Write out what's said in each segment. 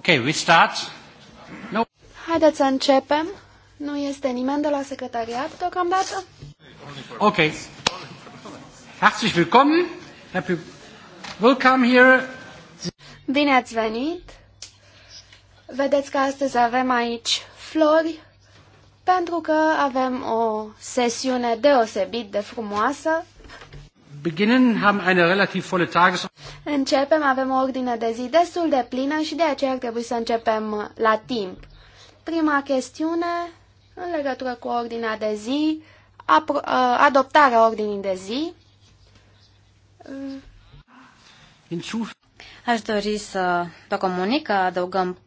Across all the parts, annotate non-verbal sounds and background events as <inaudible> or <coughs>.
Okay, we start. No. Haideți să începem. Nu este nimeni de la secretariat deocamdată. Ok. Herzlich willkommen. Happy welcome here. Bine ați venit. Vedeți că astăzi avem aici flori, pentru că avem o sesiune deosebit de frumoasă Începem, avem o ordine de zi destul de plină și de aceea ar trebui să începem uh, la timp. Prima chestiune, în legătură cu ordinea de zi, uh, adoptarea ordinii de zi. Uh. Aș dori să vă comunic că adăugăm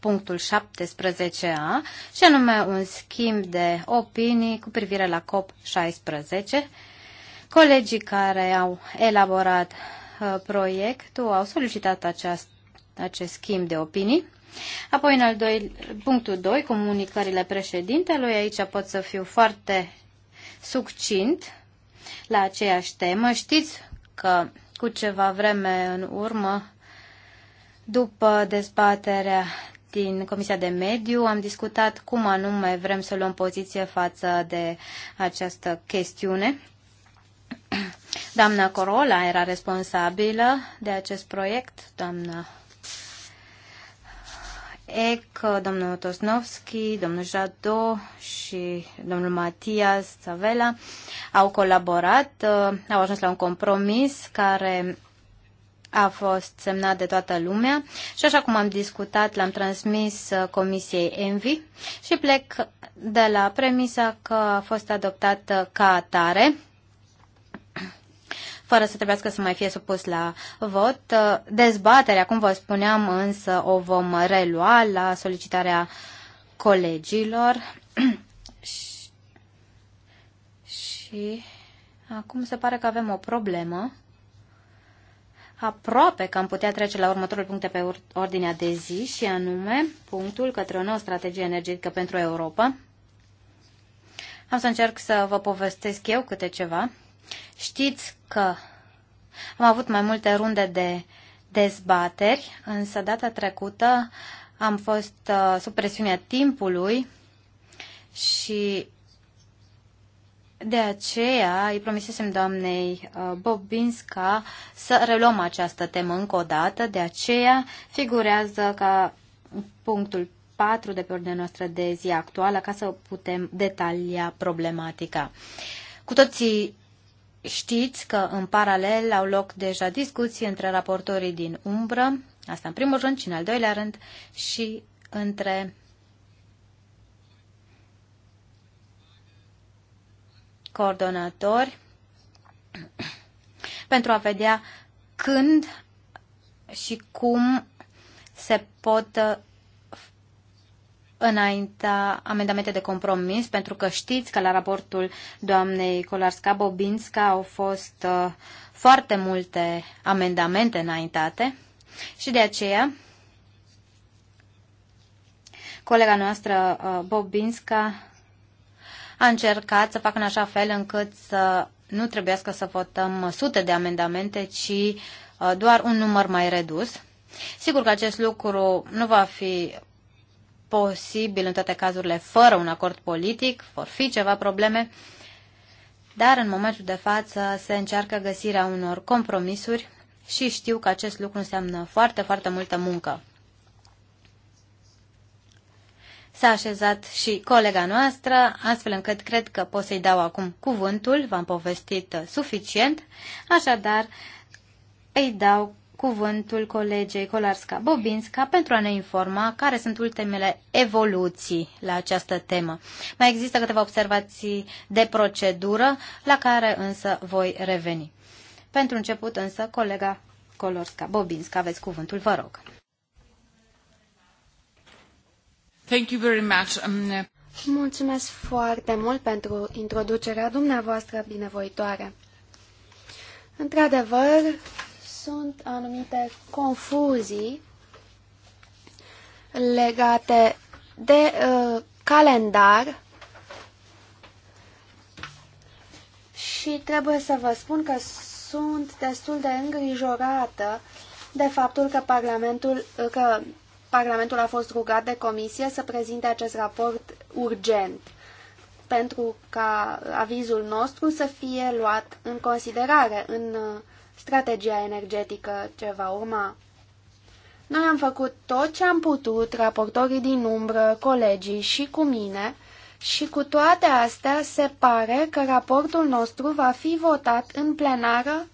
punctul 17a, și anume un schimb de opinii cu privire la COP16, Colegii care au elaborat uh, proiectul au solicitat aceast, acest schimb de opinii. Apoi, în al doi, punctul 2, comunicările președintelui. Aici pot să fiu foarte succint la aceeași temă. Știți că cu ceva vreme în urmă, după dezbaterea din Comisia de Mediu, am discutat cum anume vrem să luăm poziție față de această chestiune. <clears throat> Doamna Corola era responsabilă de acest proiect, doamna Ec, domnul Tosnovski, domnul Jado și domnul Matias Savela au colaborat, au ajuns la un compromis care a fost semnat de toată lumea și așa cum am discutat, l-am transmis Comisiei Envi și plec de la premisa că a fost adoptată ca atare fără să trebuiască să mai fie supus la vot. Uh, dezbaterea, cum vă spuneam, însă o vom relua la solicitarea colegilor. <clears throat> și acum se pare că avem o problemă. Aproape că am putea trece la următorul punct pe ordinea de zi și anume punctul către o nouă strategie energetică pentru Europa. Am să încerc să vă povestesc eu câte ceva. Știți că am avut mai multe runde de dezbateri, însă data trecută am fost uh, sub presiunea timpului și de aceea îi promisesem doamnei uh, Bobinska să reluăm această temă încă o dată, de aceea figurează ca punctul 4 de pe ordinea noastră de zi actuală ca să putem detalia problematica. Cu toții Știți că în paralel au loc deja discuții între raportorii din umbră, asta în primul rând și în al doilea rând, și între coordonatori <clears throat> pentru a vedea când și cum se pot înaintea amendamente de compromis, pentru că știți că la raportul doamnei Colarska bobinska au fost uh, foarte multe amendamente înaintate și de aceea colega noastră uh, Bobinska a încercat să facă în așa fel încât să nu trebuiască să votăm sute de amendamente, ci uh, doar un număr mai redus. Sigur că acest lucru nu va fi posibil în toate cazurile fără un acord politic, vor fi ceva probleme, dar în momentul de față se încearcă găsirea unor compromisuri și știu că acest lucru înseamnă foarte, foarte multă muncă. S-a așezat și colega noastră, astfel încât cred că pot să-i dau acum cuvântul, v-am povestit suficient, așadar îi dau cuvântul colegei Colarska bobinska pentru a ne informa care sunt ultimele evoluții la această temă. Mai există câteva observații de procedură, la care însă voi reveni. Pentru început însă, colega Kolarska-Bobinska, aveți cuvântul, vă rog. Thank you very much. Um, Mulțumesc foarte mult pentru introducerea dumneavoastră binevoitoare. Într-adevăr, sunt anumite confuzii legate de uh, calendar și trebuie să vă spun că sunt destul de îngrijorată de faptul că Parlamentul, uh, că Parlamentul a fost rugat de comisie să prezinte acest raport urgent pentru ca avizul nostru să fie luat în considerare în uh, strategia energetică ce va urma. Noi am făcut tot ce am putut, raportorii din umbră, colegii și cu mine, și cu toate astea se pare că raportul nostru va fi votat în plenară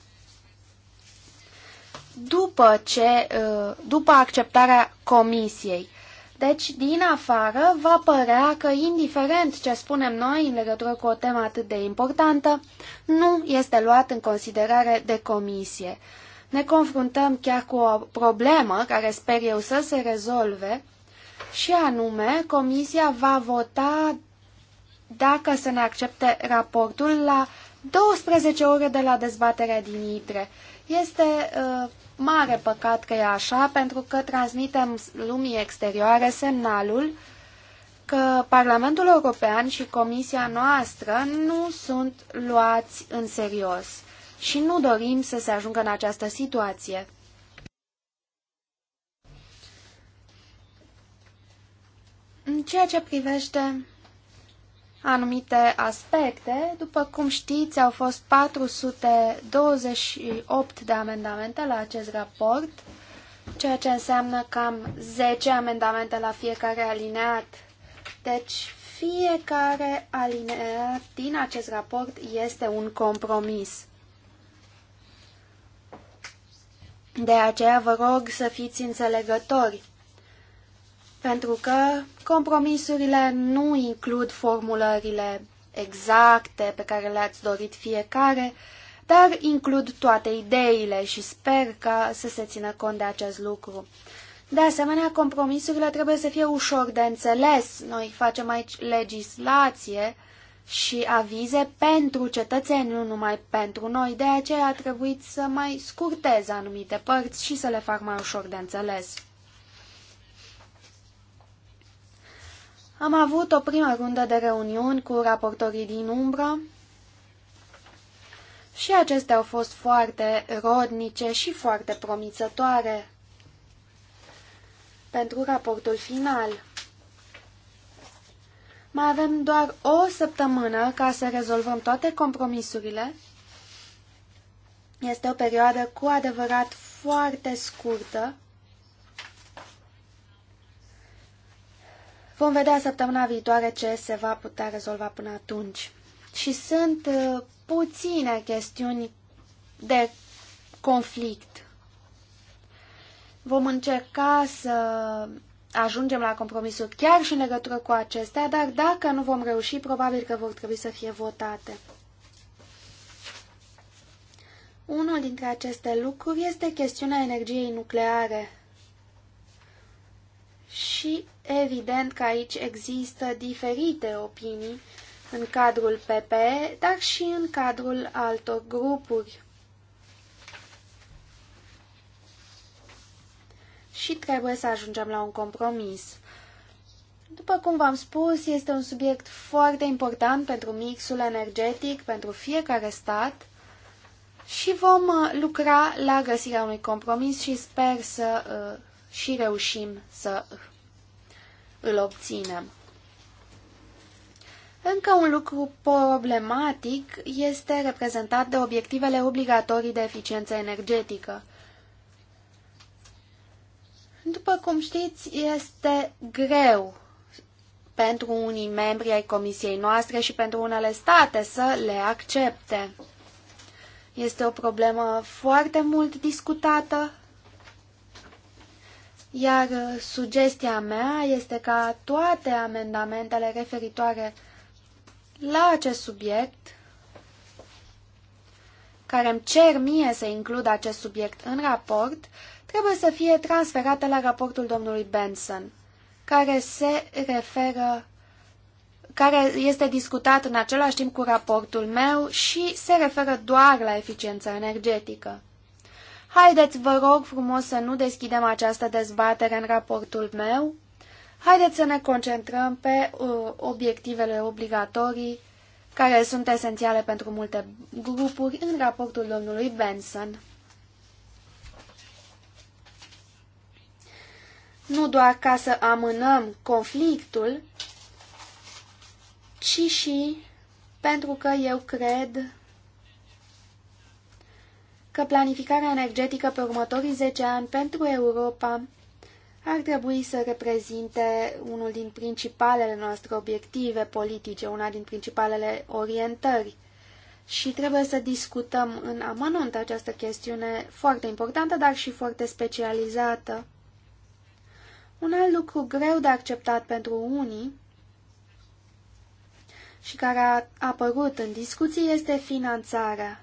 după, ce, uh, după acceptarea comisiei. Deci, din afară, va părea că, indiferent ce spunem noi în legătură cu o temă atât de importantă, nu este luat în considerare de comisie. Ne confruntăm chiar cu o problemă care sper eu să se rezolve, și anume, comisia va vota dacă să ne accepte raportul la 12 ore de la dezbaterea din ITRE. Este uh, mare păcat că e așa, pentru că transmitem lumii exterioare semnalul că Parlamentul European și Comisia noastră nu sunt luați în serios și nu dorim să se ajungă în această situație. În ceea ce privește anumite aspecte. După cum știți, au fost 428 de amendamente la acest raport, ceea ce înseamnă cam 10 amendamente la fiecare alineat. Deci fiecare alineat din acest raport este un compromis. De aceea vă rog să fiți înțelegători pentru că compromisurile nu includ formulările exacte pe care le-ați dorit fiecare, dar includ toate ideile și sper ca să se țină cont de acest lucru. De asemenea, compromisurile trebuie să fie ușor de înțeles. Noi facem aici legislație și avize pentru cetățeni, nu numai pentru noi, de aceea a trebuit să mai scurtez anumite părți și să le fac mai ușor de înțeles. Am avut o primă rundă de reuniuni cu raportorii din umbră și acestea au fost foarte rodnice și foarte promițătoare pentru raportul final. Mai avem doar o săptămână ca să rezolvăm toate compromisurile. Este o perioadă cu adevărat foarte scurtă Vom vedea săptămâna viitoare ce se va putea rezolva până atunci. Și sunt uh, puține chestiuni de conflict. Vom încerca să ajungem la compromisuri chiar și în legătură cu acestea, dar dacă nu vom reuși, probabil că vor trebui să fie votate. Unul dintre aceste lucruri este chestiunea energiei nucleare și evident că aici există diferite opinii în cadrul PPE, dar și în cadrul altor grupuri. Și trebuie să ajungem la un compromis. După cum v-am spus, este un subiect foarte important pentru mixul energetic, pentru fiecare stat și vom uh, lucra la găsirea unui compromis și sper să uh, și reușim să îl obținem. Încă un lucru problematic este reprezentat de obiectivele obligatorii de eficiență energetică. După cum știți, este greu pentru unii membri ai comisiei noastre și pentru unele state să le accepte. Este o problemă foarte mult discutată iar uh, sugestia mea este ca toate amendamentele referitoare la acest subiect, care îmi cer mie să includ acest subiect în raport, trebuie să fie transferate la raportul domnului Benson, care se referă care este discutat în același timp cu raportul meu și se referă doar la eficiența energetică. Haideți, vă rog frumos, să nu deschidem această dezbatere în raportul meu. Haideți să ne concentrăm pe uh, obiectivele obligatorii care sunt esențiale pentru multe grupuri în raportul domnului Benson. Nu doar ca să amânăm conflictul, ci și pentru că eu cred că planificarea energetică pe următorii 10 ani pentru Europa ar trebui să reprezinte unul din principalele noastre obiective politice, una din principalele orientări. Și trebuie să discutăm în amănunt această chestiune foarte importantă, dar și foarte specializată. Un alt lucru greu de acceptat pentru unii și care a apărut în discuții este finanțarea.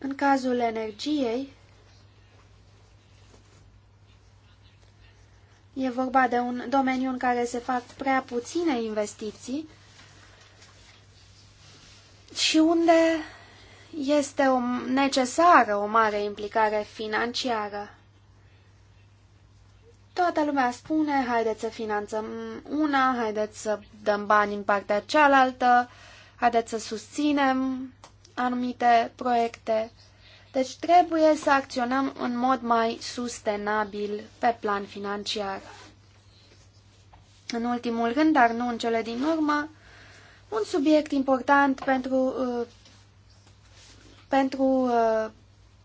În cazul energiei, e vorba de un domeniu în care se fac prea puține investiții și unde este o necesară o mare implicare financiară. Toată lumea spune, haideți să finanțăm una, haideți să dăm bani în partea cealaltă, haideți să susținem anumite proiecte. Deci trebuie să acționăm în mod mai sustenabil pe plan financiar. În ultimul rând, dar nu în cele din urmă, un subiect important pentru, uh, pentru uh,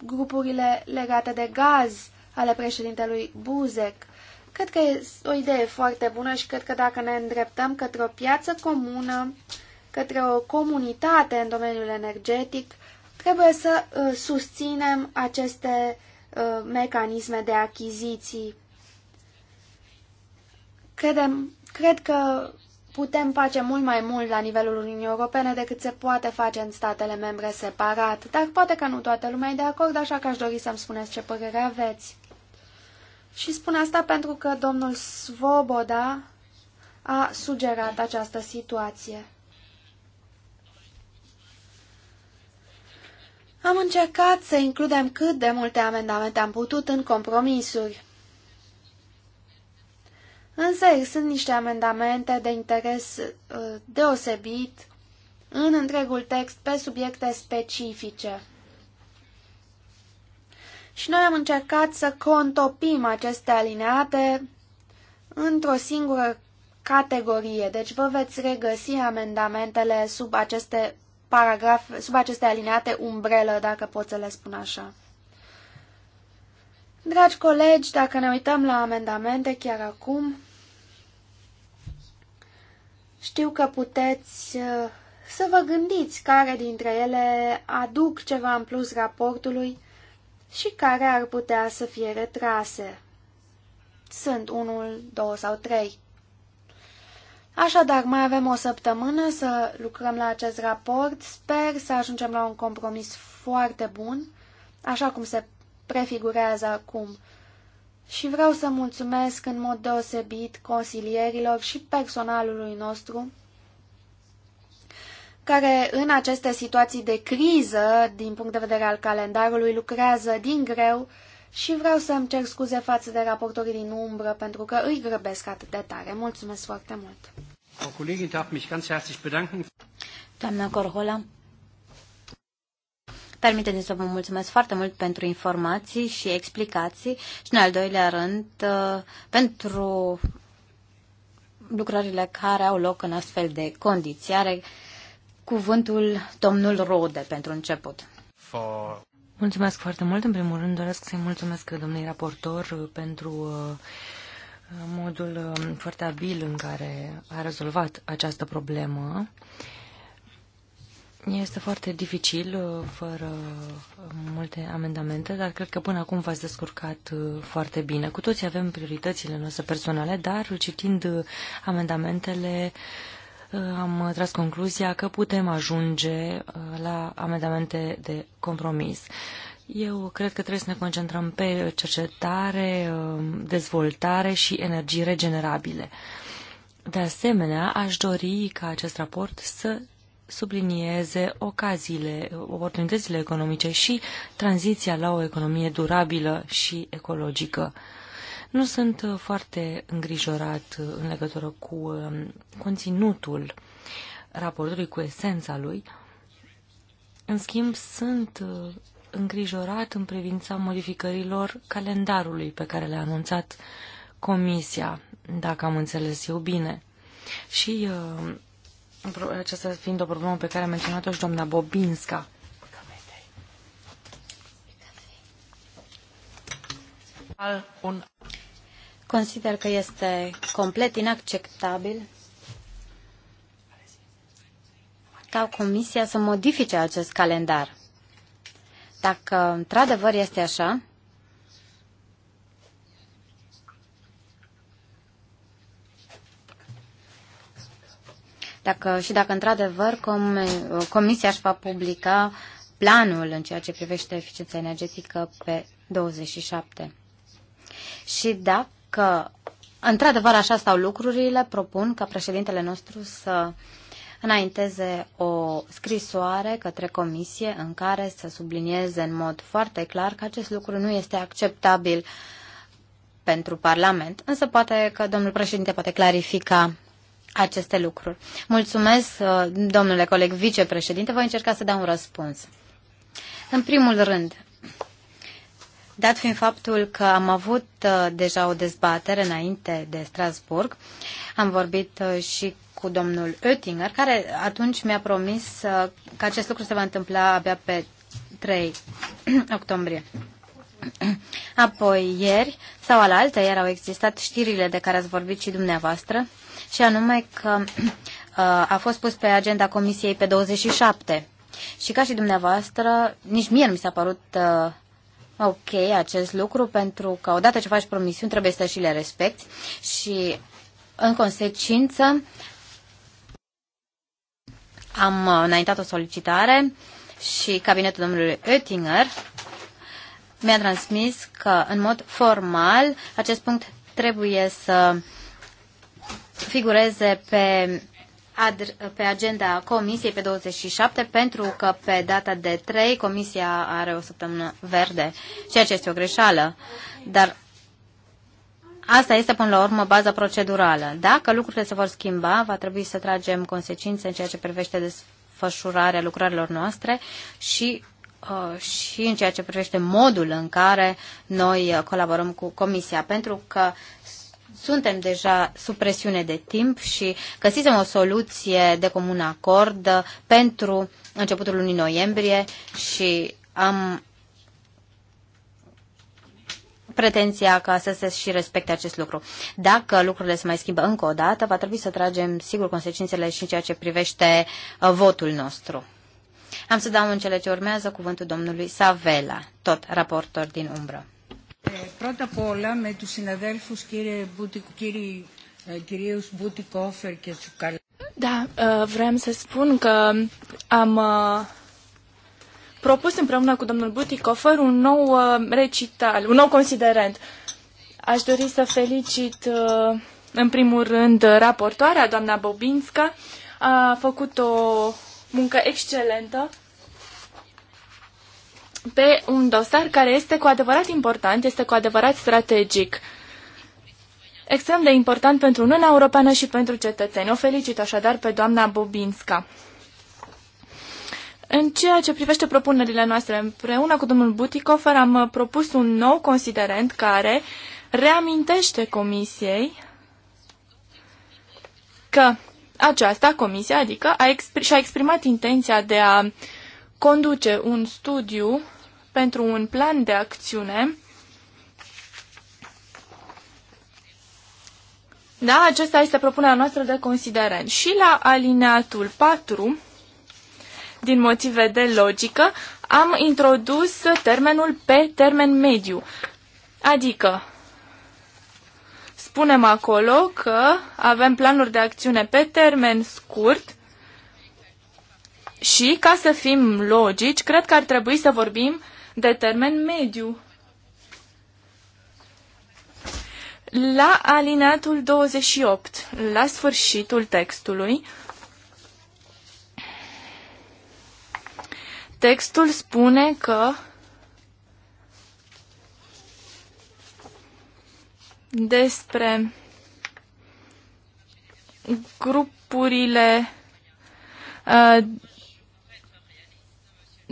grupurile legate de gaz ale președintelui Buzek. Cred că e o idee foarte bună și cred că dacă ne îndreptăm către o piață comună, către o comunitate în domeniul energetic, trebuie să uh, susținem aceste uh, mecanisme de achiziții. Credem, cred că putem face mult mai mult la nivelul Uniunii Europene decât se poate face în statele membre separat, dar poate că nu toată lumea e de acord, așa că aș dori să-mi spuneți ce părere aveți. Și spun asta pentru că domnul Svoboda a sugerat această situație. Am încercat să includem cât de multe amendamente am putut în compromisuri. Însă sunt niște amendamente de interes uh, deosebit în întregul text pe subiecte specifice. Și noi am încercat să contopim aceste alineate într-o singură categorie, deci vă veți regăsi amendamentele sub aceste paragraf, sub aceste alineate umbrelă, dacă pot să le spun așa. Dragi colegi, dacă ne uităm la amendamente chiar acum, știu că puteți uh, să vă gândiți care dintre ele aduc ceva în plus raportului și care ar putea să fie retrase. Sunt unul, două sau trei. Așadar, mai avem o săptămână să lucrăm la acest raport. Sper să ajungem la un compromis foarte bun, așa cum se prefigurează acum. Și vreau să mulțumesc în mod deosebit consilierilor și personalului nostru care în aceste situații de criză, din punct de vedere al calendarului, lucrează din greu și vreau să-mi cer scuze față de raportorii din umbră pentru că îi grăbesc atât de tare. Mulțumesc foarte mult! Doamna Corhola, permiteți-mi să vă mulțumesc foarte mult pentru informații și explicații și, în al doilea rând, uh, pentru lucrările care au loc în astfel de condiții. Are cuvântul domnul Rode pentru început. For... Mulțumesc foarte mult. În primul rând doresc să-i mulțumesc domnului raportor pentru uh, modul uh, foarte abil în care a rezolvat această problemă. Este foarte dificil, uh, fără multe amendamente, dar cred că până acum v-ați descurcat foarte bine. Cu toții avem prioritățile noastre personale, dar citind amendamentele, am tras concluzia că putem ajunge uh, la amendamente de compromis. Eu cred că trebuie să ne concentrăm pe cercetare, um, dezvoltare și energii regenerabile. De asemenea, aș dori ca acest raport să sublinieze ocaziile, oportunitățile economice și tranziția la o economie durabilă și ecologică. Nu sunt uh, foarte îngrijorat uh, în legătură cu um, conținutul raportului, cu esența lui. În schimb, sunt uh, îngrijorat în privința modificărilor calendarului pe care le-a anunțat Comisia, dacă am înțeles eu bine. Și aceasta fiind o problemă pe care a menționat-o și doamna Bobinska. un Consider că este complet inacceptabil ca Comisia să modifice acest calendar. Dacă într-adevăr este așa, dacă, și dacă într-adevăr com, Comisia își va publica planul în ceea ce privește eficiența energetică pe 27. Și da, că într-adevăr așa stau lucrurile, propun ca președintele nostru să înainteze o scrisoare către comisie în care să sublinieze în mod foarte clar că acest lucru nu este acceptabil pentru Parlament. Însă poate că domnul președinte poate clarifica aceste lucruri. Mulțumesc, domnule coleg vicepreședinte, voi încerca să dau un răspuns. În primul rând, Dat fiind faptul că am avut uh, deja o dezbatere înainte de Strasburg, am vorbit uh, și cu domnul Oettinger, care atunci mi-a promis uh, că acest lucru se va întâmpla abia pe 3 <clears throat> octombrie. <clears throat> Apoi ieri sau alaltă ieri au existat știrile de care ați vorbit și dumneavoastră și anume că <clears throat> a fost pus pe agenda comisiei pe 27 și ca și dumneavoastră nici mie nu mi s-a părut ok acest lucru pentru că odată ce faci promisiuni trebuie să și le respecti și în consecință am înaintat o solicitare și cabinetul domnului Oettinger mi-a transmis că în mod formal acest punct trebuie să figureze pe pe agenda comisiei pe 27 pentru că pe data de 3 comisia are o săptămână verde, ceea ce este o greșeală. Dar asta este până la urmă baza procedurală. Dacă lucrurile se vor schimba, va trebui să tragem consecințe în ceea ce privește desfășurarea lucrărilor noastre și uh, și în ceea ce privește modul în care noi uh, colaborăm cu Comisia, pentru că suntem deja sub presiune de timp și găsisem o soluție de comun acord pentru începutul lunii noiembrie și am pretenția ca să se și respecte acest lucru. Dacă lucrurile se mai schimbă încă o dată, va trebui să tragem, sigur, consecințele și în ceea ce privește uh, votul nostru. Am să dau în cele ce urmează cuvântul domnului Savela, tot raportor din umbră. Πρώτα απ' όλα με τους συναδέλφους κύριε, κύριε, κυρίους Κόφερ και Τσουκαλά. Da, vrem să spun că am propus împreună cu domnul Buticofer un nou recital, un nou considerent. Aș dori să felicit în primul rând raportoarea, doamna Bobinska, a făcut o muncă excelentă pe un dosar care este cu adevărat important, este cu adevărat strategic. Extrem de important pentru Uniunea Europeană și pentru cetățeni. O felicit așadar pe doamna Bobinska. În ceea ce privește propunerile noastre, împreună cu domnul Butikofer am propus un nou considerent care reamintește Comisiei că aceasta, Comisia, adică, a expri- și-a exprimat intenția de a uh, conduce un studiu pentru un plan de acțiune. Da, acesta este propunerea noastră de considerent. Și la alineatul 4, din motive de logică, am introdus termenul pe termen mediu. Adică, spunem acolo că avem planuri de acțiune pe termen scurt, și, ca să fim logici, cred că ar trebui să vorbim de termen mediu. La alineatul 28, la sfârșitul textului, textul spune că despre grupurile uh,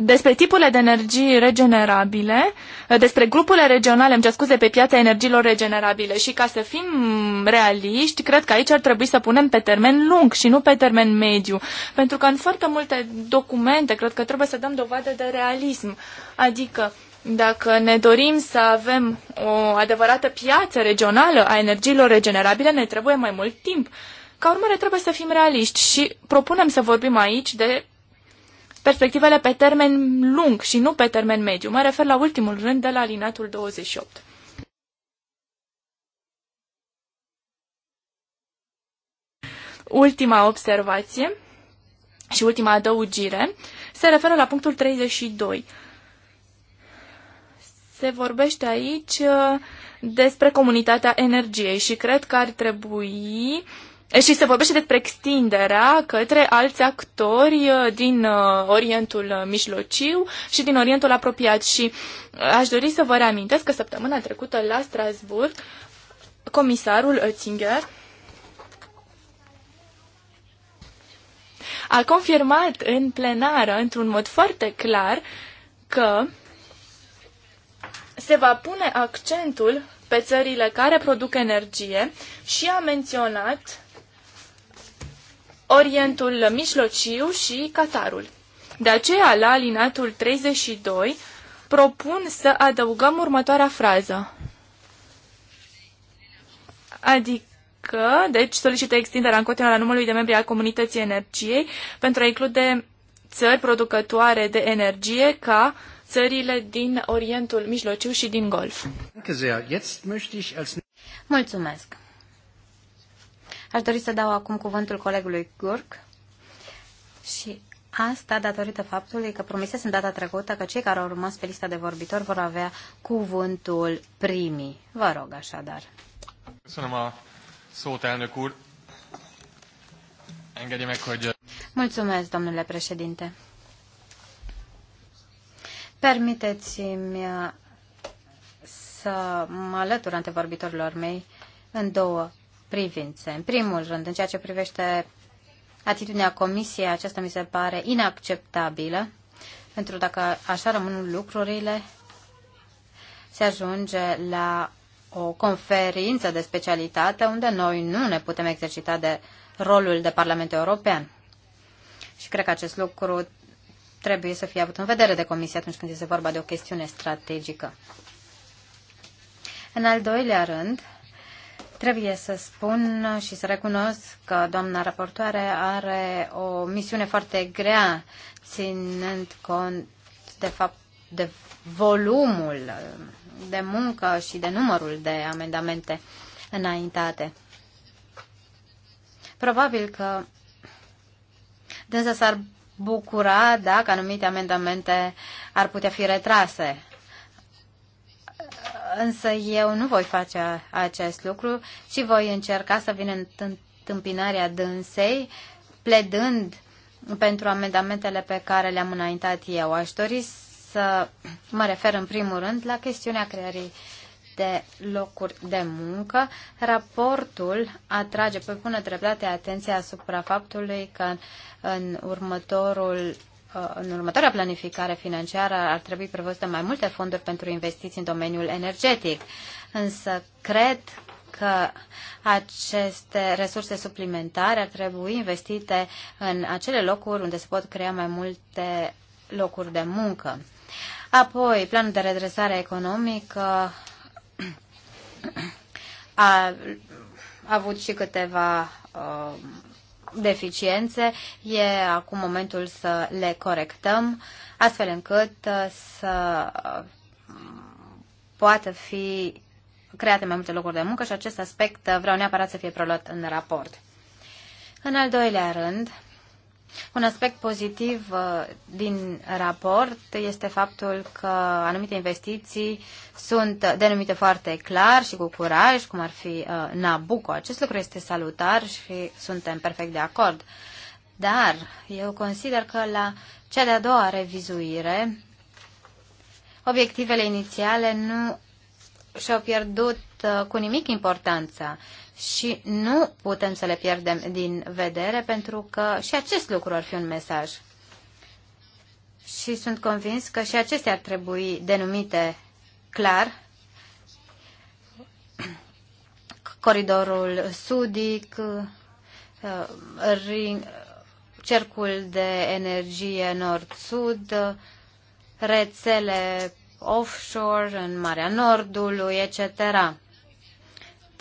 despre tipurile de energii regenerabile, despre grupurile regionale, îmi cer scuze, pe piața energiilor regenerabile și ca să fim realiști, cred că aici ar trebui să punem pe termen lung și nu pe termen mediu, pentru că în foarte multe documente cred că trebuie să dăm dovadă de realism, adică dacă ne dorim să avem o adevărată piață regională a energiilor regenerabile, ne trebuie mai mult timp. Ca urmare, trebuie să fim realiști și propunem să vorbim aici de perspectivele pe termen lung și nu pe termen mediu. Mă refer la ultimul rând de la alinatul 28. Ultima observație și ultima adăugire se referă la punctul 32. Se vorbește aici uh, despre comunitatea energiei și cred că ar trebui uh, și se vorbește despre extinderea către alți actori uh, din uh, Orientul Mijlociu și din Orientul Apropiat. Și uh, aș dori să vă reamintesc că săptămâna trecută la Strasburg, comisarul Oettinger a confirmat în plenară, într-un mod foarte clar, că se va pune accentul pe țările care produc energie și a menționat Orientul Mijlociu și Catarul. De aceea, la alinatul 32, propun să adăugăm următoarea frază. Adică, deci solicită extinderea în continuare a numărului de membri al comunității energiei pentru a include țări producătoare de energie ca țările din Orientul Mijlociu și din Golf. Mulțumesc! Aș dori să dau acum cuvântul colegului Gurk și asta datorită faptului că promisesem data trecută că cei care au rămas pe lista de vorbitori vor avea cuvântul primii. Vă rog așadar. Köszönöm a szót, elnök úr. meg, hogy... Mulțumesc, domnule președinte. Permiteți-mi să mă alătur antevorbitorilor mei în două privințe. În primul rând, în ceea ce privește atitudinea Comisiei, aceasta mi se pare inacceptabilă, pentru că dacă așa rămân lucrurile, se ajunge la o conferință de specialitate unde noi nu ne putem exercita de rolul de Parlament European. Și cred că acest lucru trebuie să fie avut în vedere de comisie atunci când este vorba de o chestiune strategică. În al doilea rând, Trebuie să spun și să recunosc că doamna raportoare are o misiune foarte grea, ținând cont de fapt de volumul de muncă și de numărul de amendamente înaintate. Probabil că dânsa s-ar bucura dacă anumite amendamente ar putea fi retrase însă eu nu voi face acest lucru și voi încerca să vin în întâmpinarea dânsei, pledând pentru amendamentele pe care le-am înaintat eu. Aș dori să mă refer în primul rând la chestiunea creării de locuri de muncă. Raportul atrage pe bună dreptate atenția asupra faptului că în următorul Uh, în următoarea planificare financiară ar trebui prevăzute mai multe fonduri pentru investiții în domeniul energetic. Însă cred că aceste resurse suplimentare ar trebui investite în acele locuri unde se pot crea mai multe locuri de muncă. Apoi, planul de redresare economică a avut și câteva uh, deficiențe, e acum momentul să le corectăm, astfel încât uh, să uh, poată fi create mai multe locuri de muncă și acest aspect uh, vreau neapărat să fie preluat în raport. În al doilea rând, un aspect pozitiv uh, din raport este faptul că anumite investiții sunt denumite foarte clar și cu curaj, cum ar fi uh, Nabucco. Acest lucru este salutar și suntem perfect de acord. Dar eu consider că la cea de-a doua revizuire, obiectivele inițiale nu și-au pierdut uh, cu nimic importanța și nu putem să le pierdem din vedere pentru că și acest lucru ar fi un mesaj. Și sunt convins că și acestea ar trebui denumite clar coridorul sudic, uh, cercul de energie nord-sud, rețele offshore în Marea Nordului, etc.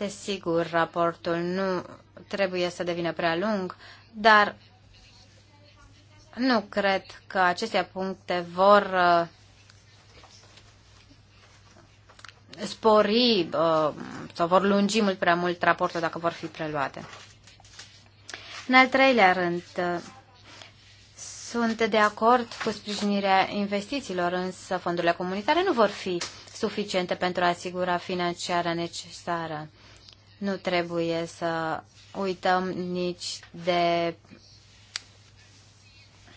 Desigur, raportul nu trebuie să devină prea lung, dar nu cred că aceste puncte vor uh, spori uh, sau vor lungi mult prea mult raportul dacă vor fi preluate. În al treilea rând, uh, sunt de acord cu sprijinirea investițiilor, însă fondurile comunitare nu vor fi suficiente pentru a asigura finanțarea necesară. Nu trebuie să uităm nici de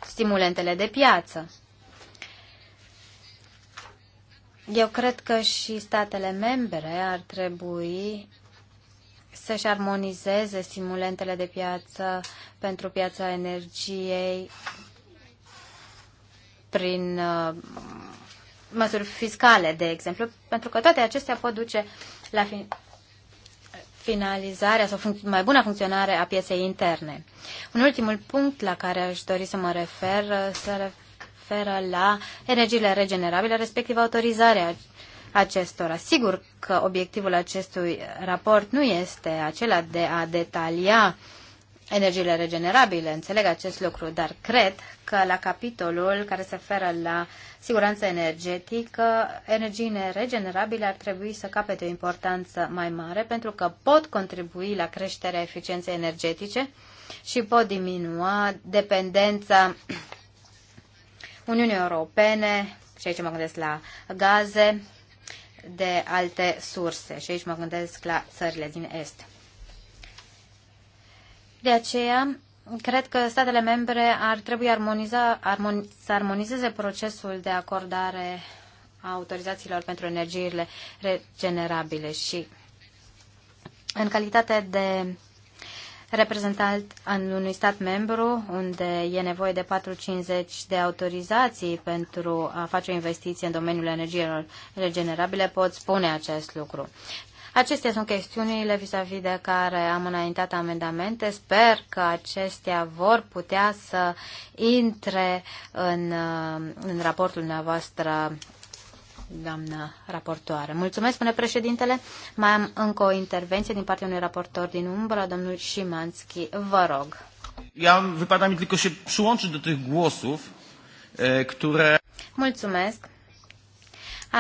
stimulentele de piață. Eu cred că și statele membre ar trebui să-și armonizeze stimulentele de piață pentru piața energiei prin uh, măsuri fiscale, de exemplu, pentru că toate acestea pot duce la, fi- finalizarea sau mai bună funcționare a pieței interne. Un ultimul punct la care aș dori să mă refer se referă la energiile regenerabile, respectiv autorizarea acestora. Sigur că obiectivul acestui raport nu este acela de a detalia uh, energiile regenerabile. Înțeleg acest lucru, dar cred că la capitolul care se referă la siguranță energetică, energiile regenerabile ar trebui să capete o importanță mai mare pentru că pot contribui la creșterea eficienței energetice și pot diminua dependența Uniunii Europene, și aici mă gândesc la gaze, de alte surse. Și aici mă gândesc la țările din Est. De aceea, cred că statele membre ar trebui armoniza, armon, să armonizeze procesul de acordare a autorizațiilor pentru energiile regenerabile și în calitate de reprezentant al unui stat membru unde e nevoie de 450 de autorizații pentru a face o investiție în domeniul energiilor regenerabile, pot spune acest lucru. Acestea sunt chestiunile vis-a-vis -vis de care am înaintat amendamente. Sper că acestea vor putea să intre în, în raportul dumneavoastră doamnă raportoare. Mulțumesc, spune președintele. Mai am încă o intervenție din partea unui raportor din umbră, domnul Șimanski. Vă rog. Ja wypada mi tylko się przyłączyć do tych głosów, które... Mulțumesc.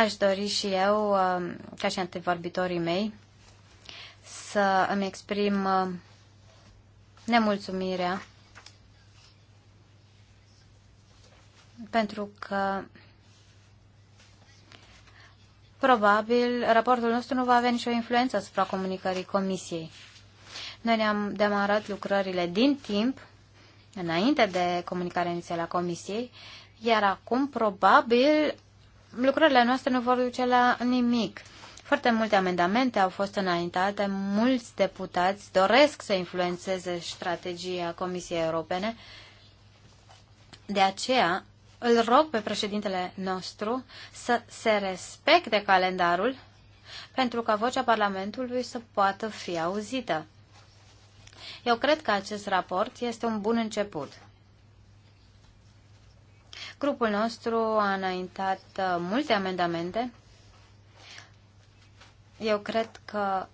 Aș dori și eu, uh, ca și antevorbitorii mei, să îmi exprim uh, nemulțumirea pentru că probabil raportul nostru nu va avea nicio influență asupra comunicării comisiei. Noi ne-am demarat lucrările din timp, înainte de comunicarea inițială a comisiei, iar acum probabil lucrările noastre nu vor duce la nimic. Foarte multe amendamente au fost înaintate, mulți deputați doresc să influențeze strategia Comisiei Europene. De aceea îl rog pe președintele nostru să se respecte calendarul pentru ca vocea Parlamentului să poată fi auzită. Eu cred că acest raport este un bun început. Grupul nostru a înaintat uh, multe amendamente. Eu cred că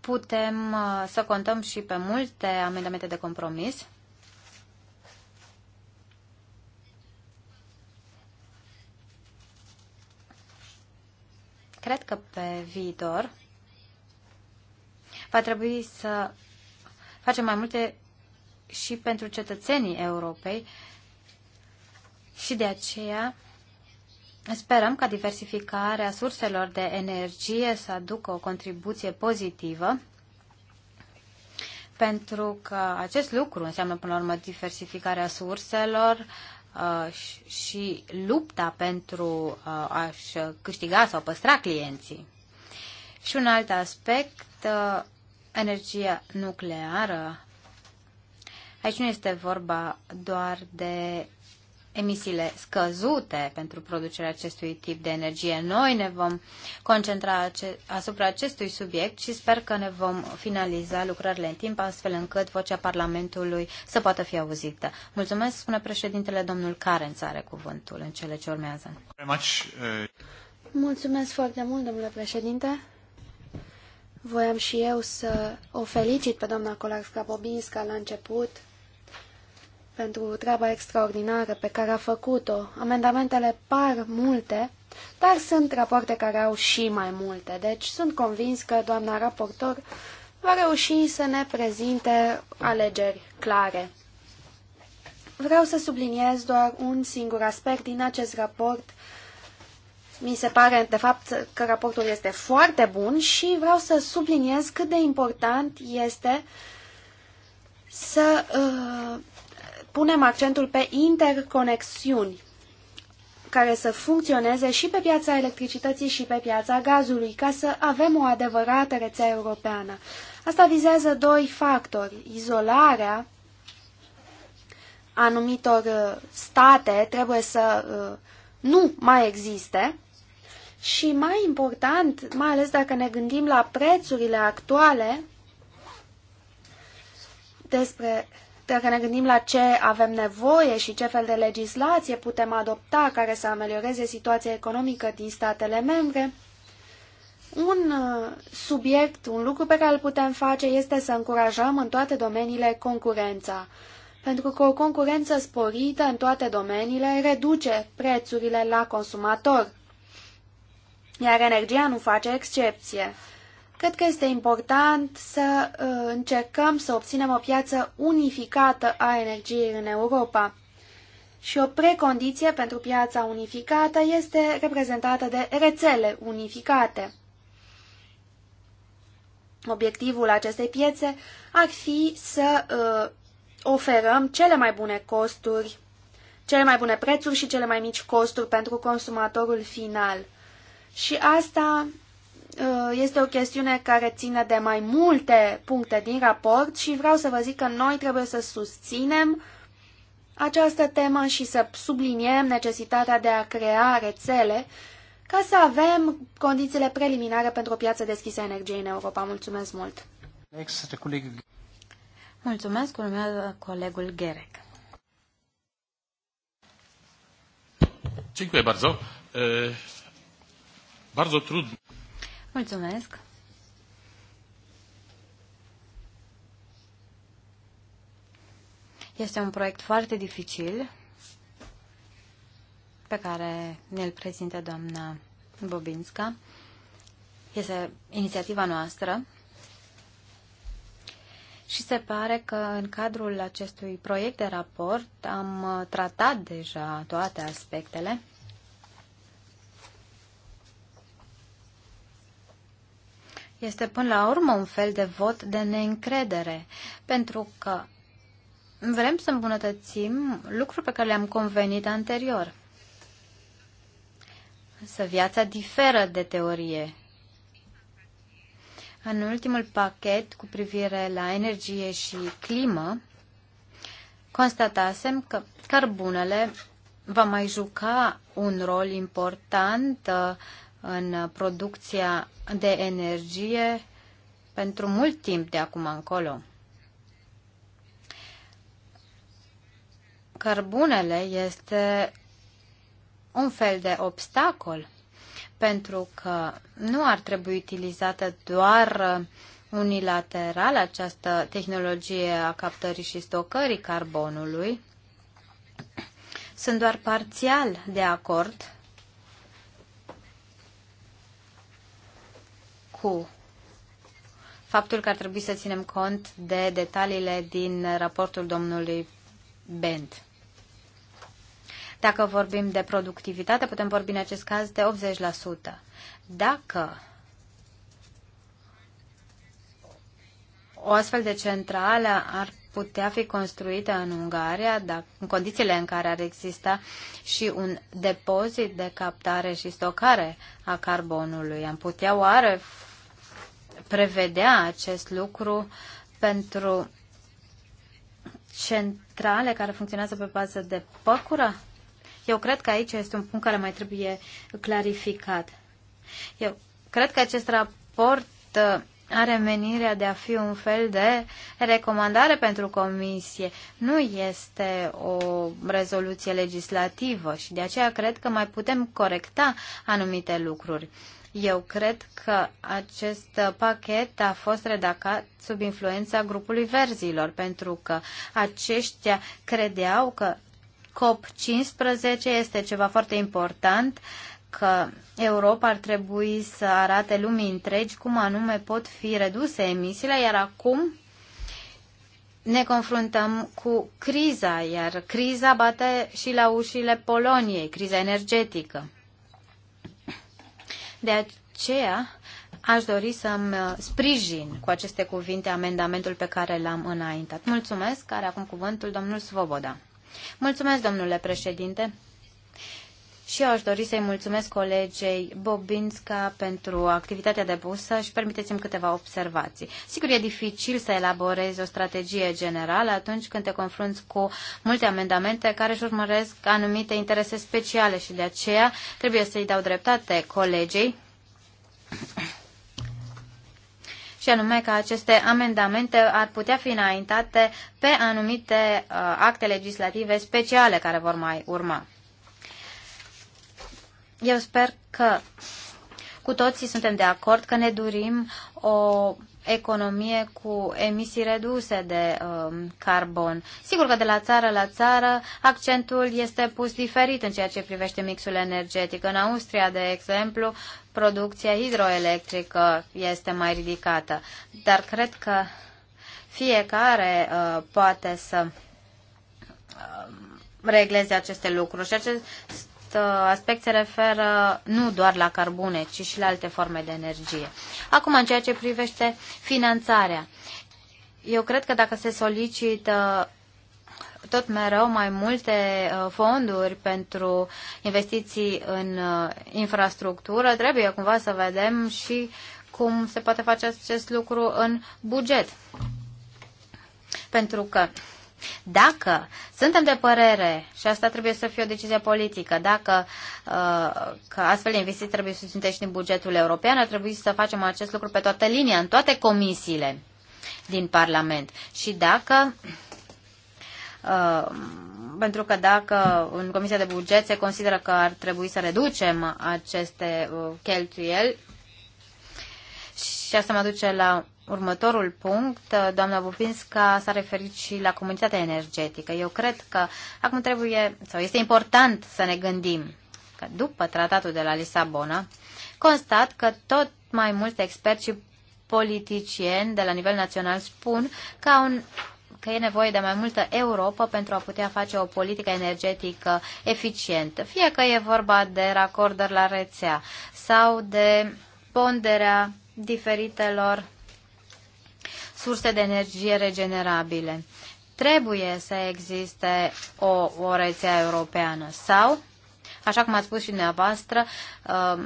putem uh, să contăm și pe multe amendamente de compromis. Cred că pe viitor va trebui să facem mai multe și pentru cetățenii Europei și de aceea sperăm ca diversificarea surselor de energie să aducă o contribuție pozitivă pentru că acest lucru înseamnă până la urmă diversificarea surselor uh, și lupta pentru uh, a-și câștiga sau păstra clienții. Și un alt aspect uh, energia nucleară, aici nu este vorba doar de emisiile scăzute pentru producerea acestui tip de energie. Noi ne vom concentra asupra acestui subiect și sper că ne vom finaliza lucrările în timp, astfel încât vocea Parlamentului să poată fi auzită. Mulțumesc, spune președintele, domnul Carenț are cuvântul în cele ce urmează. Uh, Mulțumesc foarte mult, domnule președinte. Voiam și eu să o felicit pe doamna Kolarska-Bobinska la început pentru treaba extraordinară pe care a făcut-o. Amendamentele par multe, dar sunt rapoarte care au și mai multe, deci sunt convins că doamna raportor va reuși să ne prezinte alegeri clare. Vreau să subliniez doar un singur aspect din acest raport mi se pare, de fapt, că raportul este foarte bun și vreau să subliniez cât de important este să uh, punem accentul pe interconexiuni care să funcționeze și pe piața electricității și pe piața gazului, ca să avem o adevărată rețea europeană. Asta vizează doi factori. Izolarea anumitor uh, state trebuie să uh, nu mai existe și mai important, mai ales dacă ne gândim la prețurile actuale, despre, dacă ne gândim la ce avem nevoie și ce fel de legislație putem adopta care să amelioreze situația economică din statele membre, un uh, subiect, un lucru pe care îl putem face este să încurajăm în toate domeniile concurența, pentru că o concurență sporită în toate domeniile reduce prețurile la consumator iar energia nu face excepție. Cred că este important să uh, încercăm să obținem o piață unificată a energiei în Europa. Și o precondiție pentru piața unificată este reprezentată de rețele unificate. Obiectivul acestei piețe ar fi să uh, oferăm cele mai bune costuri, cele mai bune prețuri și cele mai mici costuri pentru consumatorul final – și asta uh, este o chestiune care ține de mai multe puncte din raport și vreau să vă zic că noi trebuie să susținem această temă și să subliniem necesitatea de a crea rețele ca să avem condițiile preliminare pentru o piață deschisă a energiei în Europa. Mulțumesc mult! Mulțumesc, urmează colegul Gerec. Dziękuję bardzo. Bardzo trudno. Mulțumesc. Este un proiect foarte dificil pe care ne-l prezintă doamna Bobinska. Este inițiativa noastră și se pare că în cadrul acestui proiect de raport am uh, tratat deja toate aspectele este până la urmă un fel de vot de neîncredere, pentru că vrem să îmbunătățim lucruri pe care le-am convenit anterior. Însă viața diferă de teorie. În ultimul pachet cu privire la energie și climă, constatasem că cărbunele va mai juca un rol important uh, în producția de energie pentru mult timp de acum încolo. Cărbunele este un fel de obstacol pentru că nu ar trebui utilizată doar unilateral această tehnologie a captării și stocării carbonului. Sunt doar parțial de acord cu faptul că ar trebui să ținem cont de detaliile din raportul domnului Bent. Dacă vorbim de productivitate, putem vorbi în acest caz de 80%. Dacă o astfel de centrală ar putea fi construită în Ungaria, dacă, în condițiile în care ar exista și un depozit de captare și stocare a carbonului. Am putea oare prevedea acest lucru pentru centrale care funcționează pe bază de păcură? Eu cred că aici este un punct care mai trebuie clarificat. Eu cred că acest raport uh, are menirea de a fi un fel de recomandare pentru comisie. Nu este o rezoluție legislativă și de aceea cred că mai putem corecta anumite lucruri. Eu cred că acest pachet a fost redacat sub influența grupului verzilor, pentru că aceștia credeau că COP15 este ceva foarte important, că Europa ar trebui să arate lumii întregi cum anume pot fi reduse emisiile, iar acum ne confruntăm cu criza, iar criza bate și la ușile Poloniei, criza energetică. De aceea aș dori să-mi uh, sprijin cu aceste cuvinte amendamentul pe care l-am înaintat. Mulțumesc, care acum cuvântul domnul Svoboda. Mulțumesc, domnule președinte. Și eu aș dori să-i mulțumesc colegei Bobinska pentru activitatea de depusă și permiteți-mi câteva observații. Sigur, e dificil să elaborezi o strategie generală atunci când te confrunți cu multe amendamente care își urmăresc anumite interese speciale și de aceea trebuie să-i dau dreptate colegei și anume că aceste amendamente ar putea fi înaintate pe anumite uh, acte legislative speciale care vor mai urma. Eu sper că cu toții suntem de acord că ne dorim o economie cu emisii reduse de um, carbon. Sigur că de la țară la țară accentul este pus diferit în ceea ce privește mixul energetic. În Austria, de exemplu, producția hidroelectrică este mai ridicată, dar cred că fiecare uh, poate să uh, regleze aceste lucruri și acest Uh, aspect se referă nu doar la carbune, ci și la alte forme de energie. Acum, în ceea ce privește finanțarea, eu cred că dacă se solicită tot mereu mai multe uh, fonduri pentru investiții în uh, infrastructură, trebuie cumva să vedem și cum se poate face acest lucru în buget. Pentru că dacă suntem de părere, și asta trebuie să fie o decizie politică, dacă uh, că astfel de investiții trebuie susținute și din bugetul european, ar trebui să facem acest lucru pe toată linia, în toate comisiile din Parlament. Și dacă uh, pentru că dacă în Comisia de Buget se consideră că ar trebui să reducem aceste uh, cheltuieli, și asta mă duce la următorul punct, doamna Bubinska s-a referit și la comunitatea energetică. Eu cred că acum trebuie, sau este important să ne gândim că după tratatul de la Lisabona, constat că tot mai mulți experți și politicieni de la nivel național spun că, un, că e nevoie de mai multă Europa pentru a putea face o politică energetică eficientă. Fie că e vorba de racordări la rețea sau de ponderea diferitelor surse de energie regenerabile. Trebuie să existe o, o rețea europeană sau, așa cum ați spus și dumneavoastră, um,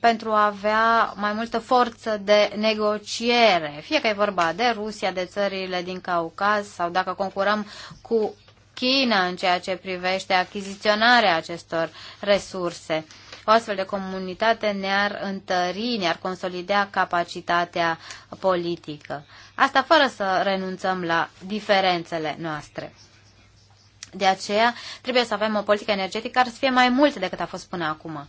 pentru a avea mai multă forță de negociere, fie că e vorba de Rusia, de țările din Caucaz sau dacă concurăm cu China în ceea ce privește achiziționarea acestor resurse. O astfel de comunitate ne-ar întări, ne-ar consolida capacitatea politică. Asta fără să renunțăm la diferențele noastre. De aceea trebuie să avem o politică energetică care să fie mai mult decât a fost până acum.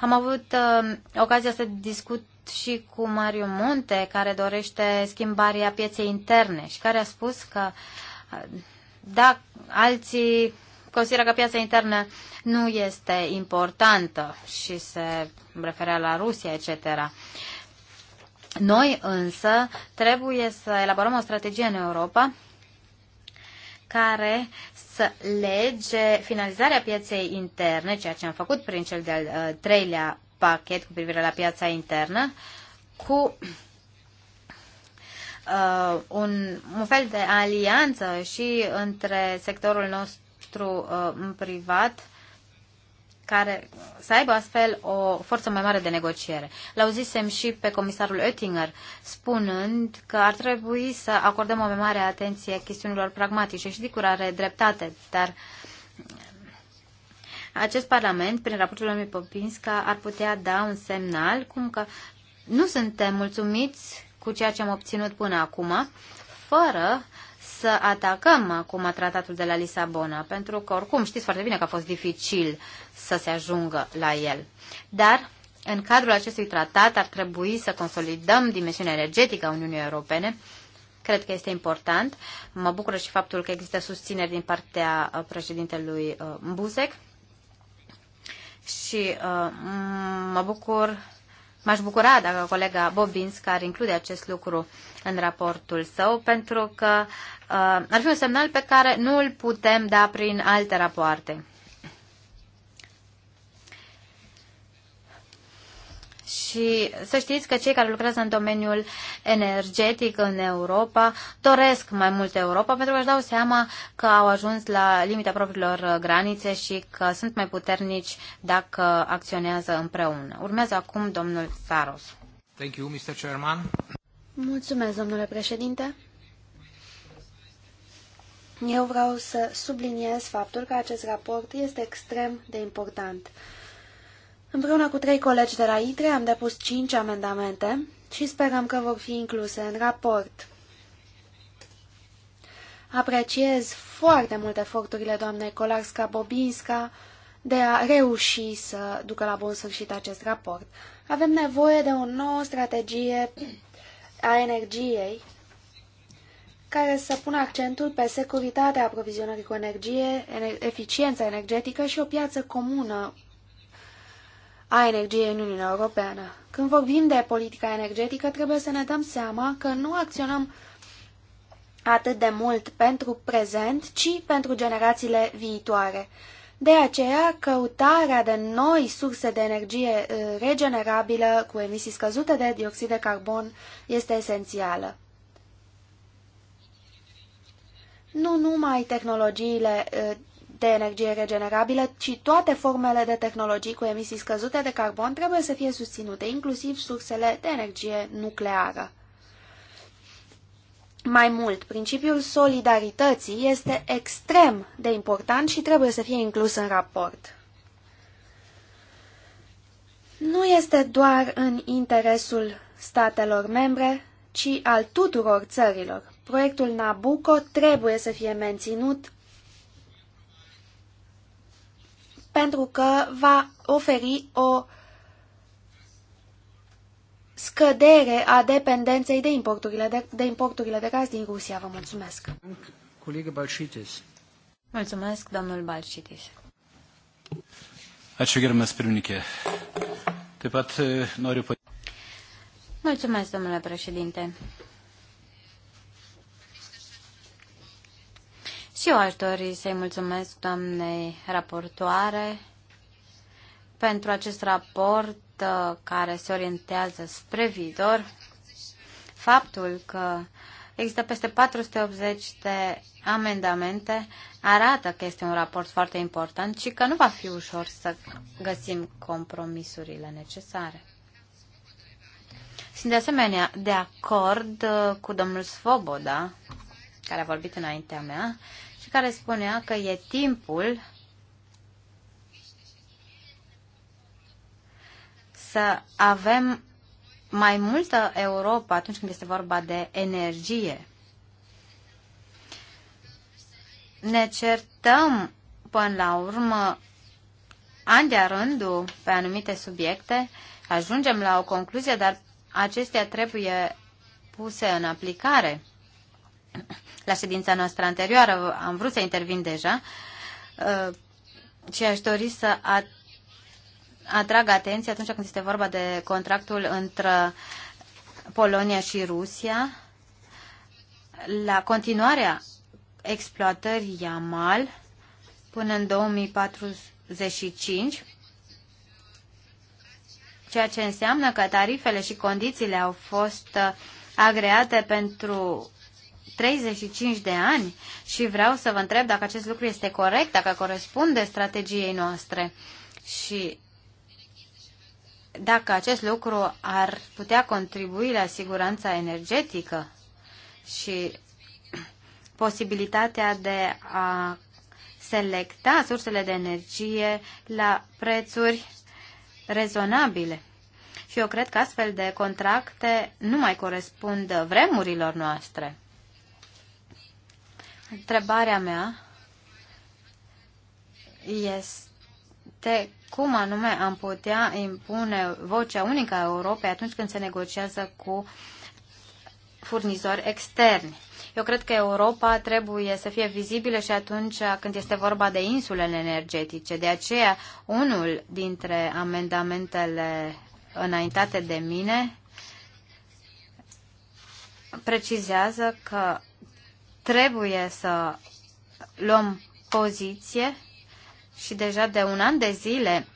Am avut uh, ocazia să discut și cu Mario Monte, care dorește schimbarea pieței interne și care a spus că uh, da, alții consideră că piața internă nu este importantă și se referea la Rusia, etc. Noi însă trebuie să elaborăm o strategie în Europa care să lege finalizarea pieței interne, ceea ce am făcut prin cel de-al uh, treilea pachet cu privire la piața internă, cu uh, un, un fel de alianță și între sectorul nostru nostru uh, privat care să aibă astfel o forță mai mare de negociere. L-auzisem și pe comisarul Oettinger spunând că ar trebui să acordăm o mai mare atenție chestiunilor pragmatice și dicur are dreptate, dar acest Parlament, prin raportul lui Popinska, ar putea da un semnal cum că nu suntem mulțumiți cu ceea ce am obținut până acum, fără să atacăm acum tratatul de la Lisabona, pentru că oricum știți foarte bine că a fost dificil să se ajungă la el. Dar în cadrul acestui tratat ar trebui să consolidăm dimensiunea energetică a Uniunii Europene. Cred că este important. Mă bucură și faptul că există susțineri din partea uh, președintelui uh, Buzek și uh, mă bucur M-aș bucura dacă colega Bobins, care include acest lucru în raportul său, pentru că uh, ar fi un semnal pe care nu îl putem da prin alte rapoarte. și să știți că cei care lucrează în domeniul energetic în Europa doresc mai mult Europa pentru că își dau seama că au ajuns la limita propriilor granițe și că sunt mai puternici dacă acționează împreună. Urmează acum domnul Saros. Thank you, Mr. Chairman. Mulțumesc, domnule președinte. Eu vreau să subliniez faptul că acest raport este extrem de important. Împreună cu trei colegi de la ITRE am depus cinci amendamente și sperăm că vor fi incluse în raport. Apreciez foarte mult eforturile doamnei Kolarska-Bobinska de a reuși să ducă la bun sfârșit acest raport. Avem nevoie de o nouă strategie a energiei care să pună accentul pe securitatea aprovizionării cu energie, eficiența energetică și o piață comună a energiei în Uniunea Europeană. Când vorbim de politica energetică, trebuie să ne dăm seama că nu acționăm atât de mult pentru prezent, ci pentru generațiile viitoare. De aceea, căutarea de noi surse de energie uh, regenerabilă cu emisii scăzute de dioxid de carbon este esențială. Nu numai tehnologiile uh, de energie regenerabilă, ci toate formele de tehnologii cu emisii scăzute de carbon trebuie să fie susținute, inclusiv sursele de energie nucleară. Mai mult, principiul solidarității este extrem de important și trebuie să fie inclus în raport. Nu este doar în interesul statelor membre, ci al tuturor țărilor. Proiectul Nabucco trebuie să fie menținut pentru că va oferi o scădere a dependenței de importurile de, de, importurile de gaz din Rusia. Vă mulțumesc. Mulțumesc, domnul Balcitis. Ačiū, gerbiamas pirmininkė. Taip pat noriu... Mulțumesc, domnule președinte. Și eu aș dori să-i mulțumesc doamnei raportoare pentru acest raport uh, care se orientează spre viitor. Faptul că există peste 480 de amendamente arată că este un raport foarte important și că nu va fi ușor să găsim compromisurile necesare. Sunt de asemenea de acord uh, cu domnul Svoboda, care a vorbit înaintea mea, care spunea că e timpul să avem mai multă Europa atunci când este vorba de energie. Ne certăm până la urmă ani de rândul pe anumite subiecte, ajungem la o concluzie, dar acestea trebuie puse în aplicare. La ședința noastră anterioară am vrut să intervin deja și uh, aș dori să atrag atenția atunci când este vorba de contractul între Polonia și Rusia la continuarea exploatării Yamal până în 2045 ceea ce înseamnă că tarifele și condițiile au fost uh, agreate pentru 35 de ani și vreau să vă întreb dacă acest lucru este corect, dacă corespunde strategiei noastre și dacă acest lucru ar putea contribui la siguranța energetică și posibilitatea de a selecta sursele de energie la prețuri rezonabile. Și eu cred că astfel de contracte nu mai corespund vremurilor noastre. Întrebarea mea este cum anume am putea impune vocea unică a Europei atunci când se negociază cu furnizori externi. Eu cred că Europa trebuie să fie vizibilă și atunci când este vorba de insulele energetice. De aceea, unul dintre amendamentele înaintate de mine precizează că trebuie să luăm poziție și deja de un an de zile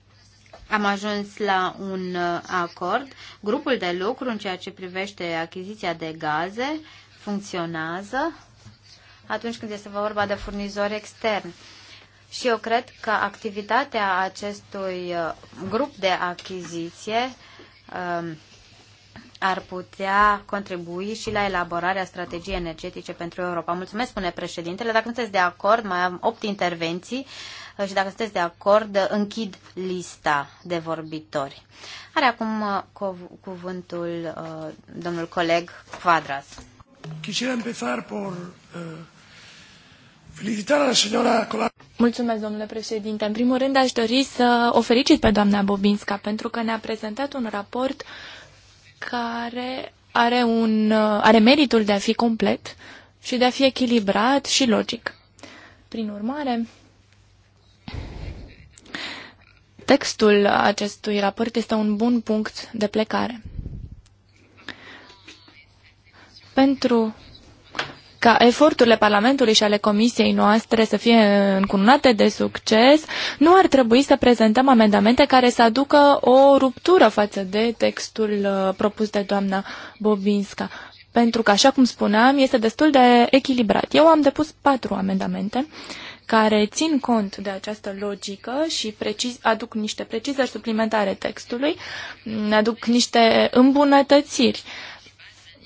<clears throat> am ajuns la un uh, acord. Grupul de lucru în ceea ce privește achiziția de gaze funcționează atunci când este vorba de furnizori externi. Și eu cred că activitatea acestui uh, grup de achiziție um, ar putea contribui și la elaborarea strategiei energetice pentru Europa. Mulțumesc, spune președintele. Dacă nu sunteți de acord, mai am opt intervenții uh, și dacă sunteți de acord, închid lista de vorbitori. Are acum uh, cuvântul uh, domnul coleg Quadras. Mulțumesc, domnule președinte. În primul rând, aș dori să o felicit pe doamna Bobinska pentru că ne-a prezentat un raport care are, un, are meritul de a fi complet și de a fi echilibrat și logic. Prin urmare, textul acestui raport este un bun punct de plecare. Pentru ca eforturile Parlamentului și ale Comisiei noastre să fie încununate de succes, nu ar trebui să prezentăm amendamente care să aducă o ruptură față de textul uh, propus de doamna Bobinska. Pentru că, așa cum spuneam, este destul de echilibrat. Eu am depus patru amendamente care țin cont de această logică și precis, aduc niște precizări suplimentare textului, aduc niște îmbunătățiri. Uh,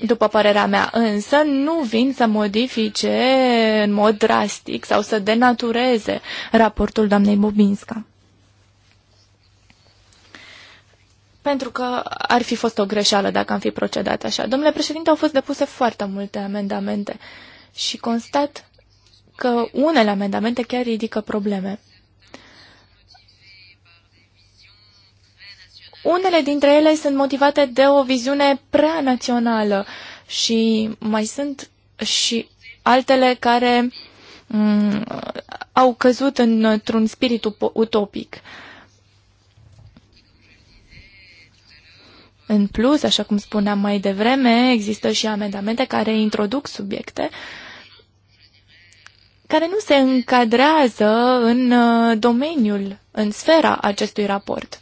după părerea mea, însă nu vin să modifice în mod drastic sau să denatureze raportul doamnei Bubinska. Pentru că ar fi fost o greșeală dacă am fi procedat așa. Domnule președinte, au fost depuse foarte multe amendamente și constat că unele amendamente chiar ridică probleme. Unele dintre ele sunt motivate de o viziune prea națională și mai sunt și altele care mm, au căzut într-un spirit utopic. În plus, așa cum spuneam mai devreme, există și amendamente care introduc subiecte care nu se încadrează în uh, domeniul, în sfera acestui raport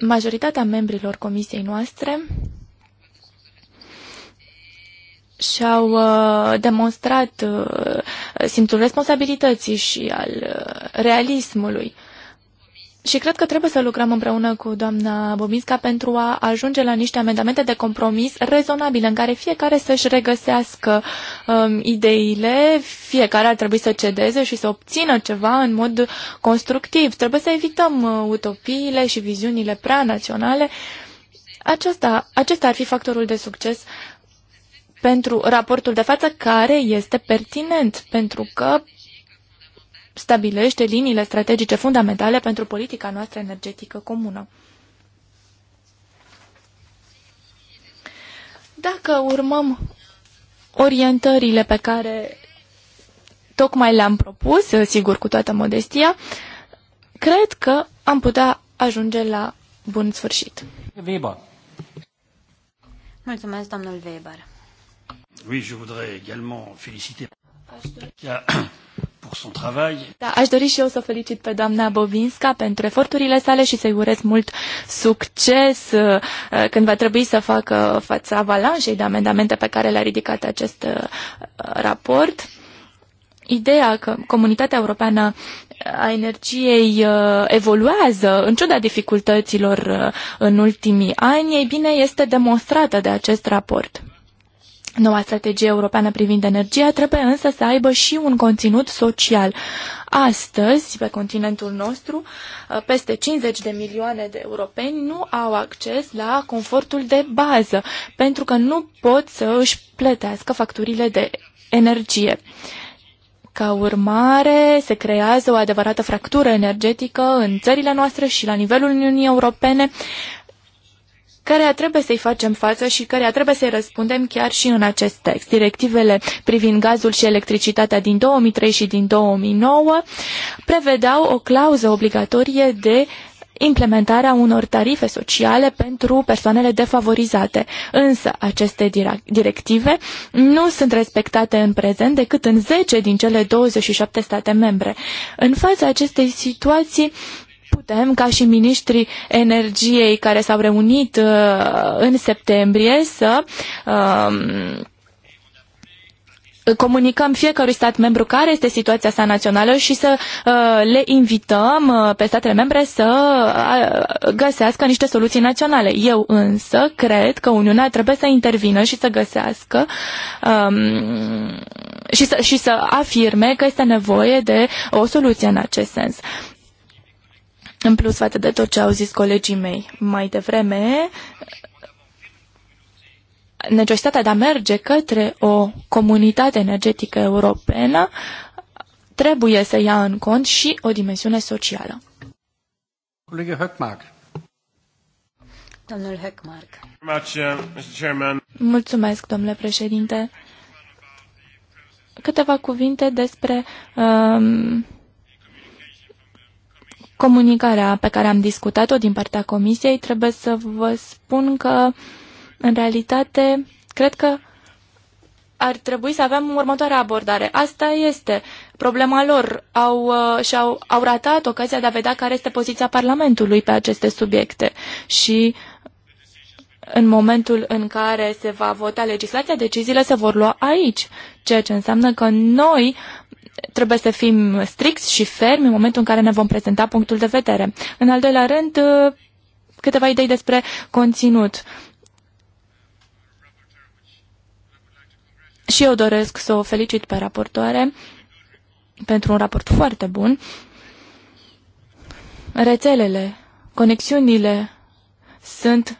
majoritatea membrilor comisiei noastre și-au uh, demonstrat uh, simțul responsabilității și al uh, realismului. Și cred că trebuie să lucrăm împreună cu doamna Bobinska pentru a ajunge la niște amendamente de compromis rezonabile, în care fiecare să-și regăsească um, ideile, fiecare ar trebui să cedeze și să obțină ceva în mod constructiv. Trebuie să evităm uh, utopiile și viziunile prea naționale. Aceasta, acesta ar fi factorul de succes pentru raportul de față care este pertinent, pentru că stabilește liniile strategice fundamentale pentru politica noastră energetică comună. Dacă urmăm orientările pe care tocmai le-am propus, sigur cu toată modestia, cred că am putea ajunge la bun sfârșit. Weber. Mulțumesc, domnul Weber. Oui, je voudrais également féliciter son travail. Da, aș dori și eu să o felicit pe doamna Bovinska pentru eforturile sale și să-i urez mult succes uh, uh, când va trebui să facă fața avalanșei de amendamente pe care le-a ridicat acest uh, raport. Ideea că comunitatea europeană a energiei evoluează în ciuda dificultăților în ultimii ani, ei bine, este demonstrată de acest raport. Noua strategie europeană privind energia trebuie însă să aibă și un conținut social. Astăzi, pe continentul nostru, uh, peste 50 de milioane de europeni nu au acces la confortul de bază, pentru că nu pot să își plătească facturile de energie. Ca urmare, se creează o adevărată fractură energetică în țările noastre și la nivelul Uniunii Europene care trebuie să-i facem față și care trebuie să-i răspundem chiar și în acest text. Directivele privind gazul și electricitatea din 2003 și din 2009 prevedeau o clauză obligatorie de implementarea unor tarife sociale pentru persoanele defavorizate. Însă aceste directive nu sunt respectate în prezent decât în 10 din cele 27 state membre. În fața acestei situații, putem, ca și ministrii energiei care s-au reunit uh, în septembrie, să um, comunicăm fiecărui stat membru care este situația sa națională și să uh, le invităm uh, pe statele membre să găsească niște soluții naționale. Eu însă cred că Uniunea trebuie să intervină și să găsească um, și, să, și să afirme că este nevoie de o soluție în acest sens în plus față de tot ce au zis colegii mei mai devreme, necesitatea de a merge către o comunitate energetică europeană trebuie să ia în cont și o dimensiune socială. Colegă Höckmark. Domnul Höckmark. Uh, Mulțumesc, domnule președinte. Câteva cuvinte despre um, comunicarea pe care am discutat-o din partea comisiei, trebuie să vă spun că, în realitate, cred că ar trebui să avem următoarea abordare. Asta este problema lor. Au, uh, și-au au ratat ocazia de a vedea care este poziția Parlamentului pe aceste subiecte. Și în momentul în care se va vota legislația, deciziile se vor lua aici, ceea ce înseamnă că noi trebuie să fim stricți și fermi în momentul în care ne vom prezenta punctul de vedere. În al doilea rând, uh, câteva idei despre conținut. Și eu doresc să o felicit pe raportoare pentru un raport foarte bun. Rețelele, conexiunile sunt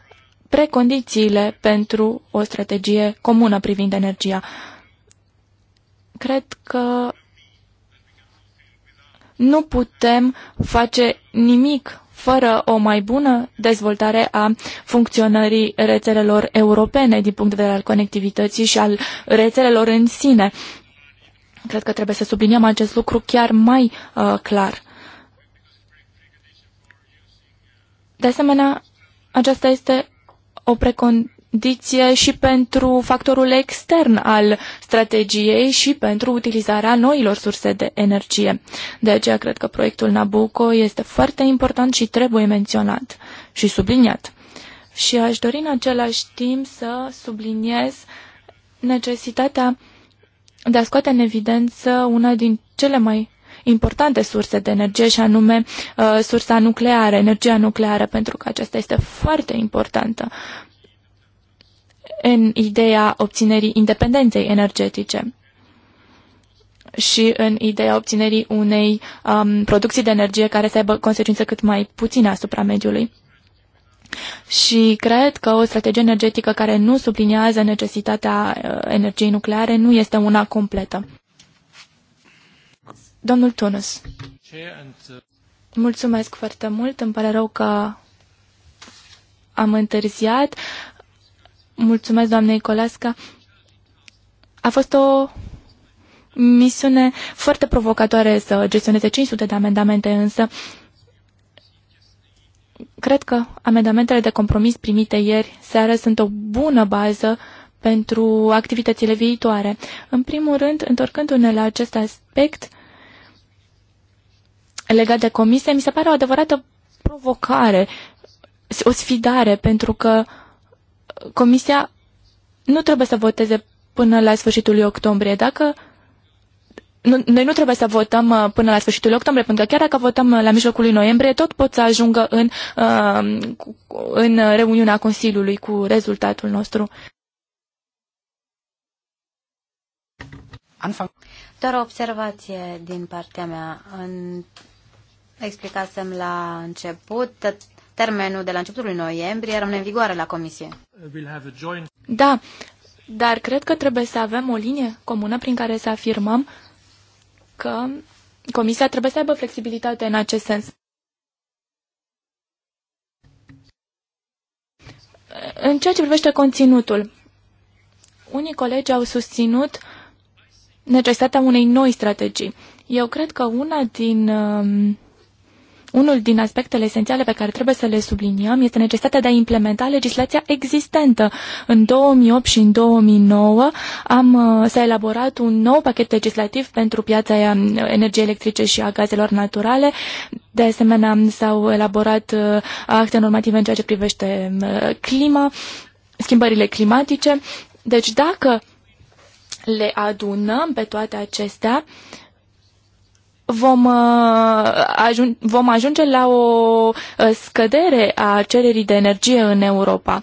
precondițiile pentru o strategie comună privind energia. Cred că nu putem face nimic fără o mai bună dezvoltare a funcționării rețelelor europene din punct de vedere al conectivității și al rețelelor în sine. Cred că trebuie să subliniem acest lucru chiar mai uh, clar. De asemenea, aceasta este o precon contradicție și pentru factorul extern al strategiei și pentru utilizarea noilor surse de energie. De aceea cred că proiectul Nabucco este foarte important și trebuie menționat și subliniat. Și aș dori în același timp să subliniez necesitatea de a scoate în evidență una din cele mai importante surse de energie și anume uh, sursa nucleară, energia nucleară, pentru că aceasta este foarte importantă în ideea obținerii independenței energetice și în ideea obținerii unei um, producții de energie care să aibă consecințe cât mai puține asupra mediului. Și cred că o strategie energetică care nu subliniază necesitatea uh, energiei nucleare nu este una completă. Domnul Tunus. Mulțumesc foarte mult. Îmi pare rău că am întârziat mulțumesc doamne Nicolasca. A fost o misiune foarte provocatoare să gestioneze 500 de amendamente, însă cred că amendamentele de compromis primite ieri seară sunt o bună bază pentru activitățile viitoare. În primul rând, întorcându-ne la acest aspect legat de comisie, mi se pare o adevărată provocare, o sfidare, pentru că Comisia nu trebuie să voteze până la sfârșitul lui octombrie. Dacă nu, noi nu trebuie să votăm uh, până la sfârșitul octombrie, pentru că chiar dacă votăm uh, la mijlocul lui noiembrie, tot pot să ajungă în, uh, în reuniunea Consiliului cu rezultatul nostru. Doar o observație din partea mea. În... Explicasem la început, Termenul de la începutul noiembrie rămâne în vigoare la Comisie. Da, dar cred că trebuie să avem o linie comună prin care să afirmăm că Comisia trebuie să aibă flexibilitate în acest sens. În ceea ce privește conținutul, unii colegi au susținut necesitatea unei noi strategii. Eu cred că una din uh, unul din aspectele esențiale pe care trebuie să le subliniem este necesitatea de a implementa legislația existentă. În 2008 și în 2009 am, uh, s-a elaborat un nou pachet legislativ pentru piața uh, energiei electrice și a gazelor naturale. De asemenea, s-au elaborat uh, acte normative în ceea ce privește clima, schimbările climatice. Deci dacă le adunăm pe toate acestea, uh, vom, uh, ajun- vom ajunge la o uh, scădere a cererii de energie în Europa.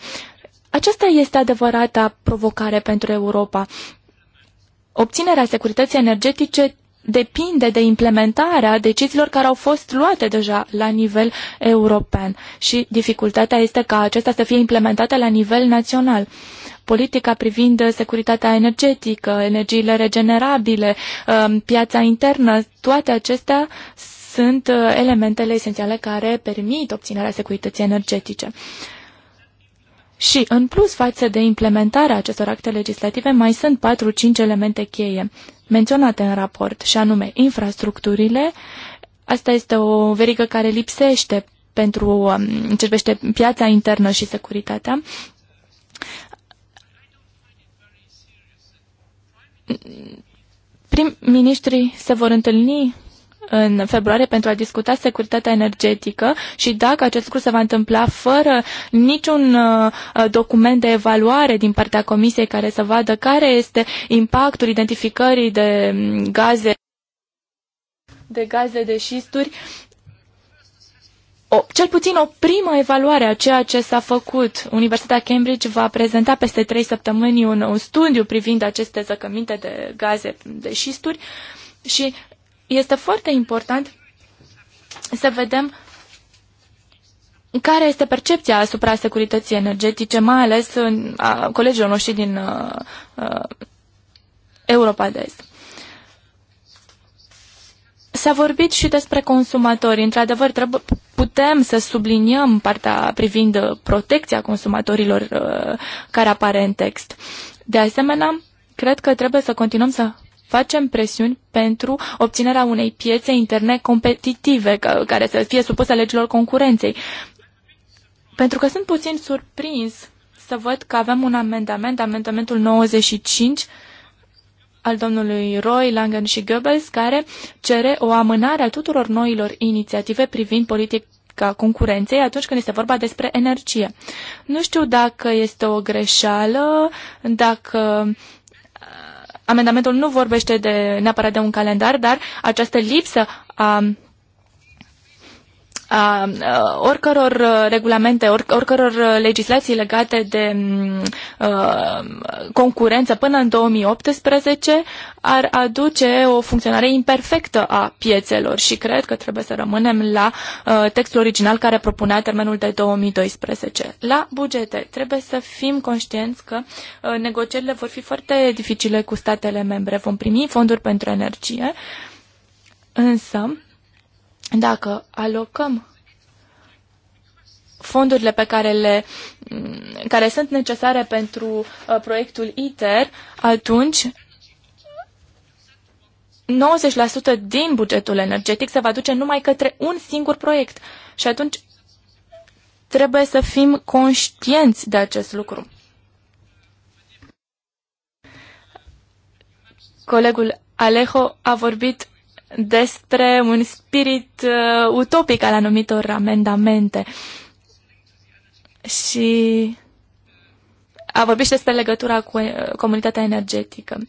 Aceasta este adevărata provocare pentru Europa. Obținerea securității energetice depinde de implementarea deciziilor care au fost luate deja la nivel european și dificultatea este ca acestea să fie implementate la nivel național politica privind securitatea energetică, energiile regenerabile, um, piața internă, toate acestea sunt uh, elementele esențiale care permit obținerea securității energetice. Și, în plus față de implementarea acestor acte legislative, mai sunt 4-5 elemente cheie menționate în raport, și anume infrastructurile. Asta este o verigă care lipsește pentru um, ce piața internă și securitatea. prim-ministrii se vor întâlni în februarie pentru a discuta securitatea energetică și dacă acest lucru se va întâmpla fără niciun uh, uh, document de evaluare din partea Comisiei care să vadă care este impactul identificării de mm, gaze de gaze de șisturi o, cel puțin o primă evaluare a ceea ce s-a făcut. Universitatea Cambridge va prezenta peste trei săptămâni un, un studiu privind aceste zăcăminte de gaze de șisturi și este foarte important să vedem care este percepția asupra securității energetice, mai ales în, a colegilor noștri din a, uh, uh, Europa de Est. S-a vorbit și despre consumatori. Într-adevăr, putem să subliniem partea privind uh, protecția consumatorilor uh, care apare în text. De asemenea, cred că trebuie să continuăm să facem presiuni pentru obținerea unei piețe internet competitive, care să fie supusă legilor concurenței. Pentru că sunt puțin surprins să văd că avem un amendament, amendamentul 95, al domnului Roy, Langen și Goebbels, care cere o amânare a tuturor noilor inițiative privind politic ca concurenței atunci când este vorba despre energie. Nu știu dacă este o greșeală, dacă uh, amendamentul nu vorbește de, neapărat de un calendar, dar această lipsă a a oricăror uh, regulamente, oricăror uh, legislații legate de mm, uh, concurență până în 2018 ar aduce o funcționare imperfectă a piețelor și cred că trebuie să rămânem la textul original care propunea termenul de 2012. La bugete trebuie să fim conștienți că negocierile vor fi foarte dificile cu statele membre. Vom primi fonduri pentru energie, însă dacă alocăm fondurile pe care, le, mm, care sunt necesare pentru uh, proiectul ITER, atunci 90% din bugetul energetic se va duce numai către un singur proiect. Și atunci trebuie să fim conștienți de acest lucru. Colegul Alejo a vorbit despre un spirit uh, utopic al anumitor amendamente și a vorbit și despre legătura cu uh, comunitatea energetică.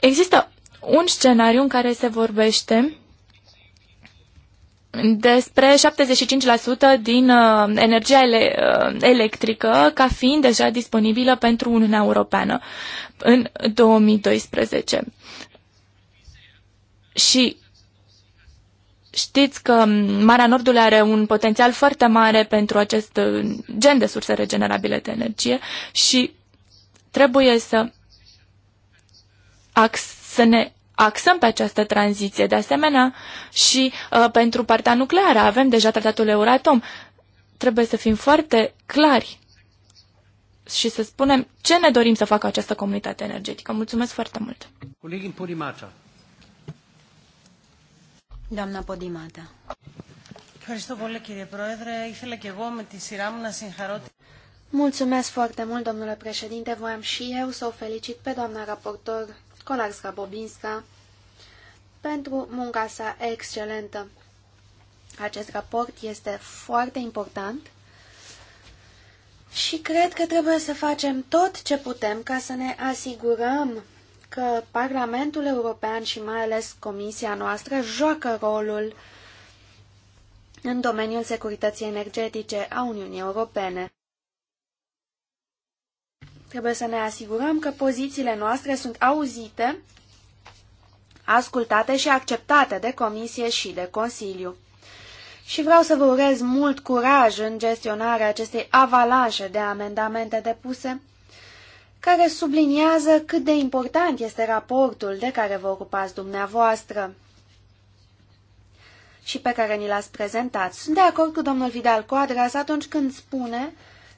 Există un scenariu în care se vorbește despre 75% din uh, energia ele- uh, electrică ca fiind deja disponibilă pentru Uniunea Europeană în 2012. Și știți că Marea Nordului are un potențial foarte mare pentru acest uh, gen de surse regenerabile de energie și trebuie să, ax- să ne axăm pe această tranziție. De asemenea, și uh, pentru partea nucleară avem deja tratatul Euratom. Trebuie să fim foarte clari și să spunem ce ne dorim să facă această comunitate energetică. Mulțumesc foarte mult! Colegii Podimata. Doamna Podimata. Mulțumesc foarte mult, domnule președinte. Voiam și eu să o felicit pe doamna raportor Kolarska-Bobinska pentru munca sa excelentă. Acest raport este foarte important și cred că trebuie să facem tot ce putem ca să ne asigurăm că Parlamentul European și mai ales Comisia noastră joacă rolul în domeniul securității energetice a Uniunii Europene. Trebuie să ne asigurăm că pozițiile noastre sunt auzite, ascultate și acceptate de Comisie și de Consiliu. Și vreau să vă urez mult curaj în gestionarea acestei avalanșe de amendamente depuse, care subliniază cât de important este raportul de care vă ocupați dumneavoastră și pe care ni l-ați prezentat. Sunt de acord cu domnul Vidal Coadras atunci când spune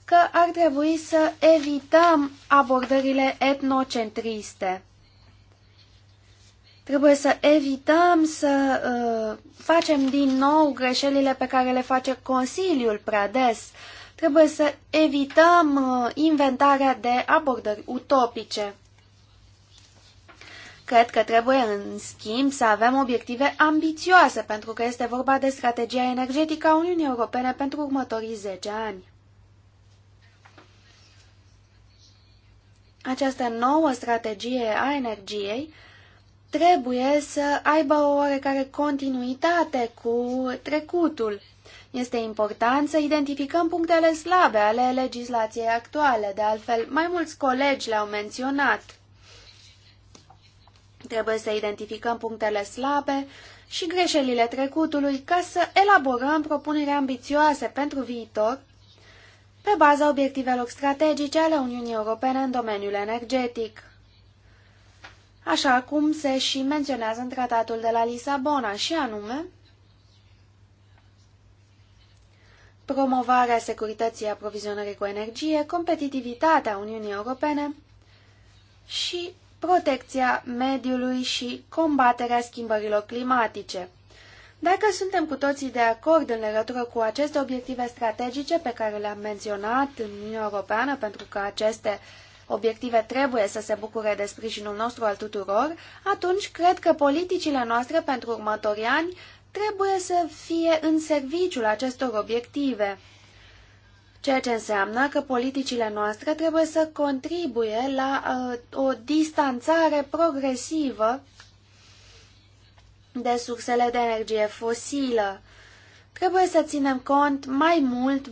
că ar trebui să evităm abordările etnocentriste. Trebuie să evităm să uh, facem din nou greșelile pe care le face Consiliul prea des. Trebuie să evităm uh, inventarea de abordări utopice. Cred că trebuie, în schimb, să avem obiective ambițioase, pentru că este vorba de strategia energetică a Uniunii Europene pentru următorii 10 ani. Această nouă strategie a energiei trebuie să aibă o oarecare continuitate cu trecutul. Este important să identificăm punctele slabe ale legislației actuale, de altfel mai mulți colegi le-au menționat. Trebuie să identificăm punctele slabe și greșelile trecutului ca să elaborăm propuneri ambițioase pentru viitor pe baza obiectivelor strategice ale Uniunii Europene în domeniul energetic, așa cum se și menționează în tratatul de la Lisabona, și anume promovarea securității aprovizionării cu energie, competitivitatea Uniunii Europene și protecția mediului și combaterea schimbărilor climatice. Dacă suntem cu toții de acord în legătură cu aceste obiective strategice pe care le-am menționat în Uniunea Europeană, pentru că aceste obiective trebuie să se bucure de sprijinul nostru al tuturor, atunci cred că politicile noastre pentru următorii ani trebuie să fie în serviciul acestor obiective. Ceea ce înseamnă că politicile noastre trebuie să contribuie la uh, o distanțare progresivă de sursele de energie fosilă. Trebuie să ținem cont mai mult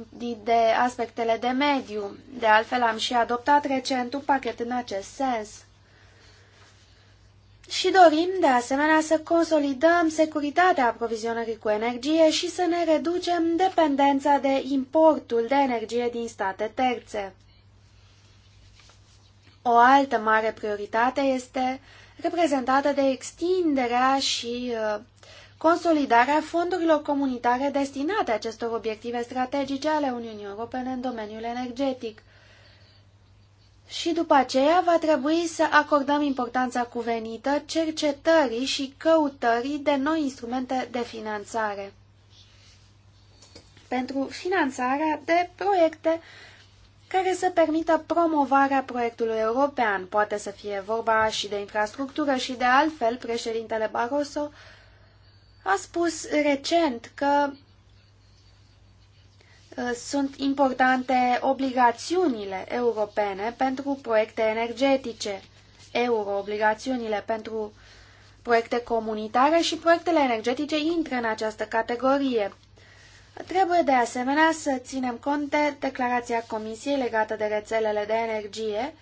de aspectele de mediu. De altfel, am și adoptat recent un pachet în acest sens. Și dorim, de asemenea, să consolidăm securitatea aprovizionării cu energie și să ne reducem dependența de importul de energie din state terțe. O altă mare prioritate este reprezentată de extinderea și uh, consolidarea fondurilor comunitare destinate acestor obiective strategice ale Uniunii Europene în domeniul energetic. Și după aceea va trebui să acordăm importanța cuvenită cercetării și căutării de noi instrumente de finanțare pentru finanțarea de proiecte care să permită promovarea proiectului european. Poate să fie vorba și de infrastructură și de altfel, președintele Barroso a spus recent că uh, sunt importante obligațiunile europene pentru proiecte energetice, euroobligațiunile pentru proiecte comunitare și proiectele energetice intră în această categorie. Trebuie de asemenea să ținem cont de declarația Comisiei legată de rețelele de energie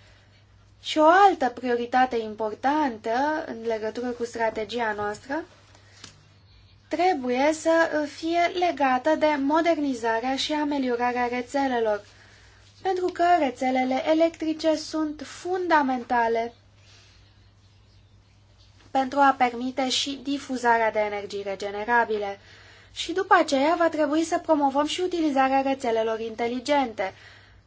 și o altă prioritate importantă în legătură cu strategia noastră trebuie să fie legată de modernizarea și ameliorarea rețelelor, pentru că rețelele electrice sunt fundamentale pentru a permite și difuzarea de energii regenerabile și după aceea va trebui să promovăm și utilizarea rețelelor inteligente.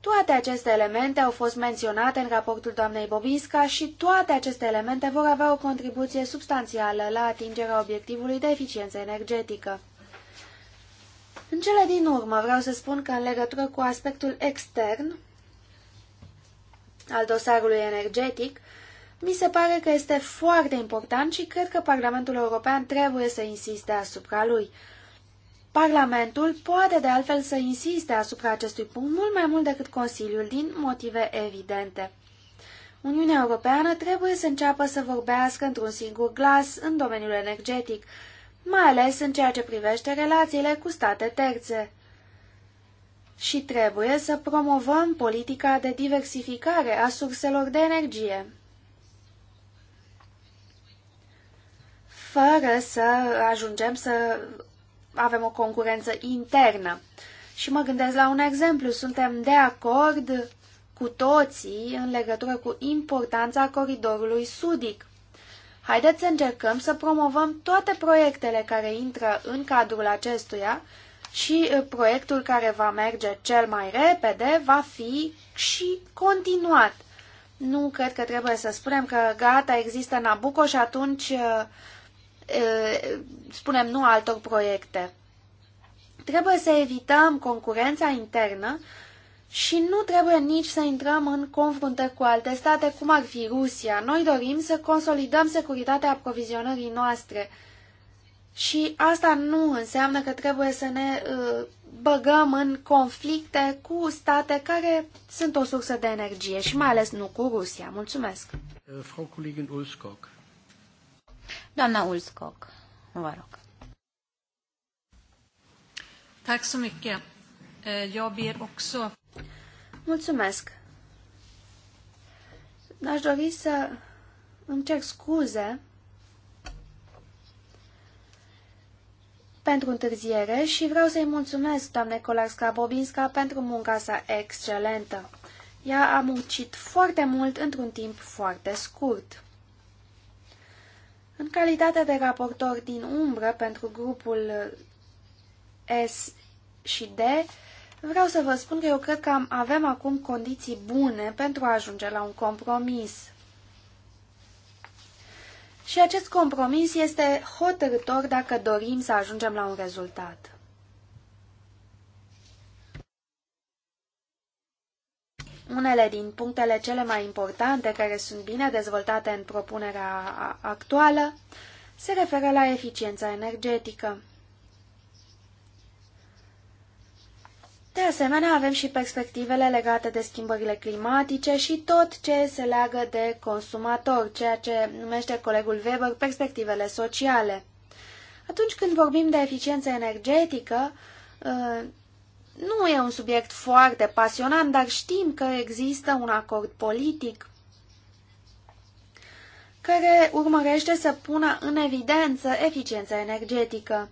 Toate aceste elemente au fost menționate în raportul doamnei Bobinska și toate aceste elemente vor avea o contribuție substanțială la atingerea obiectivului de eficiență energetică. În cele din urmă vreau să spun că în legătură cu aspectul extern al dosarului energetic, mi se pare că este foarte important și cred că Parlamentul European trebuie să insiste asupra lui. Parlamentul poate de altfel să insiste asupra acestui punct mult mai mult decât Consiliul, din motive evidente. Uniunea Europeană trebuie să înceapă să vorbească într-un singur glas în domeniul energetic, mai ales în ceea ce privește relațiile cu state terțe. Și trebuie să promovăm politica de diversificare a surselor de energie. Fără să ajungem să avem o concurență internă. Și mă gândesc la un exemplu. Suntem de acord cu toții în legătură cu importanța coridorului sudic. Haideți să încercăm să promovăm toate proiectele care intră în cadrul acestuia și uh, proiectul care va merge cel mai repede va fi și continuat. Nu cred că trebuie să spunem că gata, există Nabucco și atunci uh, spunem nu altor proiecte. Trebuie să evităm concurența internă și nu trebuie nici să intrăm în confruntări cu alte state, cum ar fi Rusia. Noi dorim să consolidăm securitatea aprovizionării noastre. Și asta nu înseamnă că trebuie să ne băgăm în conflicte cu state care sunt o sursă de energie și mai ales nu cu Rusia. Mulțumesc! Frau Kollegin Ulskog. Doamna Ulskog, vă rog. Tack så mycket. Eh, jag ber också. Mulțumesc. Aș dori să îmi cer scuze pentru întârziere și vreau să-i mulțumesc, doamne colarska bobinska pentru munca sa excelentă. Ea a muncit foarte mult într-un timp foarte scurt. În calitate de raportor din umbră pentru grupul S și D, vreau să vă spun că eu cred că avem acum condiții bune pentru a ajunge la un compromis. Și acest compromis este hotărător dacă dorim să ajungem la un rezultat. Unele din punctele cele mai importante care sunt bine dezvoltate în propunerea actuală se referă la eficiența energetică. De asemenea, avem și perspectivele legate de schimbările climatice și tot ce se leagă de consumator, ceea ce numește colegul Weber perspectivele sociale. Atunci când vorbim de eficiență energetică, ă, nu e un subiect foarte pasionant, dar știm că există un acord politic care urmărește să pună în evidență eficiența energetică.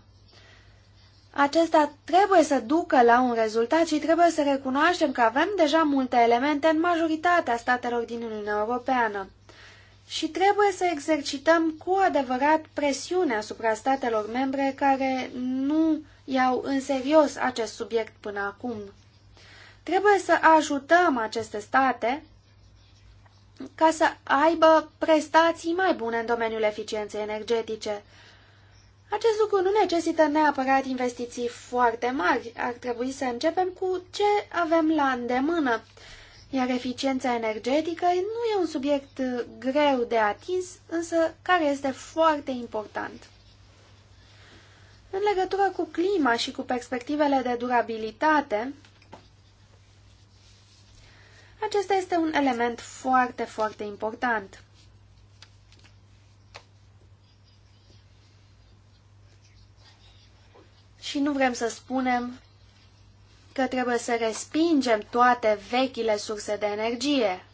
Acesta trebuie să ducă la un rezultat și trebuie să recunoaștem că avem deja multe elemente în majoritatea statelor din Uniunea Europeană și trebuie să exercităm cu adevărat presiunea asupra statelor membre care nu iau în serios acest subiect până acum. Trebuie să ajutăm aceste state ca să aibă prestații mai bune în domeniul eficienței energetice. Acest lucru nu necesită neapărat investiții foarte mari. Ar trebui să începem cu ce avem la îndemână iar eficiența energetică nu e un subiect uh, greu de atins, însă care este foarte important. În legătură cu clima și cu perspectivele de durabilitate, acesta este un element foarte, foarte important. Și nu vrem să spunem că trebuie să respingem toate vechile surse de energie.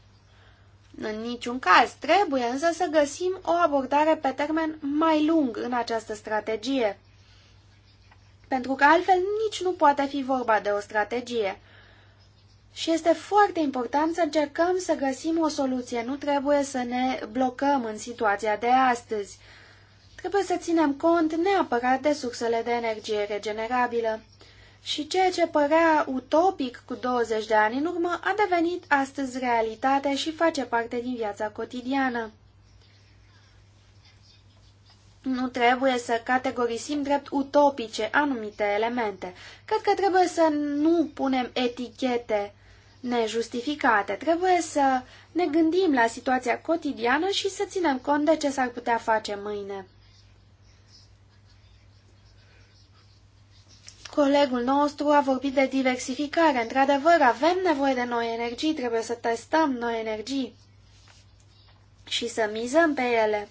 În niciun caz, trebuie însă să găsim o abordare pe termen mai lung în această strategie, pentru că altfel nici nu poate fi vorba de o strategie. Și este foarte important să încercăm să găsim o soluție, nu trebuie să ne blocăm în situația de astăzi. Trebuie să ținem cont neapărat de sursele de energie regenerabilă și ceea ce părea utopic cu 20 de ani în urmă a devenit astăzi realitate și face parte din viața cotidiană. Nu trebuie să categorisim drept utopice anumite elemente. Cred că trebuie să nu punem etichete nejustificate. Trebuie să ne gândim la situația cotidiană și să ținem cont de ce s-ar putea face mâine. Colegul nostru a vorbit de diversificare. Într-adevăr, avem nevoie de noi energii, trebuie să testăm noi energii și să mizăm pe ele.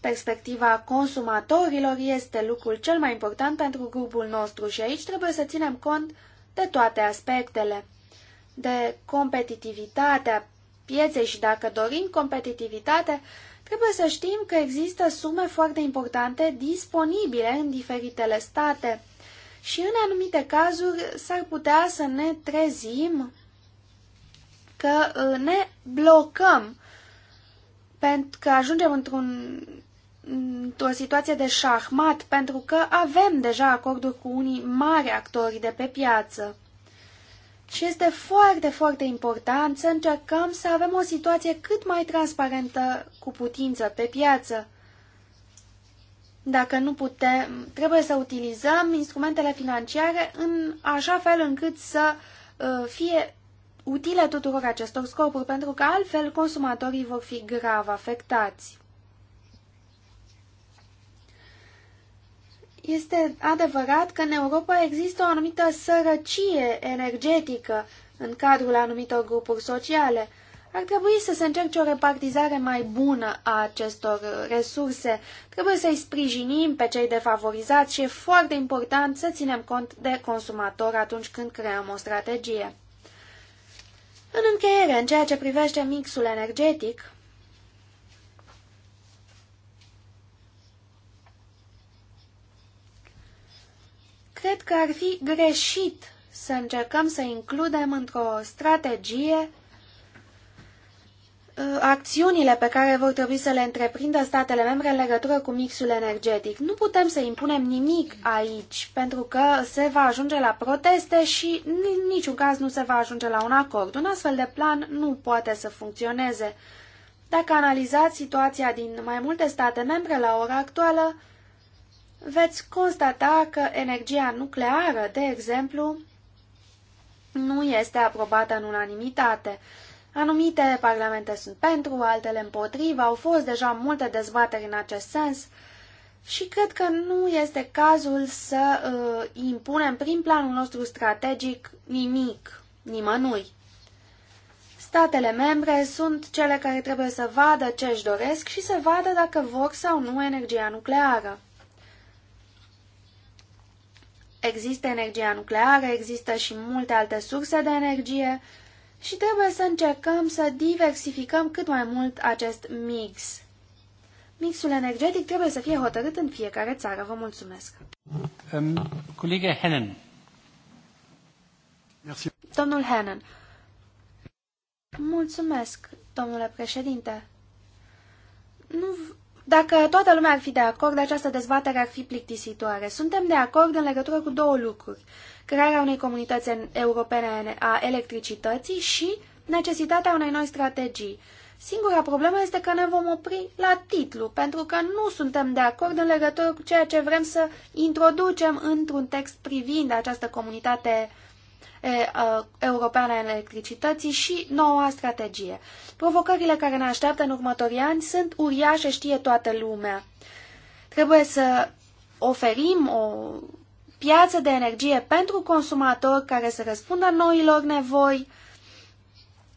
Perspectiva consumatorilor este lucrul cel mai important pentru grupul nostru și aici trebuie să ținem cont de toate aspectele. De competitivitatea pieței și dacă dorim competitivitate, trebuie să știm că există sume foarte importante disponibile în diferitele state și în anumite cazuri s-ar putea să ne trezim că uh, ne blocăm pentru că ajungem într-un, într-o situație de șahmat, pentru că avem deja acorduri cu unii mari actori de pe piață. Și este foarte, foarte important să încercăm să avem o situație cât mai transparentă cu putință pe piață. Dacă nu putem, trebuie să utilizăm instrumentele financiare în așa fel încât să uh, fie utile tuturor acestor scopuri, pentru că altfel consumatorii vor fi grav afectați. Este adevărat că în Europa există o anumită sărăcie energetică în cadrul anumitor grupuri sociale, ar trebui să se încerce o repartizare mai bună a acestor resurse. Trebuie să-i sprijinim pe cei defavorizați și e foarte important să ținem cont de consumator atunci când creăm o strategie. În încheiere, în ceea ce privește mixul energetic, cred că ar fi greșit să încercăm să includem într-o strategie Uh, acțiunile pe care vor trebui să le întreprindă statele membre în legătură cu mixul energetic. Nu putem să impunem nimic aici, pentru că se va ajunge la proteste și în niciun caz nu se va ajunge la un acord. Un astfel de plan nu poate să funcționeze. Dacă analizați situația din mai multe state membre la ora actuală, veți constata că energia nucleară, de exemplu, nu este aprobată în unanimitate Anumite parlamente sunt pentru, altele împotriva, au fost deja multe dezbateri în acest sens și cred că nu este cazul să uh, impunem prin planul nostru strategic nimic, nimănui. Statele membre sunt cele care trebuie să vadă ce își doresc și să vadă dacă vor sau nu energia nucleară. Există energia nucleară, există și multe alte surse de energie, uh, și trebuie să încercăm să diversificăm cât mai mult acest mix. Mixul energetic trebuie să fie hotărât în fiecare țară. Vă mulțumesc. Um, colegă Hennen. Merci. Domnul Hennen. Mulțumesc, domnule președinte. Nu, dacă toată lumea ar fi de acord, această dezbatere ar fi plictisitoare. Suntem de acord în legătură cu două lucruri crearea unei comunități europene a electricității și necesitatea unei noi strategii. Singura problemă este că ne vom opri la titlu, pentru că nu suntem de acord în legătură cu ceea ce vrem să introducem într-un text privind această comunitate europeană a electricității și noua strategie. Provocările care ne așteaptă în următorii ani sunt uriașe, știe toată lumea. Trebuie să oferim o piață de energie pentru consumator care să răspundă noilor nevoi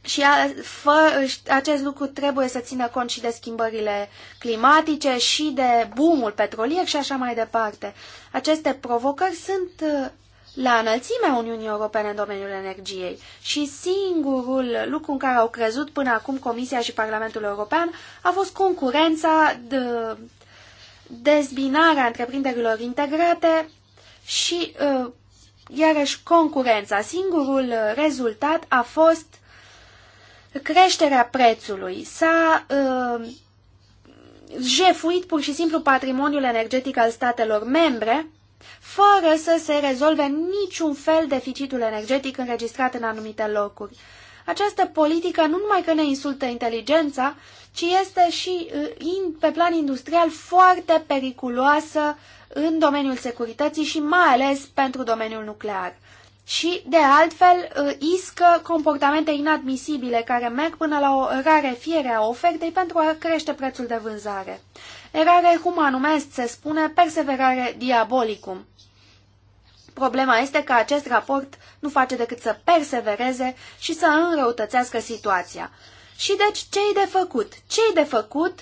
și a, fă, acest lucru trebuie să țină cont și de schimbările climatice și de boomul petrolier și așa mai departe. Aceste provocări sunt uh, la înălțimea Uniunii Europene în domeniul energiei și singurul lucru în care au crezut până acum Comisia și Parlamentul European a fost concurența, de, dezbinarea întreprinderilor integrate și uh, iarăși concurența. Singurul uh, rezultat a fost creșterea prețului. S-a uh, jefuit pur și simplu patrimoniul energetic al statelor membre, fără să se rezolve niciun fel deficitul energetic înregistrat în anumite locuri. Această politică nu numai că ne insultă inteligența, ci este și uh, pe plan industrial foarte periculoasă în domeniul securității și mai ales pentru domeniul nuclear. Și, de altfel, iscă comportamente inadmisibile care merg până la o rarefiere a ofertei pentru a crește prețul de vânzare. Erare humanum est se spune perseverare diabolicum. Problema este că acest raport nu face decât să persevereze și să înrăutățească situația. Și deci ce-i de făcut? Ce-i de făcut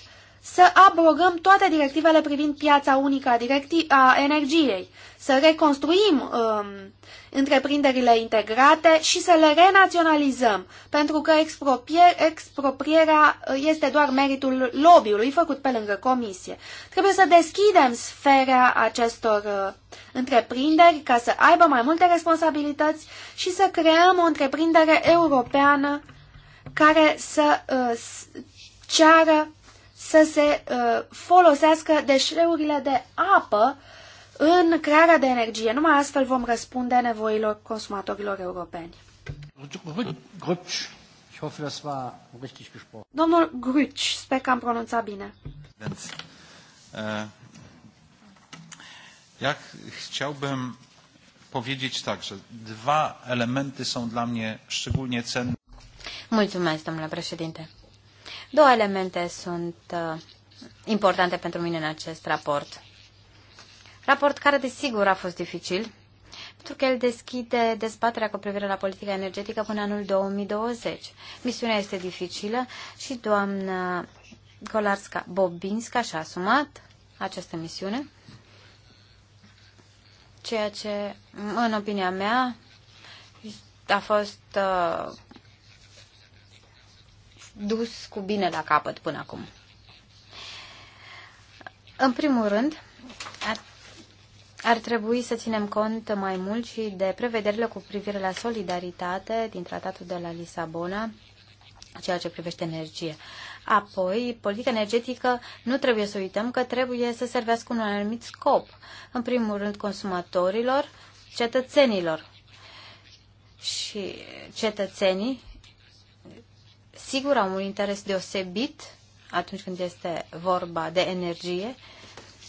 să abrogăm toate directivele privind piața unică a, a energiei, să reconstruim um, întreprinderile integrate și să le renaționalizăm, pentru că exproprier, exproprierea uh, este doar meritul lobby-ului făcut pe lângă comisie. Trebuie să deschidem sfera acestor uh, întreprinderi ca să aibă mai multe responsabilități și să creăm o întreprindere europeană care să uh, ceară să se uh, folosească deșeurile de apă în crearea de energie. Numai astfel vom răspunde nevoilor consumatorilor europeni. Domnul Gruci, sper că am pronunțat bine. Ja chciałbym powiedzieć tak, że dwa elementy są dla mnie szczególnie cenne. Mulțumesc, domnule președinte. Două elemente sunt uh, importante pentru mine în acest raport. Raport care, desigur, a fost dificil, pentru că el deschide dezbaterea cu privire la politica energetică până anul 2020. Misiunea este dificilă și doamna Kolarska Bobinska și-a asumat această misiune, ceea ce, în opinia mea, a fost uh, dus cu bine la capăt până acum. În primul rând, ar, ar trebui să ținem cont mai mult și de prevederile cu privire la solidaritate din tratatul de la Lisabona, ceea ce privește energie. Apoi, politica energetică nu trebuie să uităm că trebuie să servească un anumit scop. În primul rând, consumatorilor, cetățenilor. Și cetățenii sigur au un interes deosebit atunci când este vorba de energie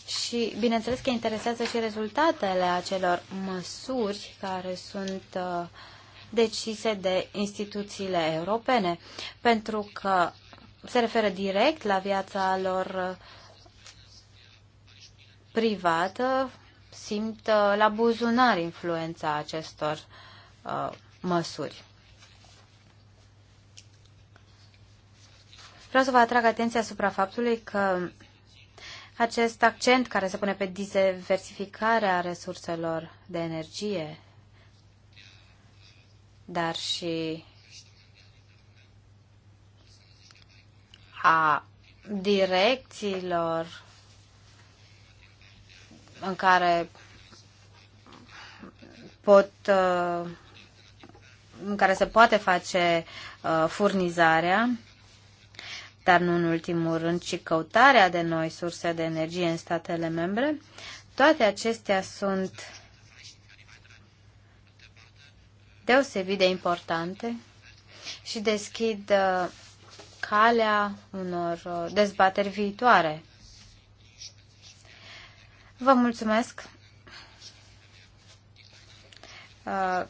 și bineînțeles că interesează și rezultatele acelor măsuri care sunt uh, decise de instituțiile europene, pentru că se referă direct la viața lor uh, privată, simt uh, la buzunar influența acestor uh, măsuri. Vreau să vă atrag atenția asupra faptului că acest accent care se pune pe diversificarea resurselor de energie, dar și a direcțiilor în care pot uh, în care se poate face uh, furnizarea dar nu în ultimul rând, ci căutarea de noi surse de energie în statele membre. Toate acestea sunt deosebit de importante și deschid uh, calea unor uh, dezbateri viitoare. Vă mulțumesc! Uh,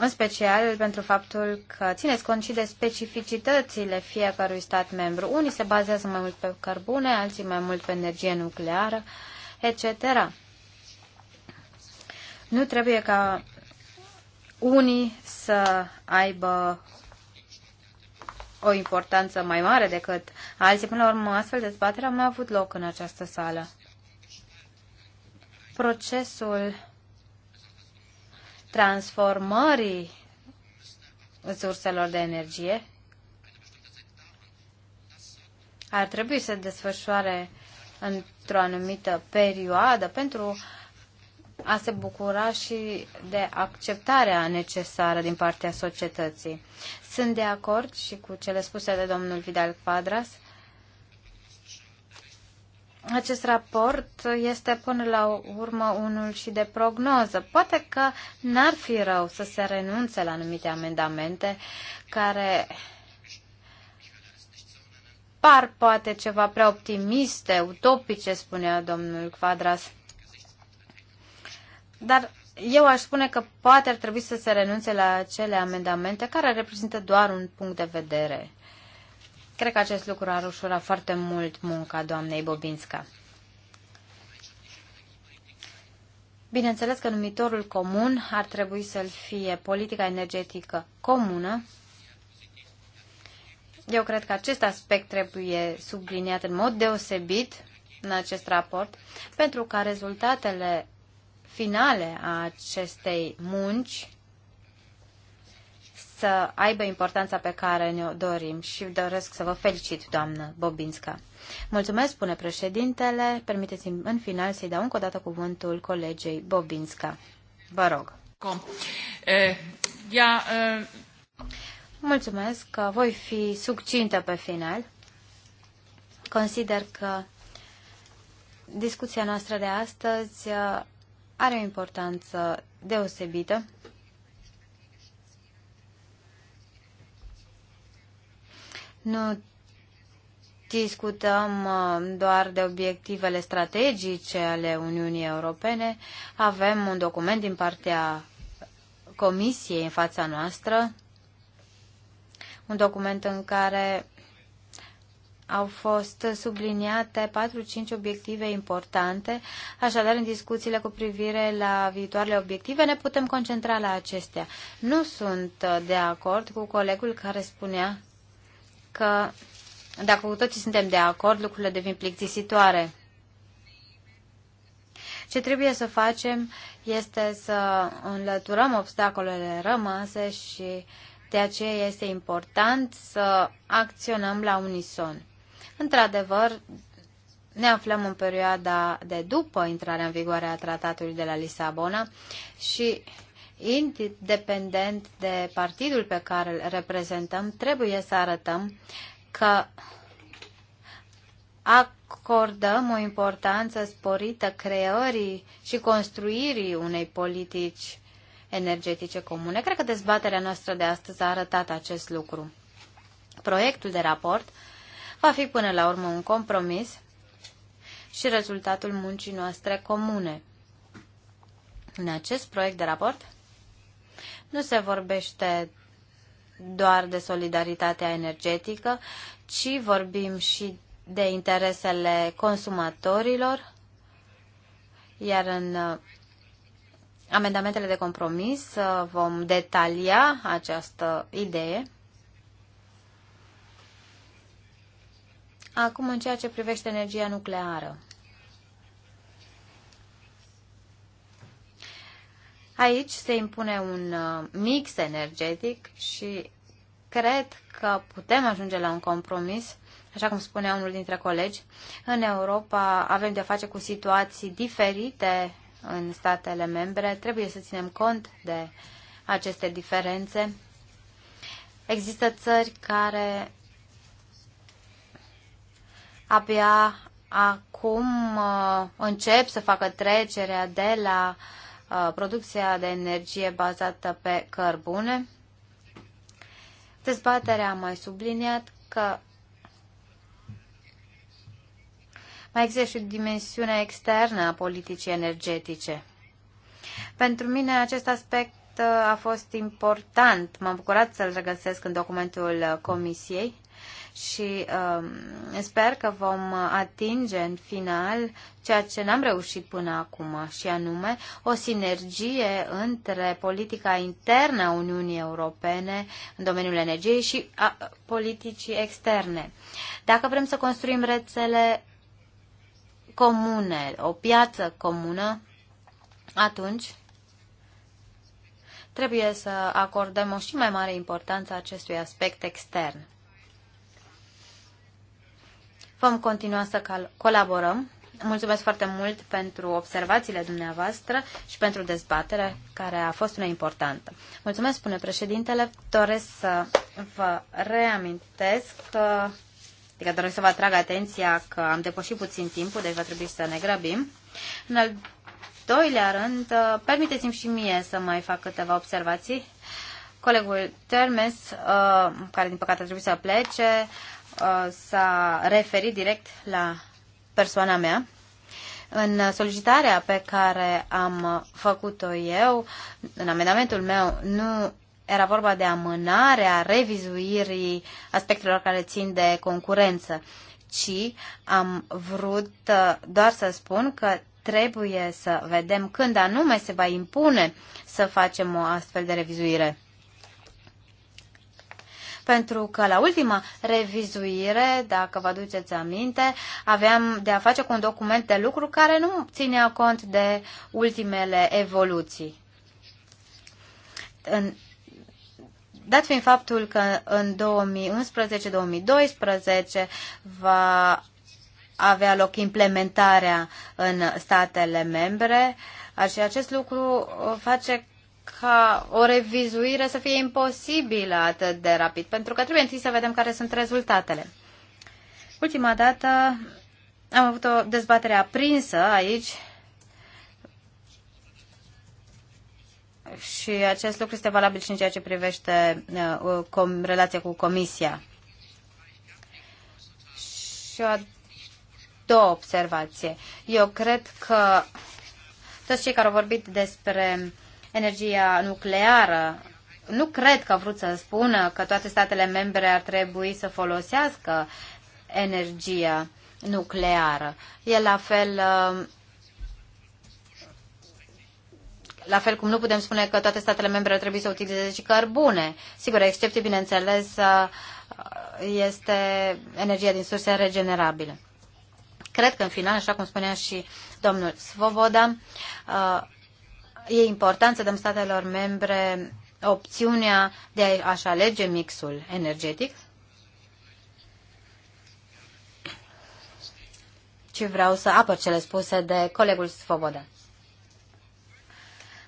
în special pentru faptul că țineți cont și de specificitățile fiecărui stat membru. Unii se bazează mai mult pe cărbune, alții mai mult pe energie nucleară, etc. Nu trebuie ca unii să aibă o importanță mai mare decât alții. Până la urmă, astfel dezbaterea a mai avut loc în această sală. Procesul transformării surselor de energie ar trebui să desfășoare într-o anumită perioadă pentru a se bucura și de acceptarea necesară din partea societății. Sunt de acord și cu cele spuse de domnul Vidal Quadras acest raport este până la urmă unul și de prognoză. Poate că n-ar fi rău să se renunțe la anumite amendamente care par poate ceva prea optimiste, utopice, spunea domnul Quadras. Dar eu aș spune că poate ar trebui să se renunțe la acele amendamente care reprezintă doar un punct de vedere. Cred că acest lucru ar ușura foarte mult munca doamnei Bobinska. Bineînțeles că numitorul comun ar trebui să-l fie politica energetică comună. Eu cred că acest aspect trebuie subliniat în mod deosebit în acest raport, pentru ca rezultatele finale a acestei munci să aibă importanța pe care ne-o dorim și doresc să vă felicit, doamnă Bobinska. Mulțumesc, spune președintele. Permiteți-mi în final să-i dau încă o dată cuvântul colegei Bobinska. Vă rog. Com. E, ia, e... Mulțumesc că voi fi succintă pe final. Consider că discuția noastră de astăzi are o importanță deosebită Nu discutăm uh, doar de obiectivele strategice ale Uniunii Europene. Avem un document din partea Comisiei în fața noastră, un document în care au fost subliniate 4-5 obiective importante, așadar în discuțiile cu privire la viitoarele obiective ne putem concentra la acestea. Nu sunt de acord cu colegul care spunea că dacă cu toții suntem de acord, lucrurile devin plictisitoare. Ce trebuie să facem este să înlăturăm obstacolele rămase și de aceea este important să acționăm la unison. Într-adevăr, ne aflăm în perioada de după intrarea în vigoare a tratatului de la Lisabona și independent de partidul pe care îl reprezentăm, trebuie să arătăm că acordăm o importanță sporită creării și construirii unei politici energetice comune. Cred că dezbaterea noastră de astăzi a arătat acest lucru. Proiectul de raport va fi până la urmă un compromis și rezultatul muncii noastre comune. În acest proiect de raport nu se vorbește doar de solidaritatea energetică, ci vorbim și de interesele consumatorilor, iar în uh, amendamentele de compromis uh, vom detalia această idee. Acum, în ceea ce privește energia nucleară. Aici se impune un uh, mix energetic și cred că putem ajunge la un compromis, așa cum spunea unul dintre colegi. În Europa avem de-a face cu situații diferite în statele membre, trebuie să ținem cont de aceste diferențe. Există țări care abia acum uh, încep să facă trecerea de la uh, Uh, producția de energie bazată pe cărbune. Dezbaterea a mai subliniat că mai există și o dimensiune externă a politicii energetice. Pentru mine acest aspect uh, a fost important. M-am bucurat să-l regăsesc în documentul uh, Comisiei și uh, sper că vom atinge în final ceea ce n-am reușit până acum, și anume o sinergie între politica internă a Uniunii Europene în domeniul energiei și a politicii externe. Dacă vrem să construim rețele comune, o piață comună, atunci trebuie să acordăm o și mai mare importanță acestui aspect extern. Vom continua să colaborăm. Mulțumesc foarte mult pentru observațiile dumneavoastră și pentru dezbatere, care a fost una importantă. Mulțumesc, spune președintele. Doresc să vă reamintesc că, adică doresc să vă atrag atenția că am depășit puțin timpul, deci va trebui să ne grăbim. În al doilea rând, permiteți-mi și mie să mai fac câteva observații. Colegul Termes, uh, care din păcate trebuie să plece, Uh, s-a referit direct la persoana mea. În solicitarea pe care am făcut-o eu, în amendamentul meu, nu era vorba de amânarea revizuirii aspectelor care țin de concurență, ci am vrut uh, doar să spun că trebuie să vedem când anume se va impune să facem o astfel de revizuire pentru că la ultima revizuire, dacă vă aduceți aminte, aveam de a face cu un document de lucru care nu ținea cont de ultimele evoluții. În Dat fiind faptul că în 2011-2012 va avea loc implementarea în statele membre și acest lucru face ca o revizuire să fie imposibilă atât de rapid, pentru că trebuie întâi să vedem care sunt rezultatele. Ultima dată am avut o dezbatere aprinsă aici și acest lucru este valabil și în ceea ce privește uh, com, relația cu Comisia. Și o a doua observație. Eu cred că toți cei care au vorbit despre uh, energia nucleară. Nu cred că a vrut să spună că toate statele membre ar trebui să folosească energia nucleară. E la fel uh, la fel cum nu putem spune că toate statele membre ar trebui să utilizeze și cărbune. Sigur, excepție, bineînțeles, uh, este energia din surse regenerabile. Cred că, în final, așa cum spunea și domnul Svoboda, uh, e important să dăm statelor membre opțiunea de a-și alege mixul energetic? Și vreau să apăr cele spuse de colegul Svoboda.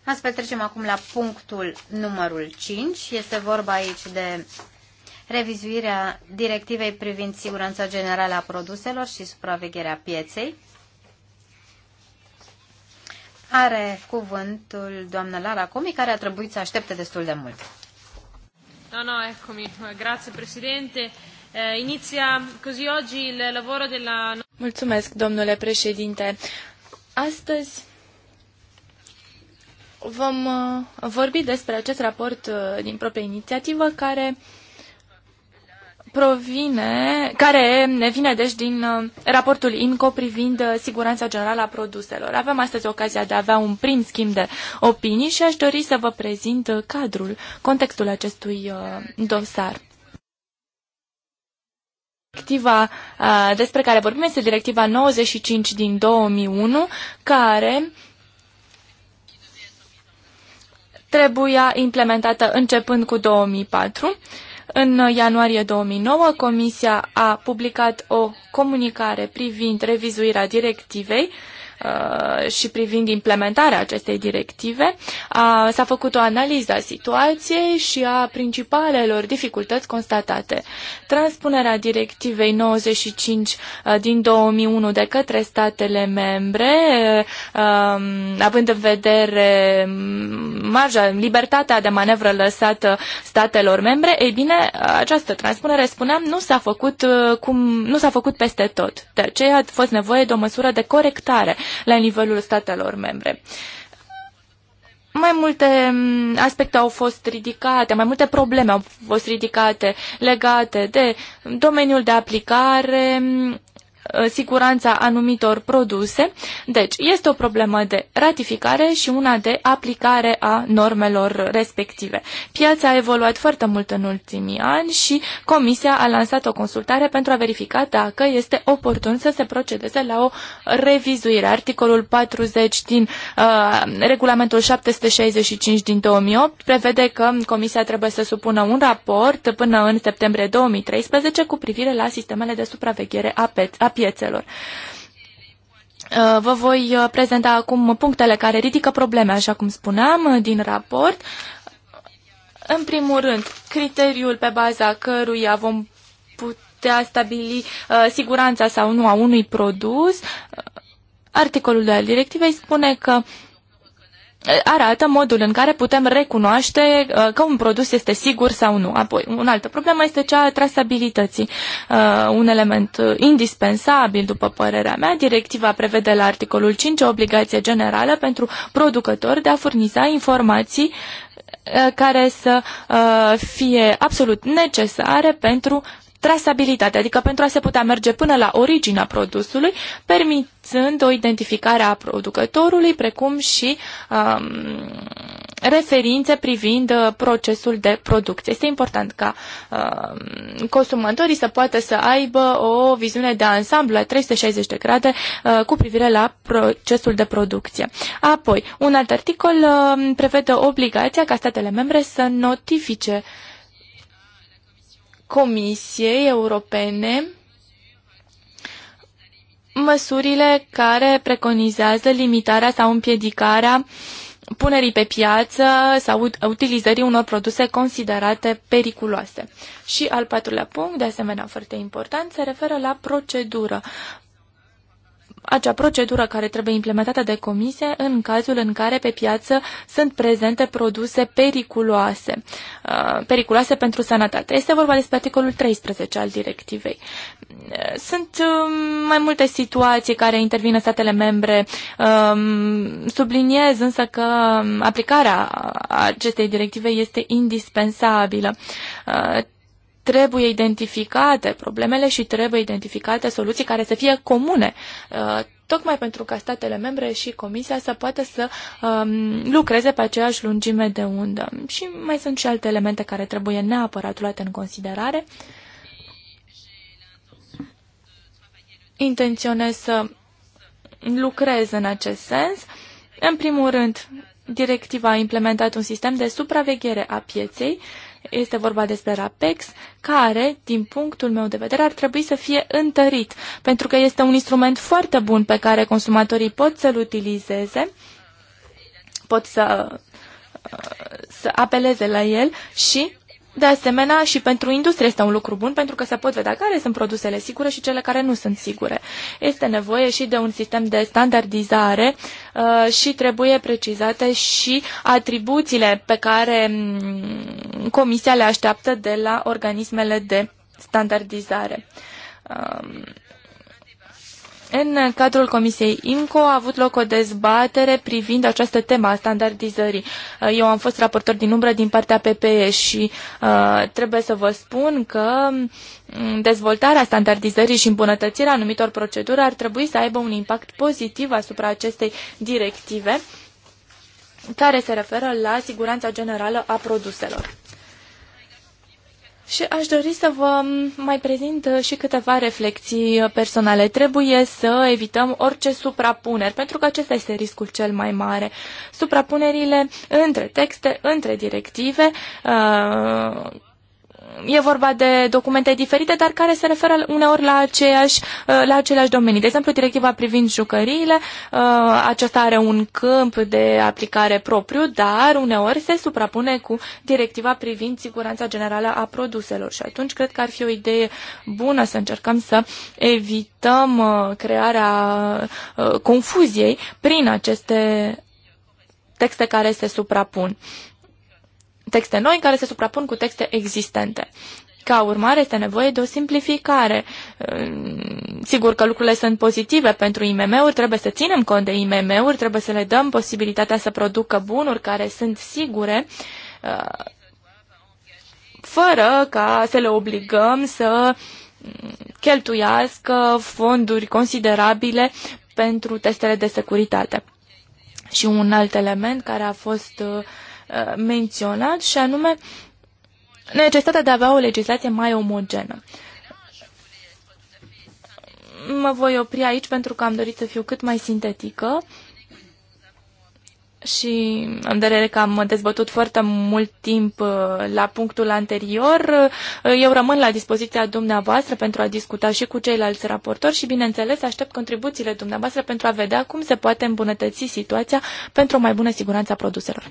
Astfel trecem acum la punctul numărul 5. Este vorba aici de revizuirea directivei privind siguranța generală a produselor și supravegherea pieței. Are cuvântul doamna Lara Comi, care a trebuit să aștepte destul de mult. No, no, eccomi. Grazie, Presidente. Eh, inizia così oggi il lavoro della... Mulțumesc, domnule președinte. Astăzi vom eh, vorbi despre acest raport eh, din proprie inițiativă care provine, care ne vine deci din uh, raportul INCO privind uh, siguranța generală a produselor. Avem astăzi ocazia de a avea un prim schimb de opinii și aș dori să vă prezint uh, cadrul, contextul acestui dosar. Directiva despre care vorbim este directiva 95 din 2001, care trebuia implementată începând cu 2004 în ianuarie 2009, Comisia a publicat o comunicare privind revizuirea directivei Uh, și privind implementarea acestei directive, s-a făcut o analiză a situației și a principalelor dificultăți constatate. Transpunerea directivei 95 uh, din 2001 de către statele membre, uh, um, având în vedere um, marja, libertatea de manevră lăsată statelor membre, ei bine, această transpunere, spuneam, nu s-a făcut, cum, nu s-a făcut peste tot. De aceea a fost nevoie de o măsură de corectare la nivelul statelor membre. Mai multe mm, aspecte au fost ridicate, mai multe probleme au fost ridicate legate de domeniul de aplicare, mm, Uh, siguranța anumitor produse. Deci, este o problemă de ratificare și una de aplicare a normelor respective. Piața a evoluat foarte mult în ultimii ani și Comisia a lansat o consultare pentru a verifica dacă este oportun să se procedeze la o revizuire. Articolul 40 din uh, regulamentul 765 din 2008 prevede că Comisia trebuie să supună un raport până în septembrie 2013 cu privire la sistemele de supraveghere a, pet- a piețelor. Uh, vă voi uh, prezenta acum punctele care ridică probleme, așa cum spuneam, uh, din raport. În primul rând, criteriul pe baza căruia vom putea stabili uh, siguranța sau nu a unui produs, articolul de al directivei spune că uh, Eh, arată modul în care putem recunoaște eh, că un produs este sigur sau nu. Apoi, un altă problemă este cea a trasabilității, eh, un element indispensabil, după părerea mea. Directiva prevede la articolul 5 o obligație generală pentru producători de a furniza informații care să fie absolut necesare pentru trasabilitate, adică pentru a se putea merge până la originea produsului, permițând o identificare a producătorului, precum și um, referințe privind uh, procesul de producție. Este important ca uh, consumatorii să poată să aibă o viziune de ansamblu la 360 de grade uh, cu privire la procesul de producție. Apoi, un alt articol uh, prevede obligația ca statele membre să notifice uh, Comisiei Europene măsurile care preconizează limitarea sau împiedicarea punerii pe piață sau utilizării unor produse considerate periculoase. Și al patrulea punct, de asemenea foarte important, se referă la procedură acea procedură care trebuie implementată de comisie în cazul în care pe piață sunt prezente produse periculoase, uh, periculoase pentru sănătate. Este vorba despre articolul 13 al directivei. Uh, sunt uh, mai multe situații care intervin în statele membre. Uh, subliniez însă că um, aplicarea acestei directive este indispensabilă. Uh, trebuie identificate problemele și trebuie identificate soluții care să fie comune, uh, tocmai pentru ca statele membre și Comisia să poată să um, lucreze pe aceeași lungime de undă. Și mai sunt și alte elemente care trebuie neapărat luate în considerare. Intenționez să lucrez în acest sens. În primul rând, directiva a implementat un sistem de supraveghere a pieței uh, este vorba despre RAPEX, care, din punctul meu de vedere, ar trebui să fie întărit, pentru că este un instrument foarte bun pe care consumatorii pot să-l utilizeze, pot să, să apeleze la el și de asemenea, și pentru industrie este un lucru bun, pentru că se pot vedea care sunt produsele sigure și cele care nu sunt sigure. Este nevoie și de un sistem de standardizare uh, și trebuie precizate și atribuțiile pe care um, Comisia le așteaptă de la organismele de standardizare. Um, în cadrul Comisiei IMCO a avut loc o dezbatere privind această temă a standardizării. Uh, eu am fost raportor din umbră din partea PPE și uh, trebuie să vă spun că mm, dezvoltarea standardizării și îmbunătățirea anumitor proceduri ar trebui să aibă un impact pozitiv asupra acestei directive care se referă la siguranța generală a produselor. Și aș dori să vă mai prezint uh, și câteva reflexii uh, personale. Trebuie să evităm orice suprapuneri, pentru că acesta este riscul cel mai mare. Suprapunerile între texte, între directive, uh, e vorba de documente diferite, dar care se referă uneori la, aceeași, uh, la aceleași domenii. De exemplu, directiva privind jucăriile, uh, aceasta are un câmp de aplicare propriu, dar uneori se suprapune cu directiva privind siguranța generală a produselor. Și atunci cred că ar fi o idee bună să încercăm să evităm uh, crearea confuziei prin aceste texte care se suprapun texte noi care se suprapun cu texte existente. Ca urmare, este nevoie de o simplificare. Sigur că lucrurile sunt pozitive pentru IMM-uri, trebuie să ținem cont de IMM-uri, trebuie să le dăm posibilitatea să producă bunuri care sunt sigure, uh, fără ca să le obligăm să mm, cheltuiască fonduri considerabile pentru testele de securitate. Și un alt element care a fost uh, Uh, menționat și anume necesitatea de a avea o legislație mai omogenă. Mă voi opri aici pentru că am dorit să fiu cât mai sintetică și am derere că am dezbătut foarte mult timp uh, la punctul anterior. Uh, eu rămân la dispoziția dumneavoastră pentru a discuta și cu ceilalți raportori și, bineînțeles, aștept contribuțiile dumneavoastră pentru a vedea cum se poate îmbunătăți situația pentru o mai bună siguranță a produselor.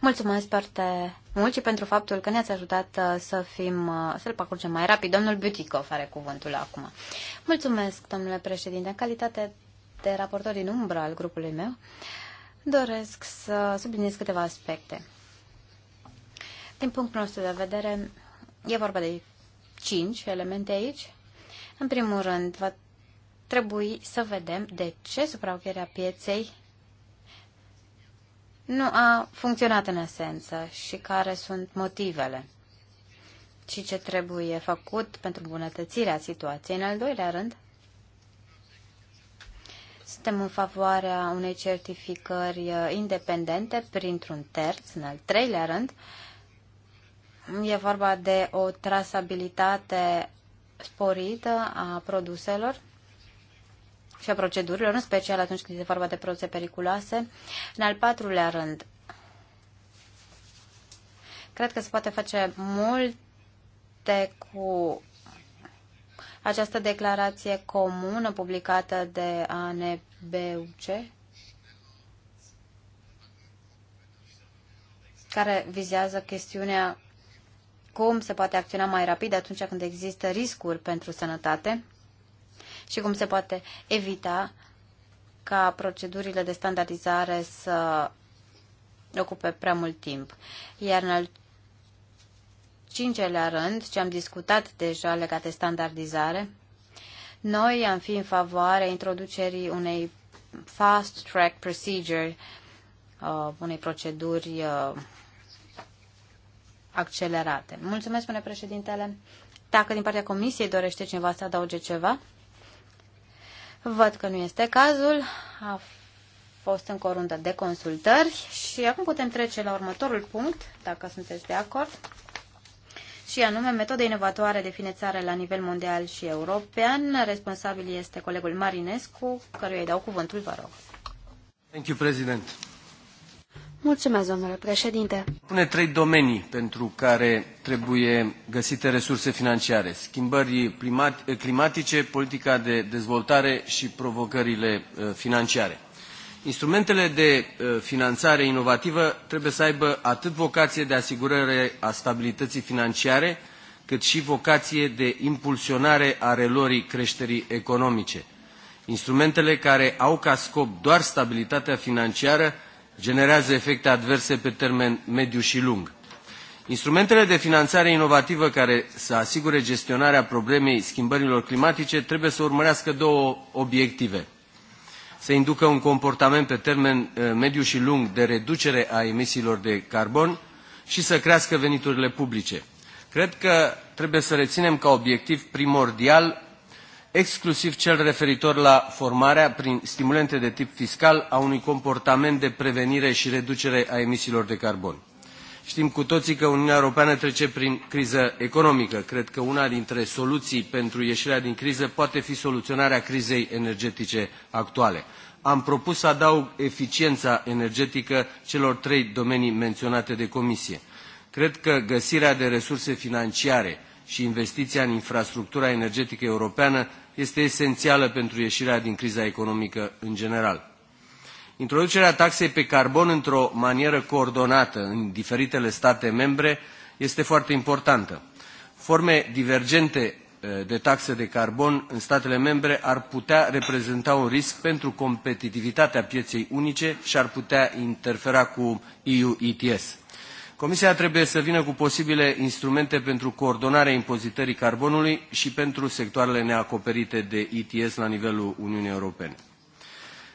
Mulțumesc foarte mult și pentru faptul că ne-ați ajutat uh, să fim, uh, să-l parcurgem mai rapid. Domnul Butikov are cuvântul acum. Mulțumesc, domnule președinte. În calitate de raportor din umbră al grupului meu, doresc să subliniez câteva aspecte. Din punctul nostru de vedere, e vorba de cinci elemente aici. În primul rând, va trebui să vedem de ce supraocherea pieței nu a funcționat în esență și care sunt motivele și ce trebuie făcut pentru îmbunătățirea situației. În al doilea rând, suntem în favoarea unei certificări uh, independente printr-un terț. În al treilea rând, e vorba de o trasabilitate sporită a produselor și a procedurilor, în special atunci când este vorba de produse periculoase. În al patrulea rând, cred că se poate face multe cu această declarație comună publicată de ANBUC, care vizează chestiunea cum se poate acționa mai rapid atunci când există riscuri pentru sănătate și cum se poate evita ca procedurile de standardizare să ocupe prea mult timp. Iar în al cincelea rând, ce am discutat deja legat de standardizare, noi am fi în favoare introducerii unei fast track procedure, uh, unei proceduri uh, accelerate. Mulțumesc, spune președintele. Dacă din partea comisiei dorește cineva să adauge ceva, Văd că nu este cazul. A fost încă o rundă de consultări și acum putem trece la următorul punct, dacă sunteți de acord, și anume metode inovatoare de finețare la nivel mondial și european. Responsabil este colegul Marinescu, căruia îi dau cuvântul, vă rog. Thank you, President. Mulțumesc, domnule președinte. Pune trei domenii pentru care trebuie găsite resurse financiare. Schimbări eh, climatice, politica de dezvoltare și provocările eh, financiare. Instrumentele de eh, finanțare inovativă trebuie să aibă atât vocație de asigurare a stabilității financiare, cât și vocație de impulsionare a relorii creșterii economice. Instrumentele care au ca scop doar stabilitatea financiară generează efecte adverse pe termen mediu și lung. Instrumentele de finanțare inovativă care să asigure gestionarea problemei schimbărilor climatice trebuie să urmărească două obiective. Să inducă un comportament pe termen eh, mediu și lung de reducere a emisiilor de carbon și să crească veniturile publice. Cred că trebuie să reținem ca obiectiv primordial exclusiv cel referitor la formarea prin stimulente de tip fiscal a unui comportament de prevenire și reducere a emisiilor de carbon. Știm cu toții că Uniunea Europeană trece prin criză economică. Cred că una dintre soluții pentru ieșirea din criză poate fi soluționarea crizei energetice actuale. Am propus să adaug eficiența energetică celor trei domenii menționate de Comisie. Cred că găsirea de resurse financiare și investiția în infrastructura energetică europeană este esențială pentru ieșirea din criza economică în general. Introducerea taxei pe carbon într-o manieră coordonată în diferitele state membre este foarte importantă. Forme divergente eh, de taxe de carbon în statele membre ar putea reprezenta un risc pentru competitivitatea pieței unice și ar putea interfera cu EU ETS. Comisia trebuie să vină cu posibile instrumente pentru coordonarea impozitării carbonului și pentru sectoarele neacoperite de ETS la nivelul Uniunii Europene.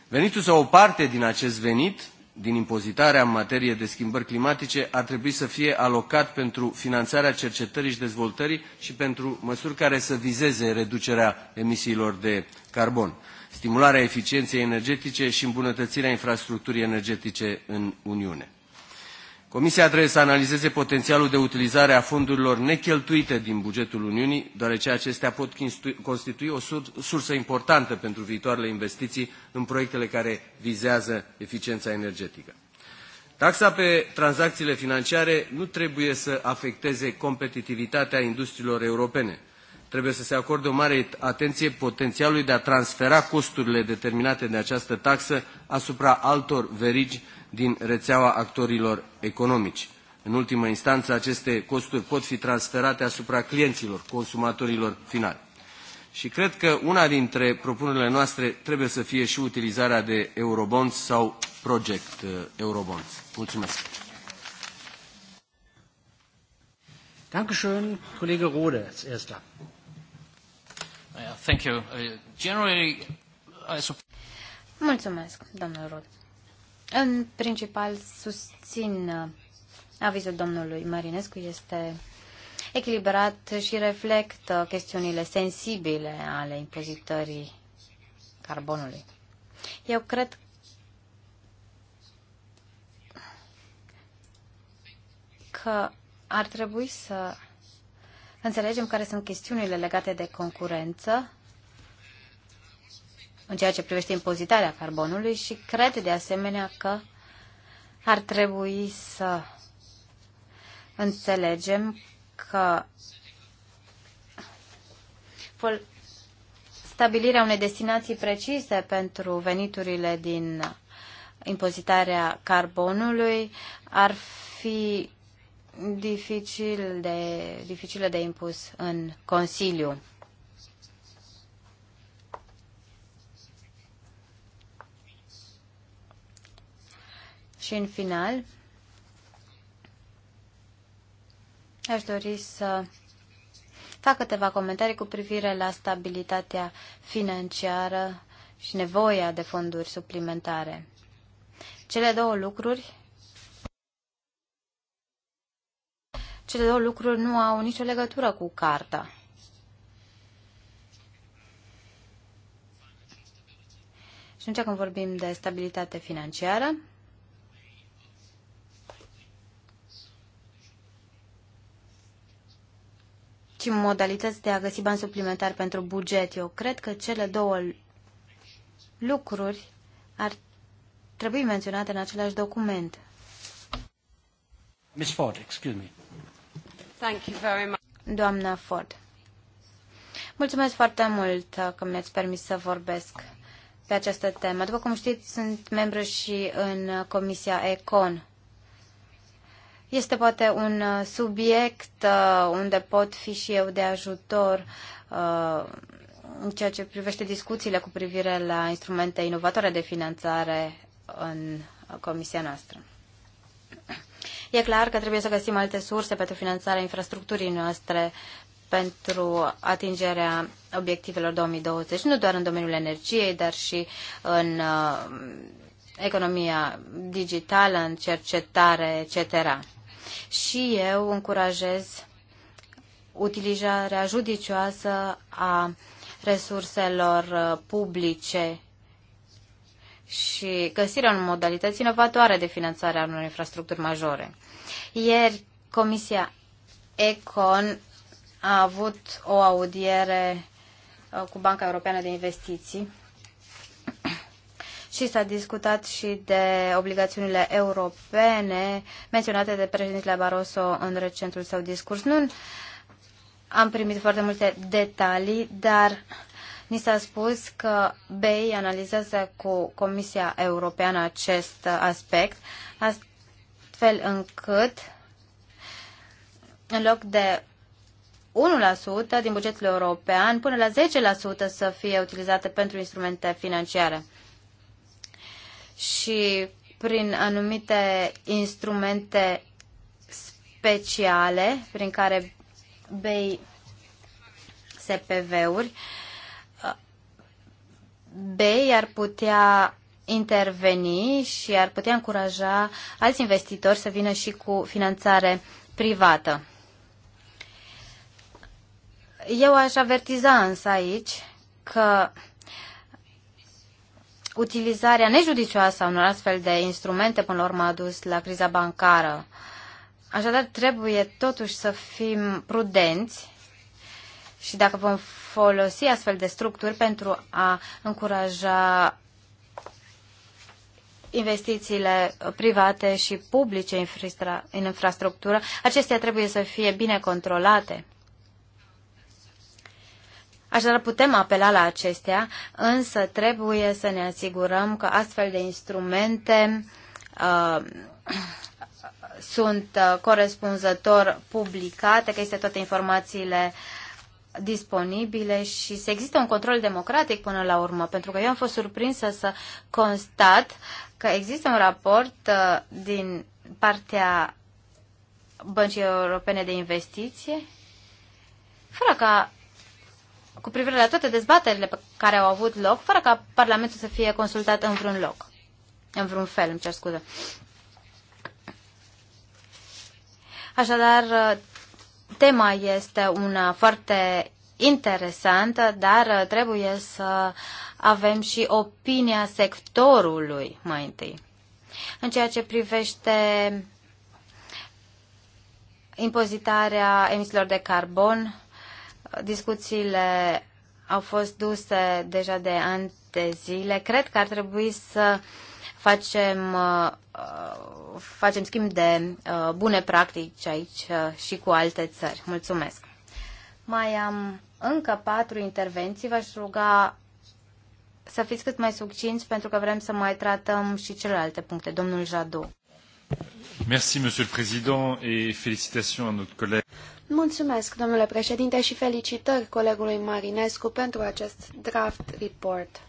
Venitul sau o parte din acest venit, din impozitarea în materie de schimbări climatice, ar trebui să fie alocat pentru finanțarea cercetării și dezvoltării și pentru măsuri care să vizeze reducerea emisiilor de carbon, stimularea eficienței energetice și îmbunătățirea infrastructurii energetice în Uniune. Comisia trebuie să analizeze potențialul de utilizare a fondurilor necheltuite din bugetul Uniunii, deoarece acestea pot constitui o sursă importantă pentru viitoarele investiții în proiectele care vizează eficiența energetică. Taxa pe tranzacțiile financiare nu trebuie să afecteze competitivitatea industriilor europene, trebuie să se acorde o mare atenție potențialului de a transfera costurile determinate de această taxă asupra altor verigi din rețeaua actorilor economici. În ultimă instanță, aceste costuri pot fi transferate asupra clienților, consumatorilor finali. Și cred că una dintre propunerile noastre trebuie să fie și utilizarea de Eurobonds sau Project uh, Eurobonds. Mulțumesc! Dankeschön, Kollege Rode als erster. Uh, thank you. Uh, generally, I Mulțumesc, domnul Rod. În principal, susțin uh, avizul domnului Marinescu. Este echilibrat și reflectă chestiunile sensibile ale impozitării carbonului. Eu cred că ar trebui să înțelegem care sunt chestiunile legate de concurență în ceea ce privește impozitarea carbonului și cred de asemenea că ar trebui să înțelegem că stabilirea unei destinații precise pentru veniturile din impozitarea carbonului ar fi dificil de, dificilă de impus în Consiliu. Și în final, aș dori să fac câteva comentarii cu privire la stabilitatea financiară și nevoia de fonduri suplimentare. Cele două lucruri Cele două lucruri nu au nicio legătură cu carta. Și atunci când vorbim de stabilitate financiară, ci modalități de a găsi bani suplimentari pentru buget. Eu cred că cele două lucruri ar trebui menționate în același document. Miss Ford, excuse me. Doamnă Doamna Ford. Mulțumesc foarte mult că mi-ați permis să vorbesc pe această temă. După cum știți, sunt membru și în Comisia ECON. Este poate un subiect uh, unde pot fi și eu de ajutor uh, în ceea ce privește discuțiile cu privire la instrumente inovatoare de finanțare în comisia noastră. E clar că trebuie să găsim alte surse pentru finanțarea infrastructurii noastre pentru atingerea obiectivelor 2020, nu doar în domeniul energiei, dar și în uh, economia digitală, în cercetare, etc. Și eu încurajez utilizarea judicioasă a resurselor uh, publice și găsirea unor modalități inovatoare de finanțare a unor infrastructuri majore. Ieri, Comisia Econ a avut o audiere uh, cu Banca Europeană de Investiții și s-a discutat și de obligațiunile europene menționate de președintele Barroso în recentul său discurs. Nu am primit foarte multe detalii, dar Ni s-a spus că BEI analizează cu Comisia Europeană acest aspect, astfel încât în loc de 1% din bugetul european până la 10% să fie utilizate pentru instrumente financiare. Și prin anumite instrumente speciale prin care bei SPV-uri B ar putea interveni și ar putea încuraja alți investitori să vină și cu finanțare privată. Eu aș avertiza însă aici că utilizarea nejudicioasă a unor astfel de instrumente până la urmă a dus la criza bancară. Așadar, trebuie totuși să fim prudenți și dacă vom folosi astfel de structuri pentru a încuraja investițiile private și publice în infrastructură, acestea trebuie să fie bine controlate. Așadar, putem apela la acestea, însă trebuie să ne asigurăm că astfel de instrumente uh, sunt uh, corespunzător publicate, că este toate informațiile disponibile și să există un control democratic până la urmă, pentru că eu am fost surprinsă să constat că există un raport uh, din partea Băncii Europene de Investiție, fără ca cu privire la toate dezbaterile pe care au avut loc, fără ca Parlamentul să fie consultat în vreun loc, în vreun fel, îmi cer scuze. Așadar, uh, Tema este una foarte interesantă, dar trebuie să avem și opinia sectorului mai întâi. În ceea ce privește impozitarea emisiilor de carbon, discuțiile au fost duse deja de ani de zile. Cred că ar trebui să uh, facem, uh, uh, facem schimb de uh, bune practici aici și cu alte țări. Mulțumesc! Mai am încă patru intervenții. V-aș ruga să fiți cât mai succinți pentru că vrem să mai tratăm și celelalte puncte. Domnul Jadou. Merci, Monsieur le Président, et félicitations à notre collègue. Mulțumesc, domnule președinte, și felicitări colegului Marinescu pentru acest draft report.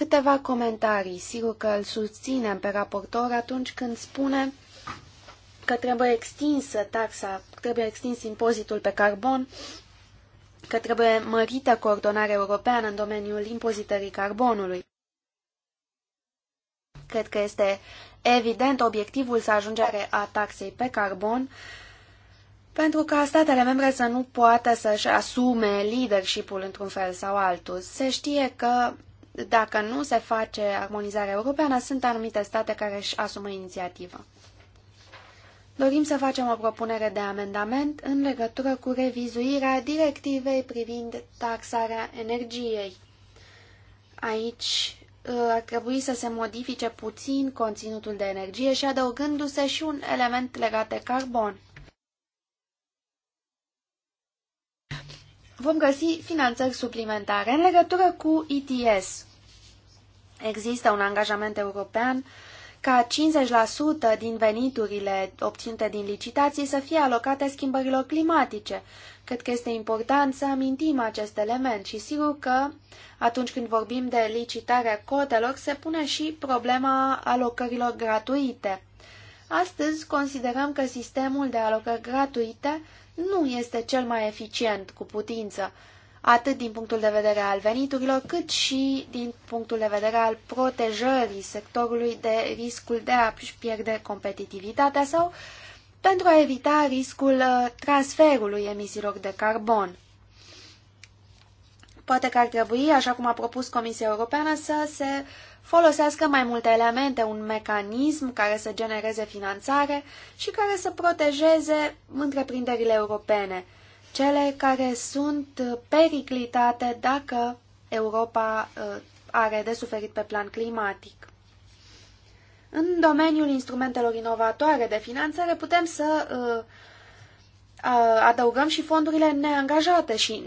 Câteva comentarii. Sigur că îl susținem pe raportor atunci când spune că trebuie extinsă taxa, trebuie extins impozitul pe carbon, că trebuie mărită coordonarea europeană în domeniul impozitării carbonului. Cred că este evident obiectivul să ajungere a taxei pe carbon, pentru ca statele membre să nu poată să-și asume leadership-ul într-un fel sau altul. Se știe că dacă nu se face armonizarea europeană, sunt anumite state care își asumă inițiativă. Dorim să facem o propunere de amendament în legătură cu revizuirea directivei privind taxarea energiei. Aici uh, ar trebui să se modifice puțin conținutul de energie și adăugându-se și un element legat de carbon vom găsi finanțări suplimentare. În legătură cu ETS, există un angajament european ca 50% din veniturile obținute din licitații să fie alocate schimbărilor climatice. Cred că este important să amintim acest element și sigur că atunci când vorbim de licitarea cotelor se pune și problema alocărilor gratuite. Astăzi considerăm că sistemul de alocări gratuite nu este cel mai eficient cu putință, atât din punctul de vedere al veniturilor, cât și din punctul de vedere al protejării sectorului de riscul de a-și pierde competitivitatea sau pentru a evita riscul uh, transferului emisiilor de carbon. Poate că ar trebui, așa cum a propus Comisia Europeană, să se folosească mai multe elemente, un mecanism care să genereze finanțare și care să protejeze întreprinderile europene, cele care sunt periclitate dacă Europa uh, are de suferit pe plan climatic. În domeniul instrumentelor inovatoare de finanțare putem să uh, adăugăm și fondurile neangajate și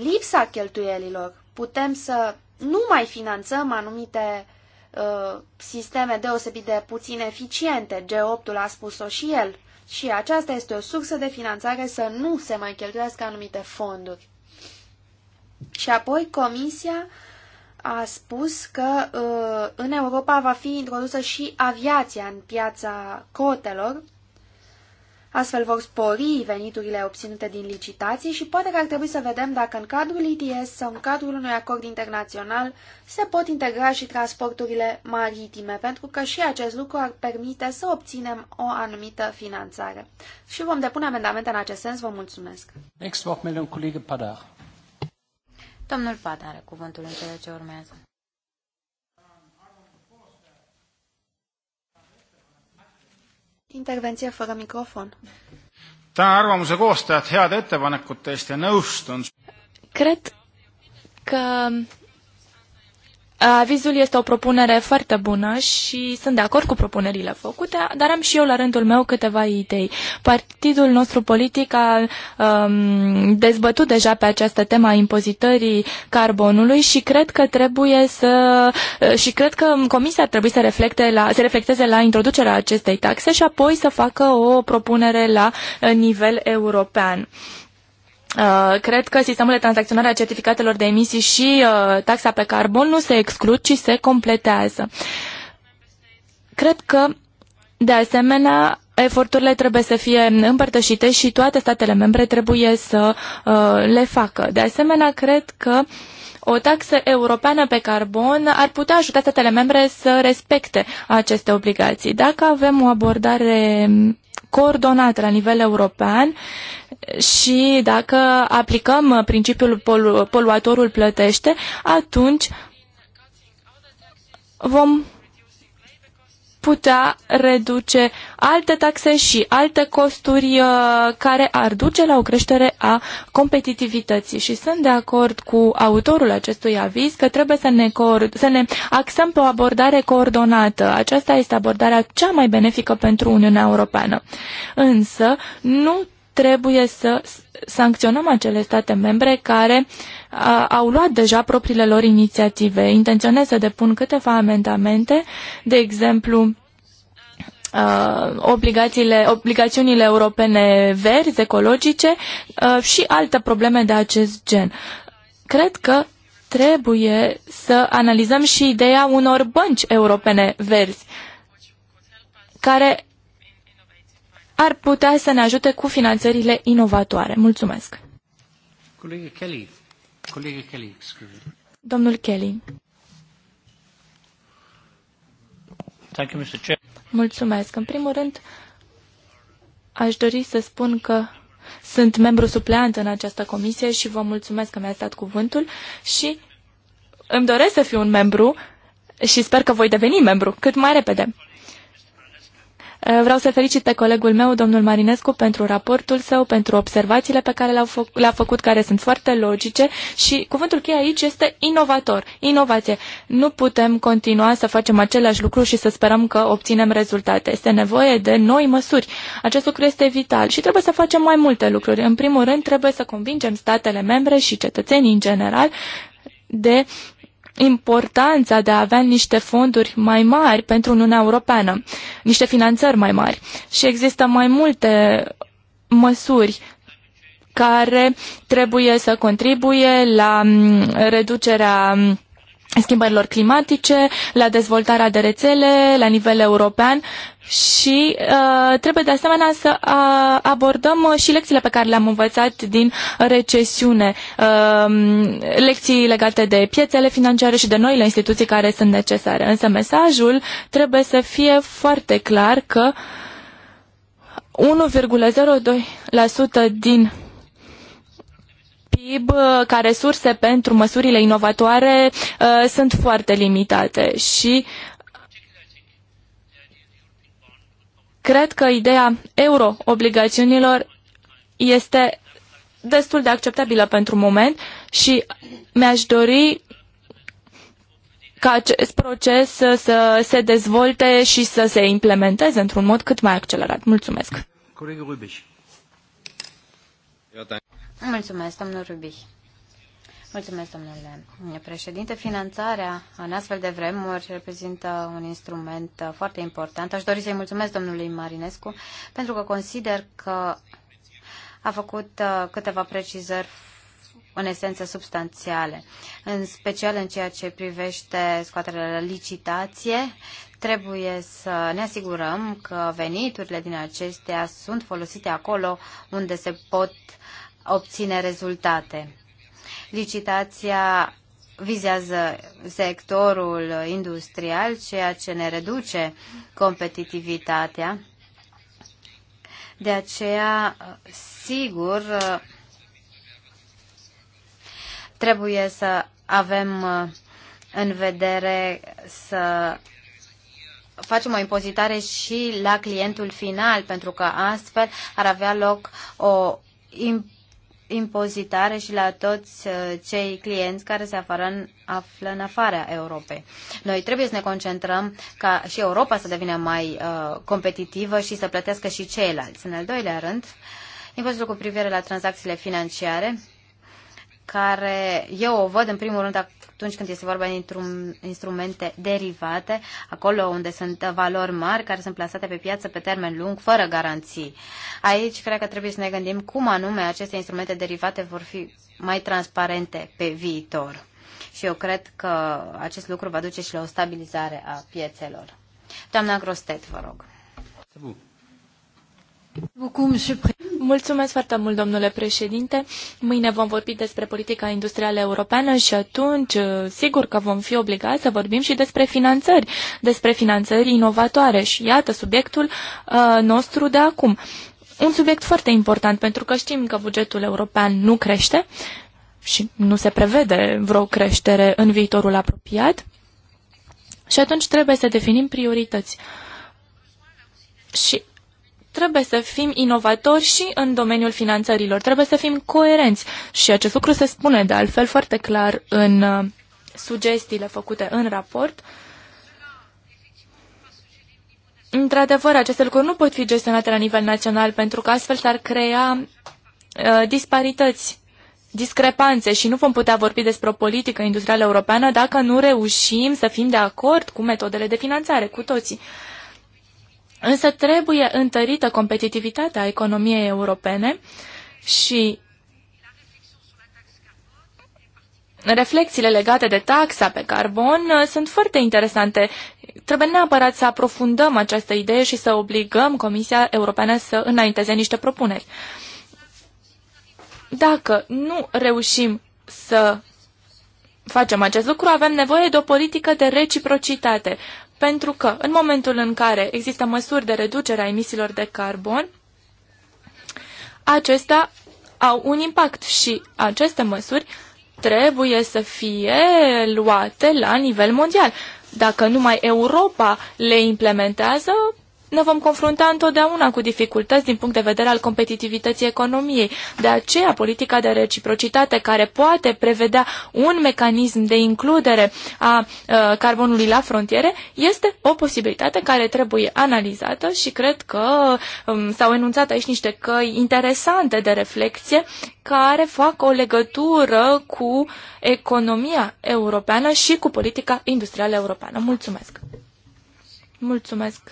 lipsa cheltuielilor. Putem să nu mai finanțăm anumite uh, sisteme deosebit de puțin eficiente. G8-ul a spus-o și el. Și aceasta este o sursă de finanțare să nu se mai cheltuiască anumite fonduri. Și apoi Comisia a spus că uh, în Europa va fi introdusă și aviația în piața cotelor, Astfel vor spori veniturile obținute din licitații și poate că ar trebui să vedem dacă în cadrul ITS sau în cadrul unui acord internațional se pot integra și transporturile maritime, pentru că și acest lucru ar permite să obținem o anumită finanțare. Și vom depune amendamente în acest sens. Vă mulțumesc. Next, Padar. Domnul Padar are cuvântul în cele ce urmează. Intervenție fără microfon. Tänan arvamuse koostajat heade ettepanekute eest ja nõustun. Cred că Avizul este o propunere foarte bună și sunt de acord cu propunerile făcute, dar am și eu la rândul meu câteva idei. Partidul nostru politic a um, dezbătut deja pe această temă a impozitării carbonului și cred că trebuie să și cred că comisia ar trebui să reflecte la, să reflecteze la introducerea acestei taxe și apoi să facă o propunere la nivel european. Uh, cred că sistemul de tranzacționare a certificatelor de emisii și uh, taxa pe carbon nu se exclud, ci se completează. Cred că, de asemenea, eforturile trebuie să fie împărtășite și toate statele membre trebuie să uh, le facă. De asemenea, cred că o taxă europeană pe carbon ar putea ajuta statele membre să respecte aceste obligații. Dacă avem o abordare coordonată la nivel european, și dacă aplicăm uh, principiul polu poluatorul plătește, atunci vom putea reduce alte taxe și alte costuri uh, care ar duce la o creștere a competitivității. Și sunt de acord cu autorul acestui aviz că trebuie să ne, să ne axăm pe o abordare coordonată. Aceasta este abordarea cea mai benefică pentru Uniunea Europeană. Însă, nu trebuie să sancționăm acele state membre care a, au luat deja propriile lor inițiative. Intenționez să depun câteva amendamente, de exemplu, uh, obligațiile, obligațiunile europene verzi, ecologice uh, și alte probleme de acest gen. Cred că trebuie să analizăm și ideea unor bănci europene verzi care ar putea să ne ajute cu finanțările inovatoare. Mulțumesc! Colegă Kelly. Colegă Kelly, Domnul Kelly. Thank you, Mr. Chair. Mulțumesc. În primul rând, aș dori să spun că sunt membru supleant în această comisie și vă mulțumesc că mi-ați dat cuvântul și îmi doresc să fiu un membru și sper că voi deveni membru cât mai repede. Eh, vreau să felicit pe colegul meu, domnul Marinescu, pentru raportul său, pentru observațiile pe care le-a făcut, care sunt foarte logice și cuvântul cheie aici este inovator, inovație. Nu putem continua să facem același lucru și să sperăm că obținem rezultate. Este nevoie de noi măsuri. Acest lucru este vital și trebuie să facem mai multe lucruri. În primul rând, trebuie să convingem statele membre și cetățenii în general de importanța de a avea niște fonduri mai mari pentru Uniunea Europeană, niște finanțări mai mari. Și există mai multe măsuri care trebuie să contribuie la mm, reducerea mm, schimbărilor climatice, la dezvoltarea de rețele la nivel european și uh, trebuie de asemenea să uh, abordăm uh, și lecțiile pe care le-am învățat din recesiune, uh, lecții legate de piețele financiare și de noile instituții care sunt necesare. Însă mesajul trebuie să fie foarte clar că 1,02% din PIB ca resurse pentru măsurile inovatoare uh, sunt foarte limitate și cred că ideea euro-obligațiunilor este destul de acceptabilă pentru moment și mi-aș dori ca acest proces să se dezvolte și să se implementeze într-un mod cât mai accelerat. Mulțumesc! Mulțumesc, domnul Rubi. Mulțumesc, domnule președinte. Finanțarea în astfel de vremuri reprezintă un instrument foarte important. Aș dori să-i mulțumesc domnului Marinescu pentru că consider că a făcut uh, câteva precizări în esență substanțiale, în special în ceea ce privește scoaterea la licitație. Trebuie să ne asigurăm că veniturile din acestea sunt folosite acolo unde se pot uh, obține rezultate. Licitația vizează sectorul industrial, ceea ce ne reduce competitivitatea. De aceea, sigur, trebuie să avem în vedere să facem o impozitare și la clientul final, pentru că astfel ar avea loc o impozitare impozitare și la toți uh, cei clienți care se afară în, află în afara Europei. Noi trebuie să ne concentrăm ca și Europa să devină mai uh, competitivă și să plătească și ceilalți. În al doilea rând, impozitul cu privire la tranzacțiile financiare, care eu o văd în primul rând atunci când este vorba de instrumente derivate, acolo unde sunt valori mari care sunt plasate pe piață pe termen lung, fără garanții. Aici cred că trebuie să ne gândim cum anume aceste instrumente derivate vor fi mai transparente pe viitor. Și eu cred că acest lucru va duce și la o stabilizare a piețelor. Doamna Grostet, vă rog. Bun. Mulțumesc foarte mult, domnule președinte. Mâine vom vorbi despre politica industrială europeană și atunci, uh, sigur că vom fi obligați să vorbim și despre finanțări, despre finanțări inovatoare. Și iată subiectul uh, nostru de acum. Un subiect foarte important, pentru că știm că bugetul european nu crește și nu se prevede vreo creștere în viitorul apropiat. Și atunci trebuie să definim priorități. Și trebuie să fim inovatori și în domeniul finanțărilor, trebuie să fim coerenți și acest lucru se spune de altfel foarte clar în uh, sugestiile făcute în raport. Într-adevăr, aceste lucruri nu pot fi gestionate la nivel național pentru că astfel s-ar crea uh, disparități, discrepanțe și nu vom putea vorbi despre o politică industrială europeană dacă nu reușim să fim de acord cu metodele de finanțare, cu toții. Uh, Însă trebuie întărită competitivitatea economiei europene și reflexiile legate de taxa pe carbon uh, sunt foarte interesante. Trebuie neapărat să aprofundăm această idee și să obligăm Comisia Europeană să înainteze niște propuneri. Dacă nu reușim să facem acest lucru, avem nevoie de o politică de reciprocitate. Pentru că în momentul în care există măsuri de reducere a emisiilor de carbon, acestea au un impact și aceste măsuri trebuie să fie luate la nivel mondial. Dacă numai Europa le implementează, ne vom confrunta întotdeauna cu dificultăți din punct de vedere al competitivității economiei. De aceea, politica de reciprocitate, care poate prevedea un mecanism de includere a uh, carbonului la frontiere, este o posibilitate care trebuie analizată și cred că um, s-au enunțat aici niște căi interesante de reflexie care fac o legătură cu economia europeană și cu politica industrială europeană. Mulțumesc! Mulțumesc!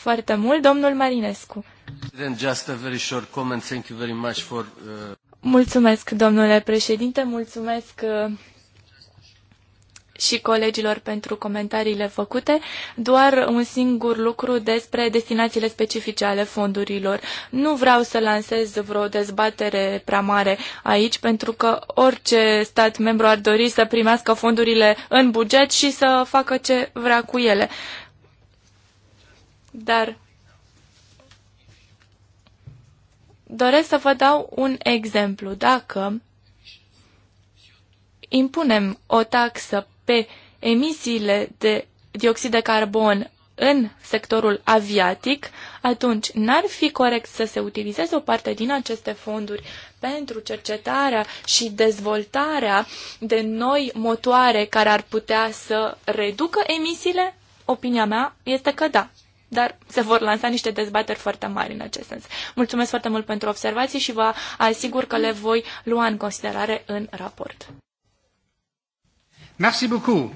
foarte mult, domnul Marinescu. Uh, mulțumesc, domnule președinte, mulțumesc uh, și colegilor pentru comentariile făcute. Doar un singur lucru despre destinațiile specifice ale fondurilor. Nu vreau să lansez vreo dezbatere prea mare aici, pentru că orice stat membru ar dori să primească fondurile în buget și să facă ce vrea cu ele. Dar doresc să vă dau un exemplu. Dacă impunem o taxă pe emisiile de dioxid de carbon în sectorul aviatic, atunci n-ar fi corect să se utilizeze o parte din aceste fonduri pentru cercetarea și dezvoltarea de noi motoare care ar putea să reducă emisiile? Opinia mea este că da dar se vor lansa niște dezbateri foarte mari în acest sens. Mulțumesc foarte mult pentru observații și vă asigur că le voi lua în considerare în raport. Merci beaucoup.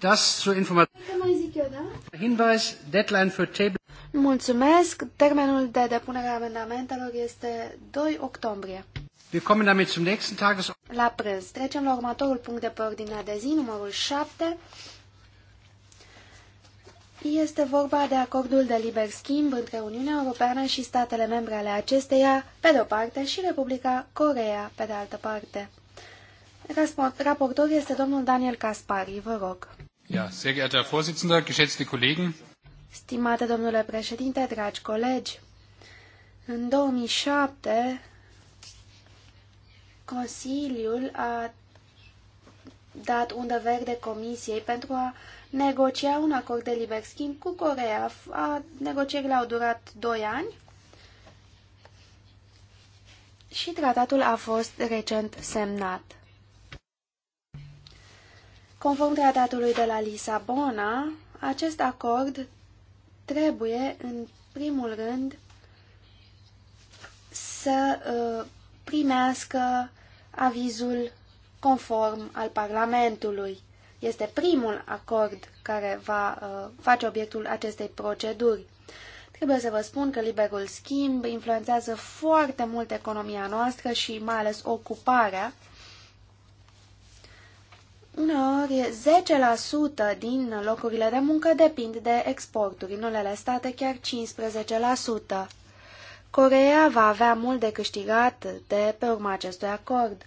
Das zur Information. Da? deadline for table. Mulțumesc. Termenul de depunere a amendamentelor este 2 octombrie. Wir kommen damit zum nächsten Tages La prânz. Trecem la următorul punct de pe ordinea de zi, numărul 7 este vorba de acordul de liber schimb între Uniunea Europeană și statele membre ale acesteia, pe de-o parte, și Republica Coreea, pe de altă parte. Raportor este domnul Daniel Caspari, vă rog. Ja, sehr geehrter Vorsitzender, geschätzte Kollegen. Stimate domnule președinte, dragi colegi, în 2007 Consiliul a dat undă verde Comisiei pentru a negocia un acord de liber schimb cu Corea. A, negocierile au durat 2 ani și tratatul a fost recent semnat. Conform tratatului de la Lisabona, acest acord trebuie, în primul rând, să uh, primească avizul conform al Parlamentului este primul acord care va uh, face obiectul acestei proceduri. Trebuie să vă spun că liberul schimb influențează foarte mult economia noastră și mai ales ocuparea. Uneori, 10% din locurile de muncă depind de exporturi, în unele state chiar 15%. Coreea va avea mult de câștigat de pe urma acestui acord.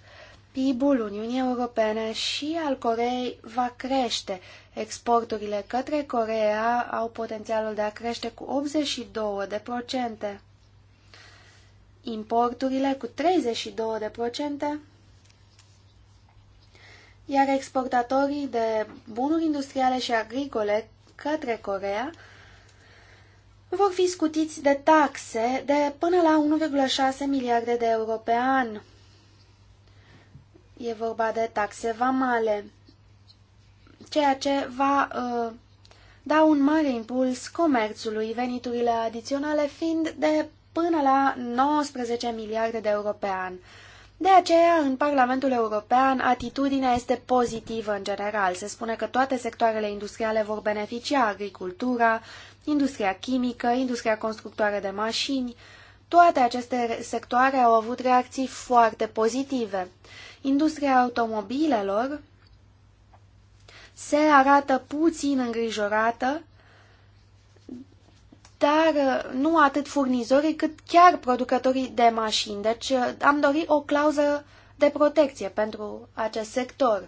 PIB-ul Uniunii Europene și al Coreei va crește. Exporturile către Corea au potențialul de a crește cu 82%, importurile cu 32%, iar exportatorii de bunuri industriale și agricole către Corea vor fi scutiți de taxe de până la 1,6 miliarde de euro pe an E vorba de taxe vamale, ceea ce va uh, da un mare impuls comerțului, veniturile adiționale fiind de până la 19 miliarde de euro pe an. De aceea, în Parlamentul European, atitudinea este pozitivă în general. Se spune că toate sectoarele industriale vor beneficia agricultura, industria chimică, industria constructoare de mașini. Toate aceste sectoare au avut reacții foarte pozitive. Industria automobilelor se arată puțin îngrijorată, dar uh, nu atât furnizorii cât chiar producătorii de mașini. Deci uh, am dorit o clauză de protecție pentru acest sector.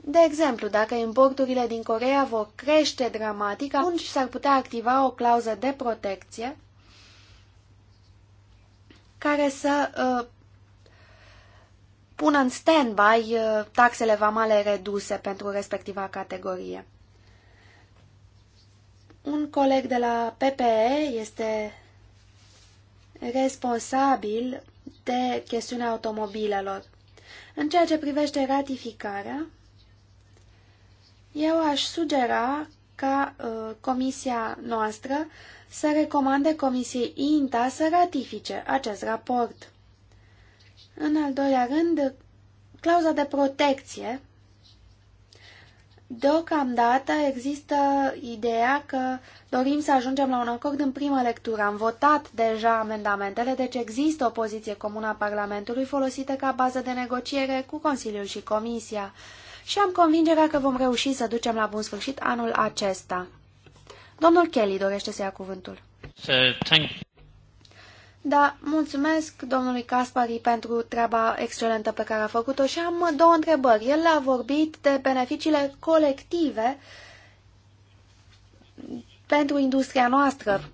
De exemplu, dacă importurile din Corea vor crește dramatic, atunci s-ar putea activa o clauză de protecție care să uh, pună în stand-by uh, taxele vamale reduse pentru respectiva categorie. Un coleg de la PPE este responsabil de chestiunea automobilelor. În ceea ce privește ratificarea, eu aș sugera ca uh, comisia noastră să recomande comisiei INTA să ratifice acest raport. În al doilea rând, clauza de protecție. Deocamdată există ideea că dorim să ajungem la un acord în primă lectură. Am votat deja amendamentele, deci există o poziție comună a Parlamentului folosită ca bază de negociere cu Consiliul și Comisia. Și am convingerea că vom reuși să ducem la bun sfârșit anul acesta. Domnul Kelly dorește să ia cuvântul. Da, mulțumesc domnului Caspari pentru treaba excelentă pe care a făcut-o și am două întrebări. El a vorbit de beneficiile colective pentru industria noastră,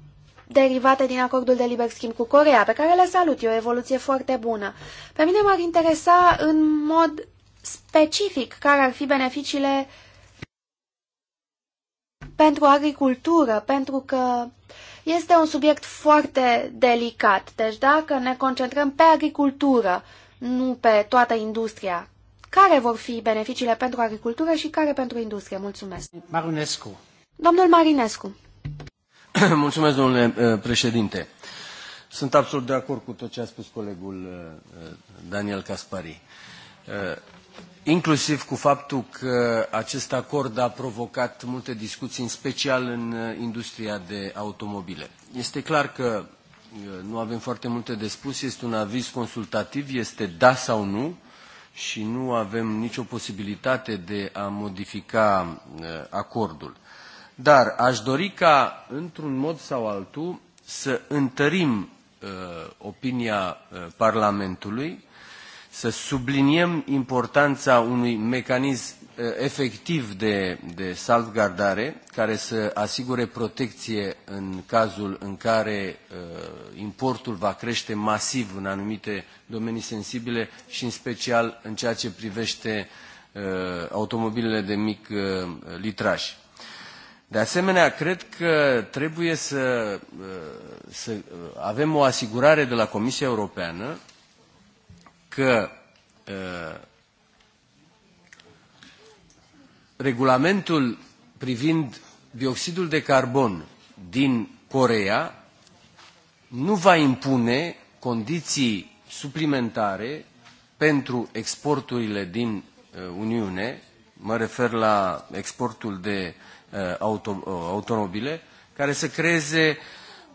derivate din acordul de liber schimb cu Corea, pe care le salut, e o evoluție foarte bună. Pe mine m-ar interesa în mod specific care ar fi beneficiile pentru agricultură, pentru că uh, este un subiect foarte delicat, deci dacă ne concentrăm pe agricultură, nu pe toată industria, care vor fi beneficiile pentru agricultură și care pentru industrie? Mulțumesc. Marinescu. Domnul Marinescu. <coughs> Mulțumesc, domnule eh, președinte. Sunt absolut de acord cu tot ce a spus colegul eh, eh, Daniel Caspari inclusiv cu faptul că acest acord a provocat multe discuții, în special în uh, industria de automobile. Este clar că uh, nu avem foarte multe de spus, este un aviz consultativ, este da sau nu și nu avem nicio posibilitate de a modifica uh, acordul. Dar aș dori ca, într-un mod sau altul, să întărim opinia Parlamentului să subliniem importanța unui mecanism uh, efectiv de, de salvgardare care să asigure protecție în cazul în care uh, importul va crește masiv în anumite domenii sensibile și în special în ceea ce privește uh, automobilele de mic uh, litraj. De asemenea, cred că trebuie să, uh, să avem o asigurare de la Comisia Europeană că ă, regulamentul privind dioxidul de carbon din Corea nu va impune condiții suplimentare pentru exporturile din ă, Uniune, mă refer la exportul de ă, auto, automobile, care să creeze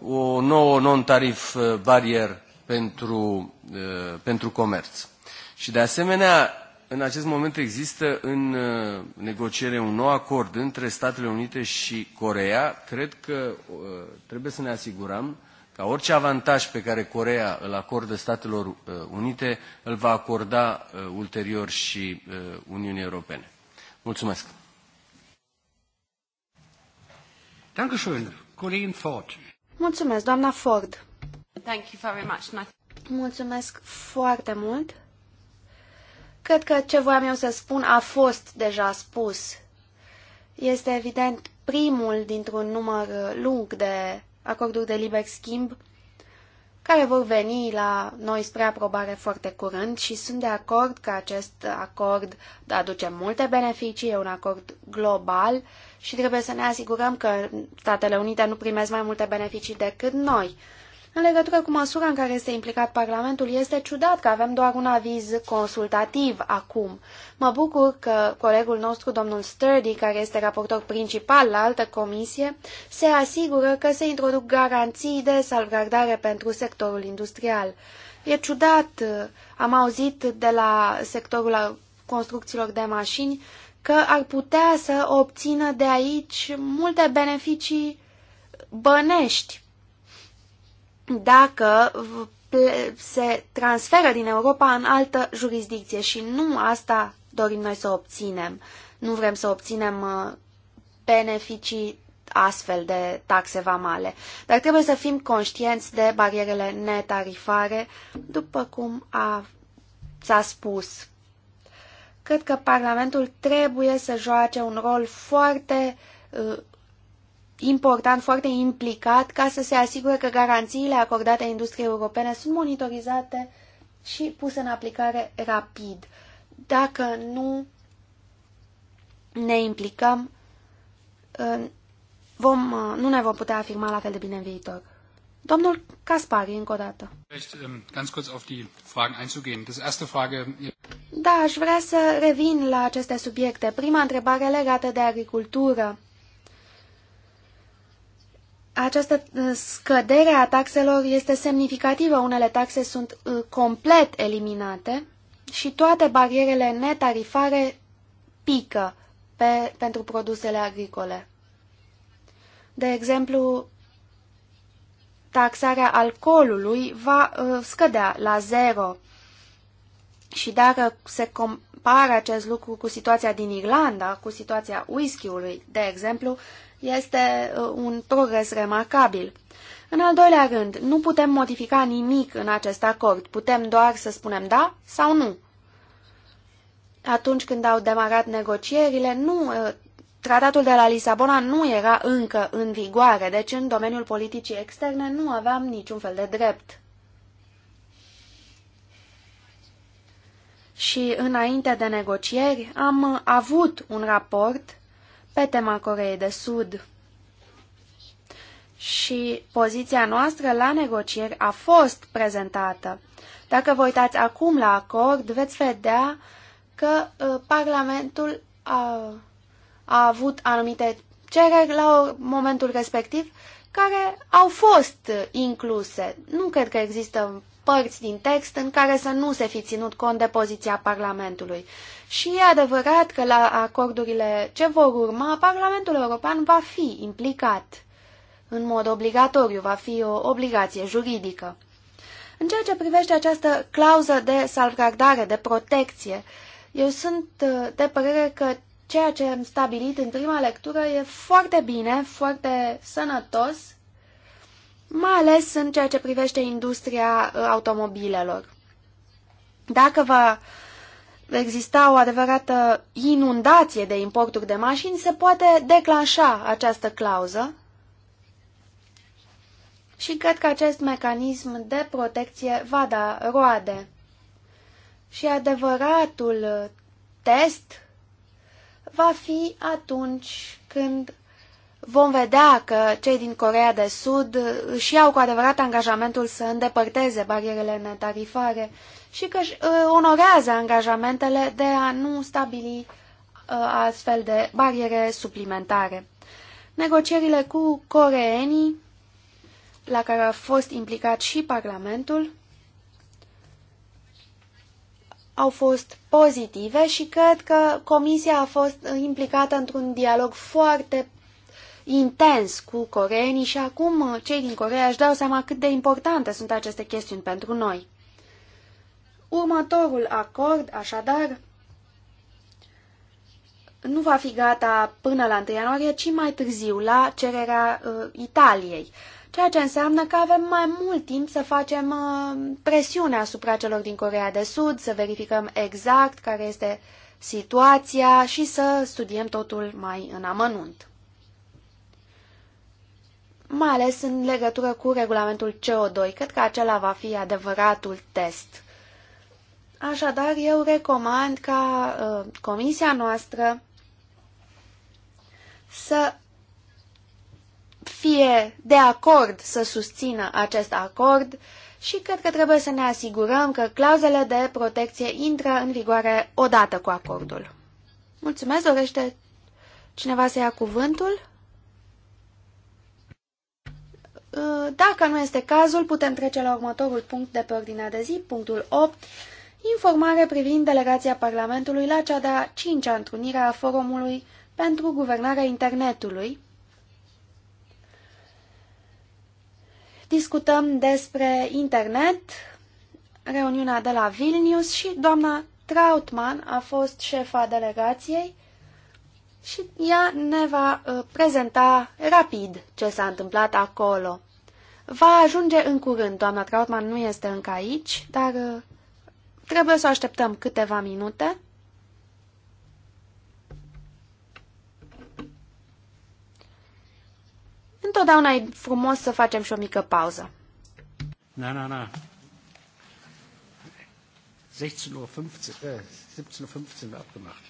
o nouă non-tarif barier pentru, uh, pentru comerț. Și de asemenea, în acest moment există în uh, negociere un nou acord între Statele Unite și Corea. Cred că uh, trebuie să ne asigurăm ca orice avantaj pe care Corea îl acordă Statelor Unite, îl va acorda ulterior și Uniunii Europene. Mulțumesc! Dankeschön, Colin Ford. Mulțumesc, doamna Ford. Thank you very much. Mulțumesc foarte mult. Cred că ce voiam eu să spun a fost deja spus. Este evident primul dintr-un număr lung de acorduri de liber schimb care vor veni la noi spre aprobare foarte curând și sunt de acord că acest acord aduce multe beneficii, e un acord global și trebuie să ne asigurăm că Statele Unite nu primesc mai multe beneficii decât noi. În legătură cu măsura în care este implicat Parlamentul, este ciudat că avem doar un aviz consultativ acum. Mă bucur că colegul nostru, domnul Sturdy, care este raportor principal la altă comisie, se asigură că se introduc garanții de salvgardare pentru sectorul industrial. E ciudat, am auzit de la sectorul construcțiilor de mașini că ar putea să obțină de aici multe beneficii bănești dacă se transferă din Europa în altă jurisdicție și nu asta dorim noi să obținem. Nu vrem să obținem uh, beneficii astfel de taxe vamale. Dar trebuie să fim conștienți de barierele netarifare, după cum a, s-a spus. Cred că Parlamentul trebuie să joace un rol foarte uh, important, foarte implicat, ca să se asigure că garanțiile acordate industriei europene sunt monitorizate și puse în aplicare rapid. Dacă nu ne implicăm, vom, nu ne vom putea afirma la fel de bine în viitor. Domnul Caspari, încă o dată. Ähm, da, aș vrea să revin la aceste subiecte. Prima întrebare legată de agricultură această uh, scădere a taxelor este semnificativă. Unele taxe sunt uh, complet eliminate și toate barierele netarifare pică pe, pentru produsele agricole. De exemplu, taxarea alcoolului va uh, scădea la zero. Și dacă se compară acest lucru cu situația din Irlanda, cu situația whisky-ului, de exemplu, este uh, un progres remarcabil. În al doilea rând, nu putem modifica nimic în acest acord, putem doar să spunem da sau nu. Atunci când au demarat negocierile, nu, uh, tratatul de la Lisabona nu era încă în vigoare, deci în domeniul politicii externe nu aveam niciun fel de drept. Și înainte de negocieri am avut un raport pe tema Coreei de Sud. Și poziția noastră la negocieri a fost prezentată. Dacă vă uitați acum la acord, veți vedea că uh, Parlamentul a, a avut anumite cereri la momentul respectiv care au fost uh, incluse. Nu cred că există părți din text în care să nu se fi ținut cont de poziția Parlamentului. Și e adevărat că la acordurile ce vor urma, Parlamentul European va fi implicat. În mod obligatoriu, va fi o obligație juridică. În ceea ce privește această clauză de salvgardare, de protecție, eu sunt uh, de părere că ceea ce am stabilit în prima lectură e foarte bine, foarte sănătos mai ales în ceea ce privește industria uh, automobilelor. Dacă va exista o adevărată inundație de importuri de mașini, se poate declanșa această clauză și cred că acest mecanism de protecție va da roade. Și adevăratul test va fi atunci când vom vedea că cei din Corea de Sud își iau cu adevărat angajamentul să îndepărteze barierele netarifare și că își uh, onorează angajamentele de a nu stabili uh, astfel de bariere suplimentare. Negocierile cu coreenii, la care a fost implicat și Parlamentul, au fost pozitive și cred că Comisia a fost implicată într-un dialog foarte intens cu coreenii și acum uh, cei din Corea își dau seama cât de importante sunt aceste chestiuni pentru noi. Următorul acord, așadar, nu va fi gata până la 1 ianuarie, ci mai târziu, la cererea uh, Italiei. Ceea ce înseamnă că avem mai mult timp să facem uh, presiune asupra celor din Corea de Sud, să verificăm exact care este situația și să studiem totul mai în amănunt mai ales în legătură cu regulamentul CO2. Cred că acela va fi adevăratul test. Așadar, eu recomand ca uh, comisia noastră să fie de acord să susțină acest acord și cred că trebuie să ne asigurăm că clauzele de protecție intră în vigoare odată cu acordul. Mulțumesc, dorește cineva să ia cuvântul? Uh, dacă nu este cazul, putem trece la următorul punct de pe ordinea de zi, punctul 8, informare privind delegația Parlamentului la cea de-a cincea întrunire a Forumului pentru Guvernarea Internetului. Discutăm despre internet, reuniunea de la Vilnius și doamna Trautman a fost șefa delegației și ea ne va uh, prezenta rapid ce s-a întâmplat acolo. Va ajunge în curând, doamna Trautman nu este încă aici, dar uh, trebuie să așteptăm câteva minute. Întotdeauna e frumos să facem și o mică pauză. Na, na, na. 16.15 Uhr, 17.15 äh, Uhr abgemacht.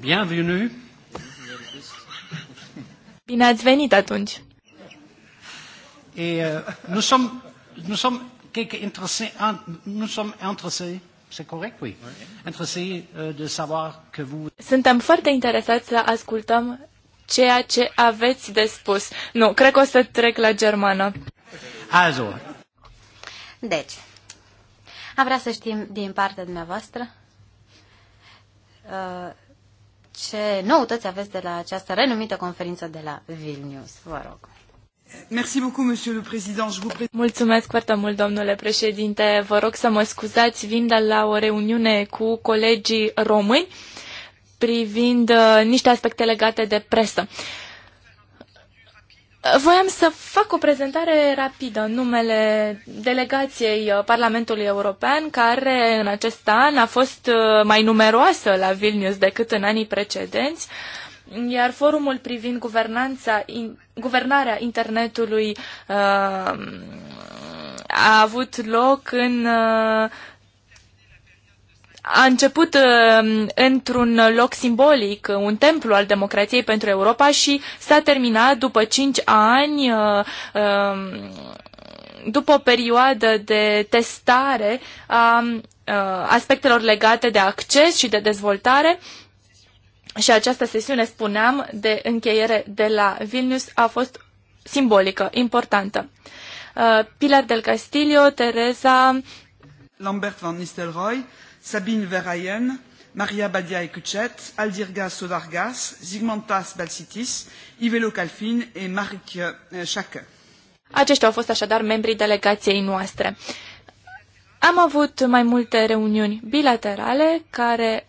Bienvenue. Bine ați venit atunci. Et euh, nous sommes, nous sommes quelques intéressés, nous sommes intéressés c'est oui. Euh, de savoir que vous... Suntem foarte interesați să ascultăm ceea ce aveți de spus. Nu, cred că o să trec la germană. Also. Deci, am vrea să știm din partea dumneavoastră uh, ce noutăți aveți de la această renumită conferință de la Vilnius. Vă rog. Merci beaucoup, monsieur le président. Je vous Mulțumesc foarte mult, domnule președinte. Vă rog să mă scuzați, vin de la o reuniune cu colegii români privind uh, niște aspecte legate de presă. Uh, Voiam să fac o prezentare rapidă în numele delegației uh, Parlamentului European, care în acest an a fost uh, mai numeroasă la Vilnius decât în anii precedenți, iar forumul privind guvernanța, in, guvernarea internetului uh, a avut loc în uh, a început uh, într-un loc simbolic, uh, un templu al democrației pentru Europa și s-a terminat după cinci ani, uh, um, după o perioadă de testare a aspectelor legate de acces și de dezvoltare. Și această sesiune, spuneam, de încheiere de la Vilnius a fost simbolică, importantă. Pilar del Castillo, Teresa... Lambert van Nistelrooy, Sabine Verheyen, Maria Badia Ecuchet, Aldirga Sodargas, Zigmantas Balsitis, Ivelo Calfin și Maric Schacke. Euh, Aceștia au fost așadar membrii delegației noastre. Am avut mai multe reuniuni bilaterale care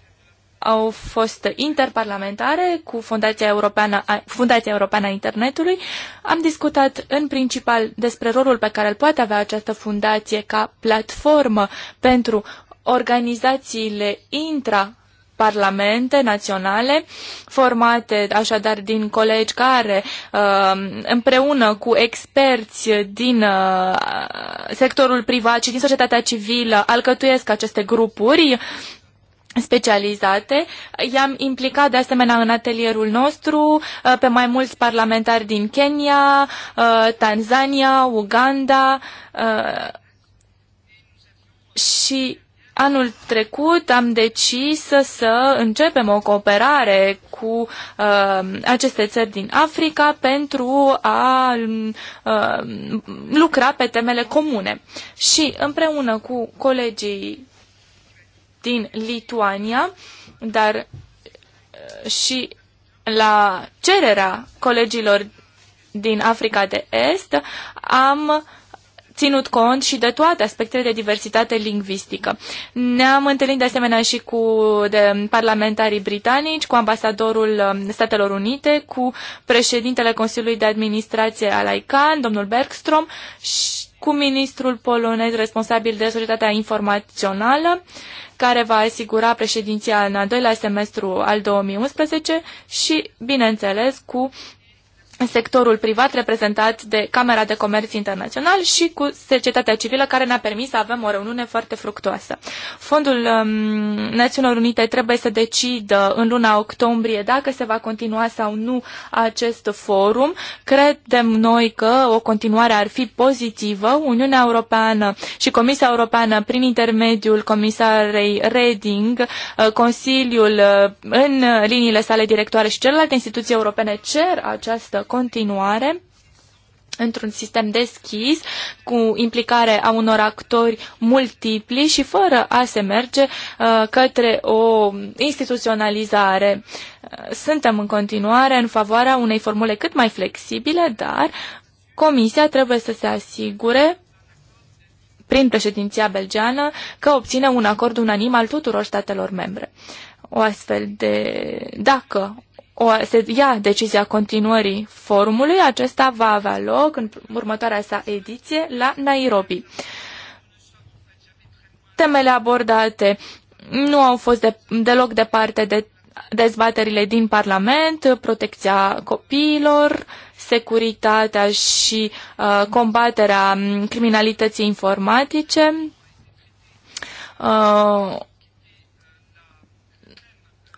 au fost interparlamentare cu Fundația Europeană, Fundația Europeană a Internetului. Am discutat în principal despre rolul pe care îl poate avea această fundație ca platformă pentru organizațiile intra parlamente naționale, formate așadar din colegi care um, împreună cu experți din uh, sectorul privat și din societatea civilă alcătuiesc aceste grupuri specializate. I-am implicat de asemenea în atelierul nostru uh, pe mai mulți parlamentari din Kenya, uh, Tanzania, Uganda și Anul trecut am decis să, să începem o cooperare cu uh, aceste țări din Africa pentru a uh, lucra pe temele comune. Și împreună cu colegii din Lituania, dar uh, și la cererea colegilor din Africa de Est, am ținut cont și de toate aspectele de diversitate lingvistică. Ne-am întâlnit de asemenea și cu de parlamentarii britanici, cu ambasadorul um, Statelor Unite, cu președintele Consiliului de Administrație al ICAN, domnul Bergstrom, și cu ministrul polonez responsabil de societatea informațională, care va asigura președinția în al doilea semestru al 2011 și, bineînțeles, cu sectorul privat reprezentat de Camera de Comerț Internațional și cu societatea civilă care ne-a permis să avem o reuniune foarte fructoasă. Fondul um, Națiunilor Unite trebuie să decidă în luna octombrie dacă se va continua sau nu acest forum. Credem noi că o continuare ar fi pozitivă. Uniunea Europeană și Comisia Europeană prin intermediul comisarei Reding, uh, Consiliul uh, în liniile sale directoare și celelalte instituții europene cer această continuare într-un sistem deschis, cu implicare a unor actori multipli și fără a se merge uh, către o instituționalizare. Uh, suntem în continuare în favoarea unei formule cât mai flexibile, dar Comisia trebuie să se asigure prin președinția belgeană că obține un acord unanim al tuturor statelor membre. O astfel de, dacă o, se ia decizia continuării forumului. Acesta va avea loc în următoarea sa ediție la Nairobi. Temele abordate nu au fost de, deloc departe de dezbaterile din Parlament, protecția copiilor, securitatea și uh, combaterea criminalității informatice, uh,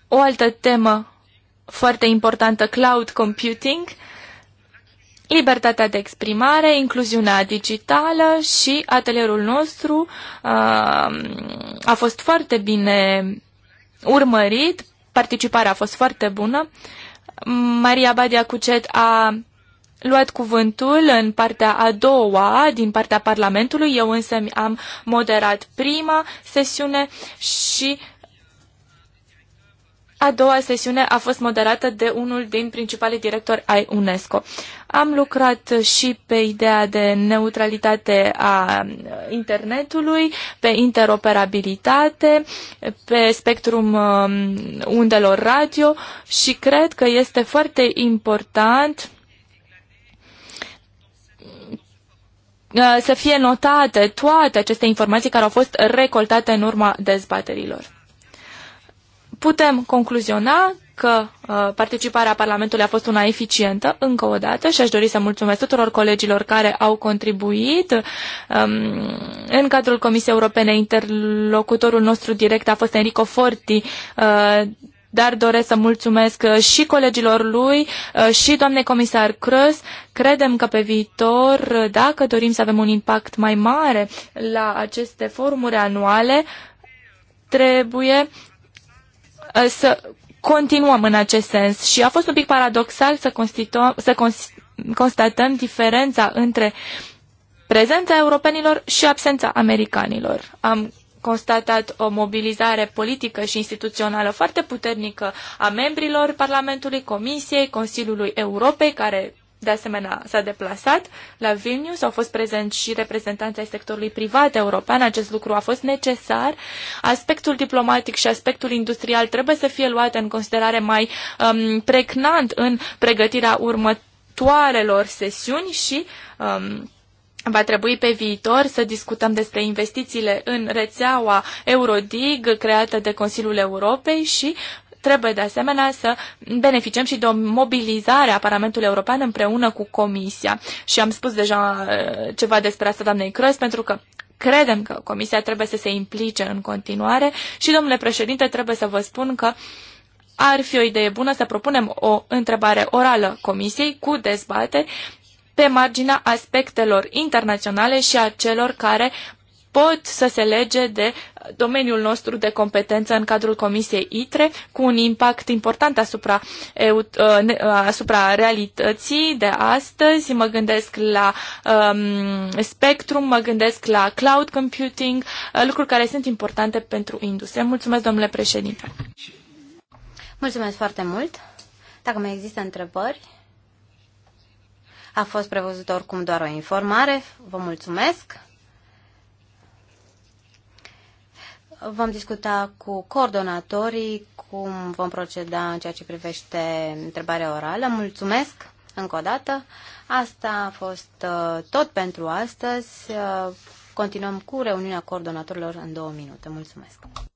o altă temă foarte importantă, cloud computing, libertatea de exprimare, incluziunea digitală și atelierul nostru uh, a fost foarte bine urmărit, participarea a fost foarte bună. Maria Badia Cucet a luat cuvântul în partea a doua din partea Parlamentului. Eu însă am moderat prima sesiune și a doua sesiune a fost moderată de unul din principalii directori ai UNESCO. Am lucrat și pe ideea de neutralitate a internetului, pe interoperabilitate, pe spectrum um, undelor radio și cred că este foarte important uh, să fie notate toate aceste informații care au fost recoltate în urma dezbaterilor. Putem concluziona că uh, participarea Parlamentului a fost una eficientă, încă o dată, și aș dori să mulțumesc tuturor colegilor care au contribuit. Um, în cadrul Comisiei Europene, interlocutorul nostru direct a fost Enrico Forti, uh, dar doresc să mulțumesc uh, și colegilor lui și doamnei comisar Crăs. Credem că pe viitor, dacă dorim să avem un impact mai mare la aceste forumuri anuale, trebuie Uh, să continuăm în acest sens și a fost un pic paradoxal să, să constatăm diferența între prezența europenilor și absența americanilor. Am constatat o mobilizare politică și instituțională foarte puternică a membrilor Parlamentului, Comisiei, Consiliului Europei, care de asemenea, s-a deplasat la Vilnius, au fost prezenți și reprezentanții ai sectorului privat european, acest lucru a fost necesar. Aspectul diplomatic și aspectul industrial trebuie să fie luate în considerare mai um, pregnant în pregătirea următoarelor sesiuni și um, Va trebui pe viitor să discutăm despre investițiile în rețeaua Eurodig creată de Consiliul Europei și Trebuie de asemenea să beneficiem și de o mobilizare a Parlamentului European împreună cu Comisia. Și am spus deja uh, ceva despre asta doamnei Crăs, pentru că credem că Comisia trebuie să se implice în continuare și, domnule președinte, trebuie să vă spun că ar fi o idee bună să propunem o întrebare orală Comisiei cu dezbateri pe marginea aspectelor internaționale și a celor care pot să se lege de domeniul nostru de competență în cadrul Comisiei ITRE, cu un impact important asupra, uh, uh, asupra realității de astăzi. Mă gândesc la um, Spectrum, mă gândesc la cloud computing, uh, lucruri care sunt importante pentru industrie. Mulțumesc, domnule președinte! Mulțumesc foarte mult! Dacă mai există întrebări, a fost prevăzut oricum doar o informare. Vă mulțumesc! Vom discuta cu coordonatorii cum vom proceda în ceea ce privește întrebarea orală. Mulțumesc încă o dată. Asta a fost uh, tot pentru astăzi. Uh, continuăm cu reuniunea coordonatorilor în două minute. Mulțumesc!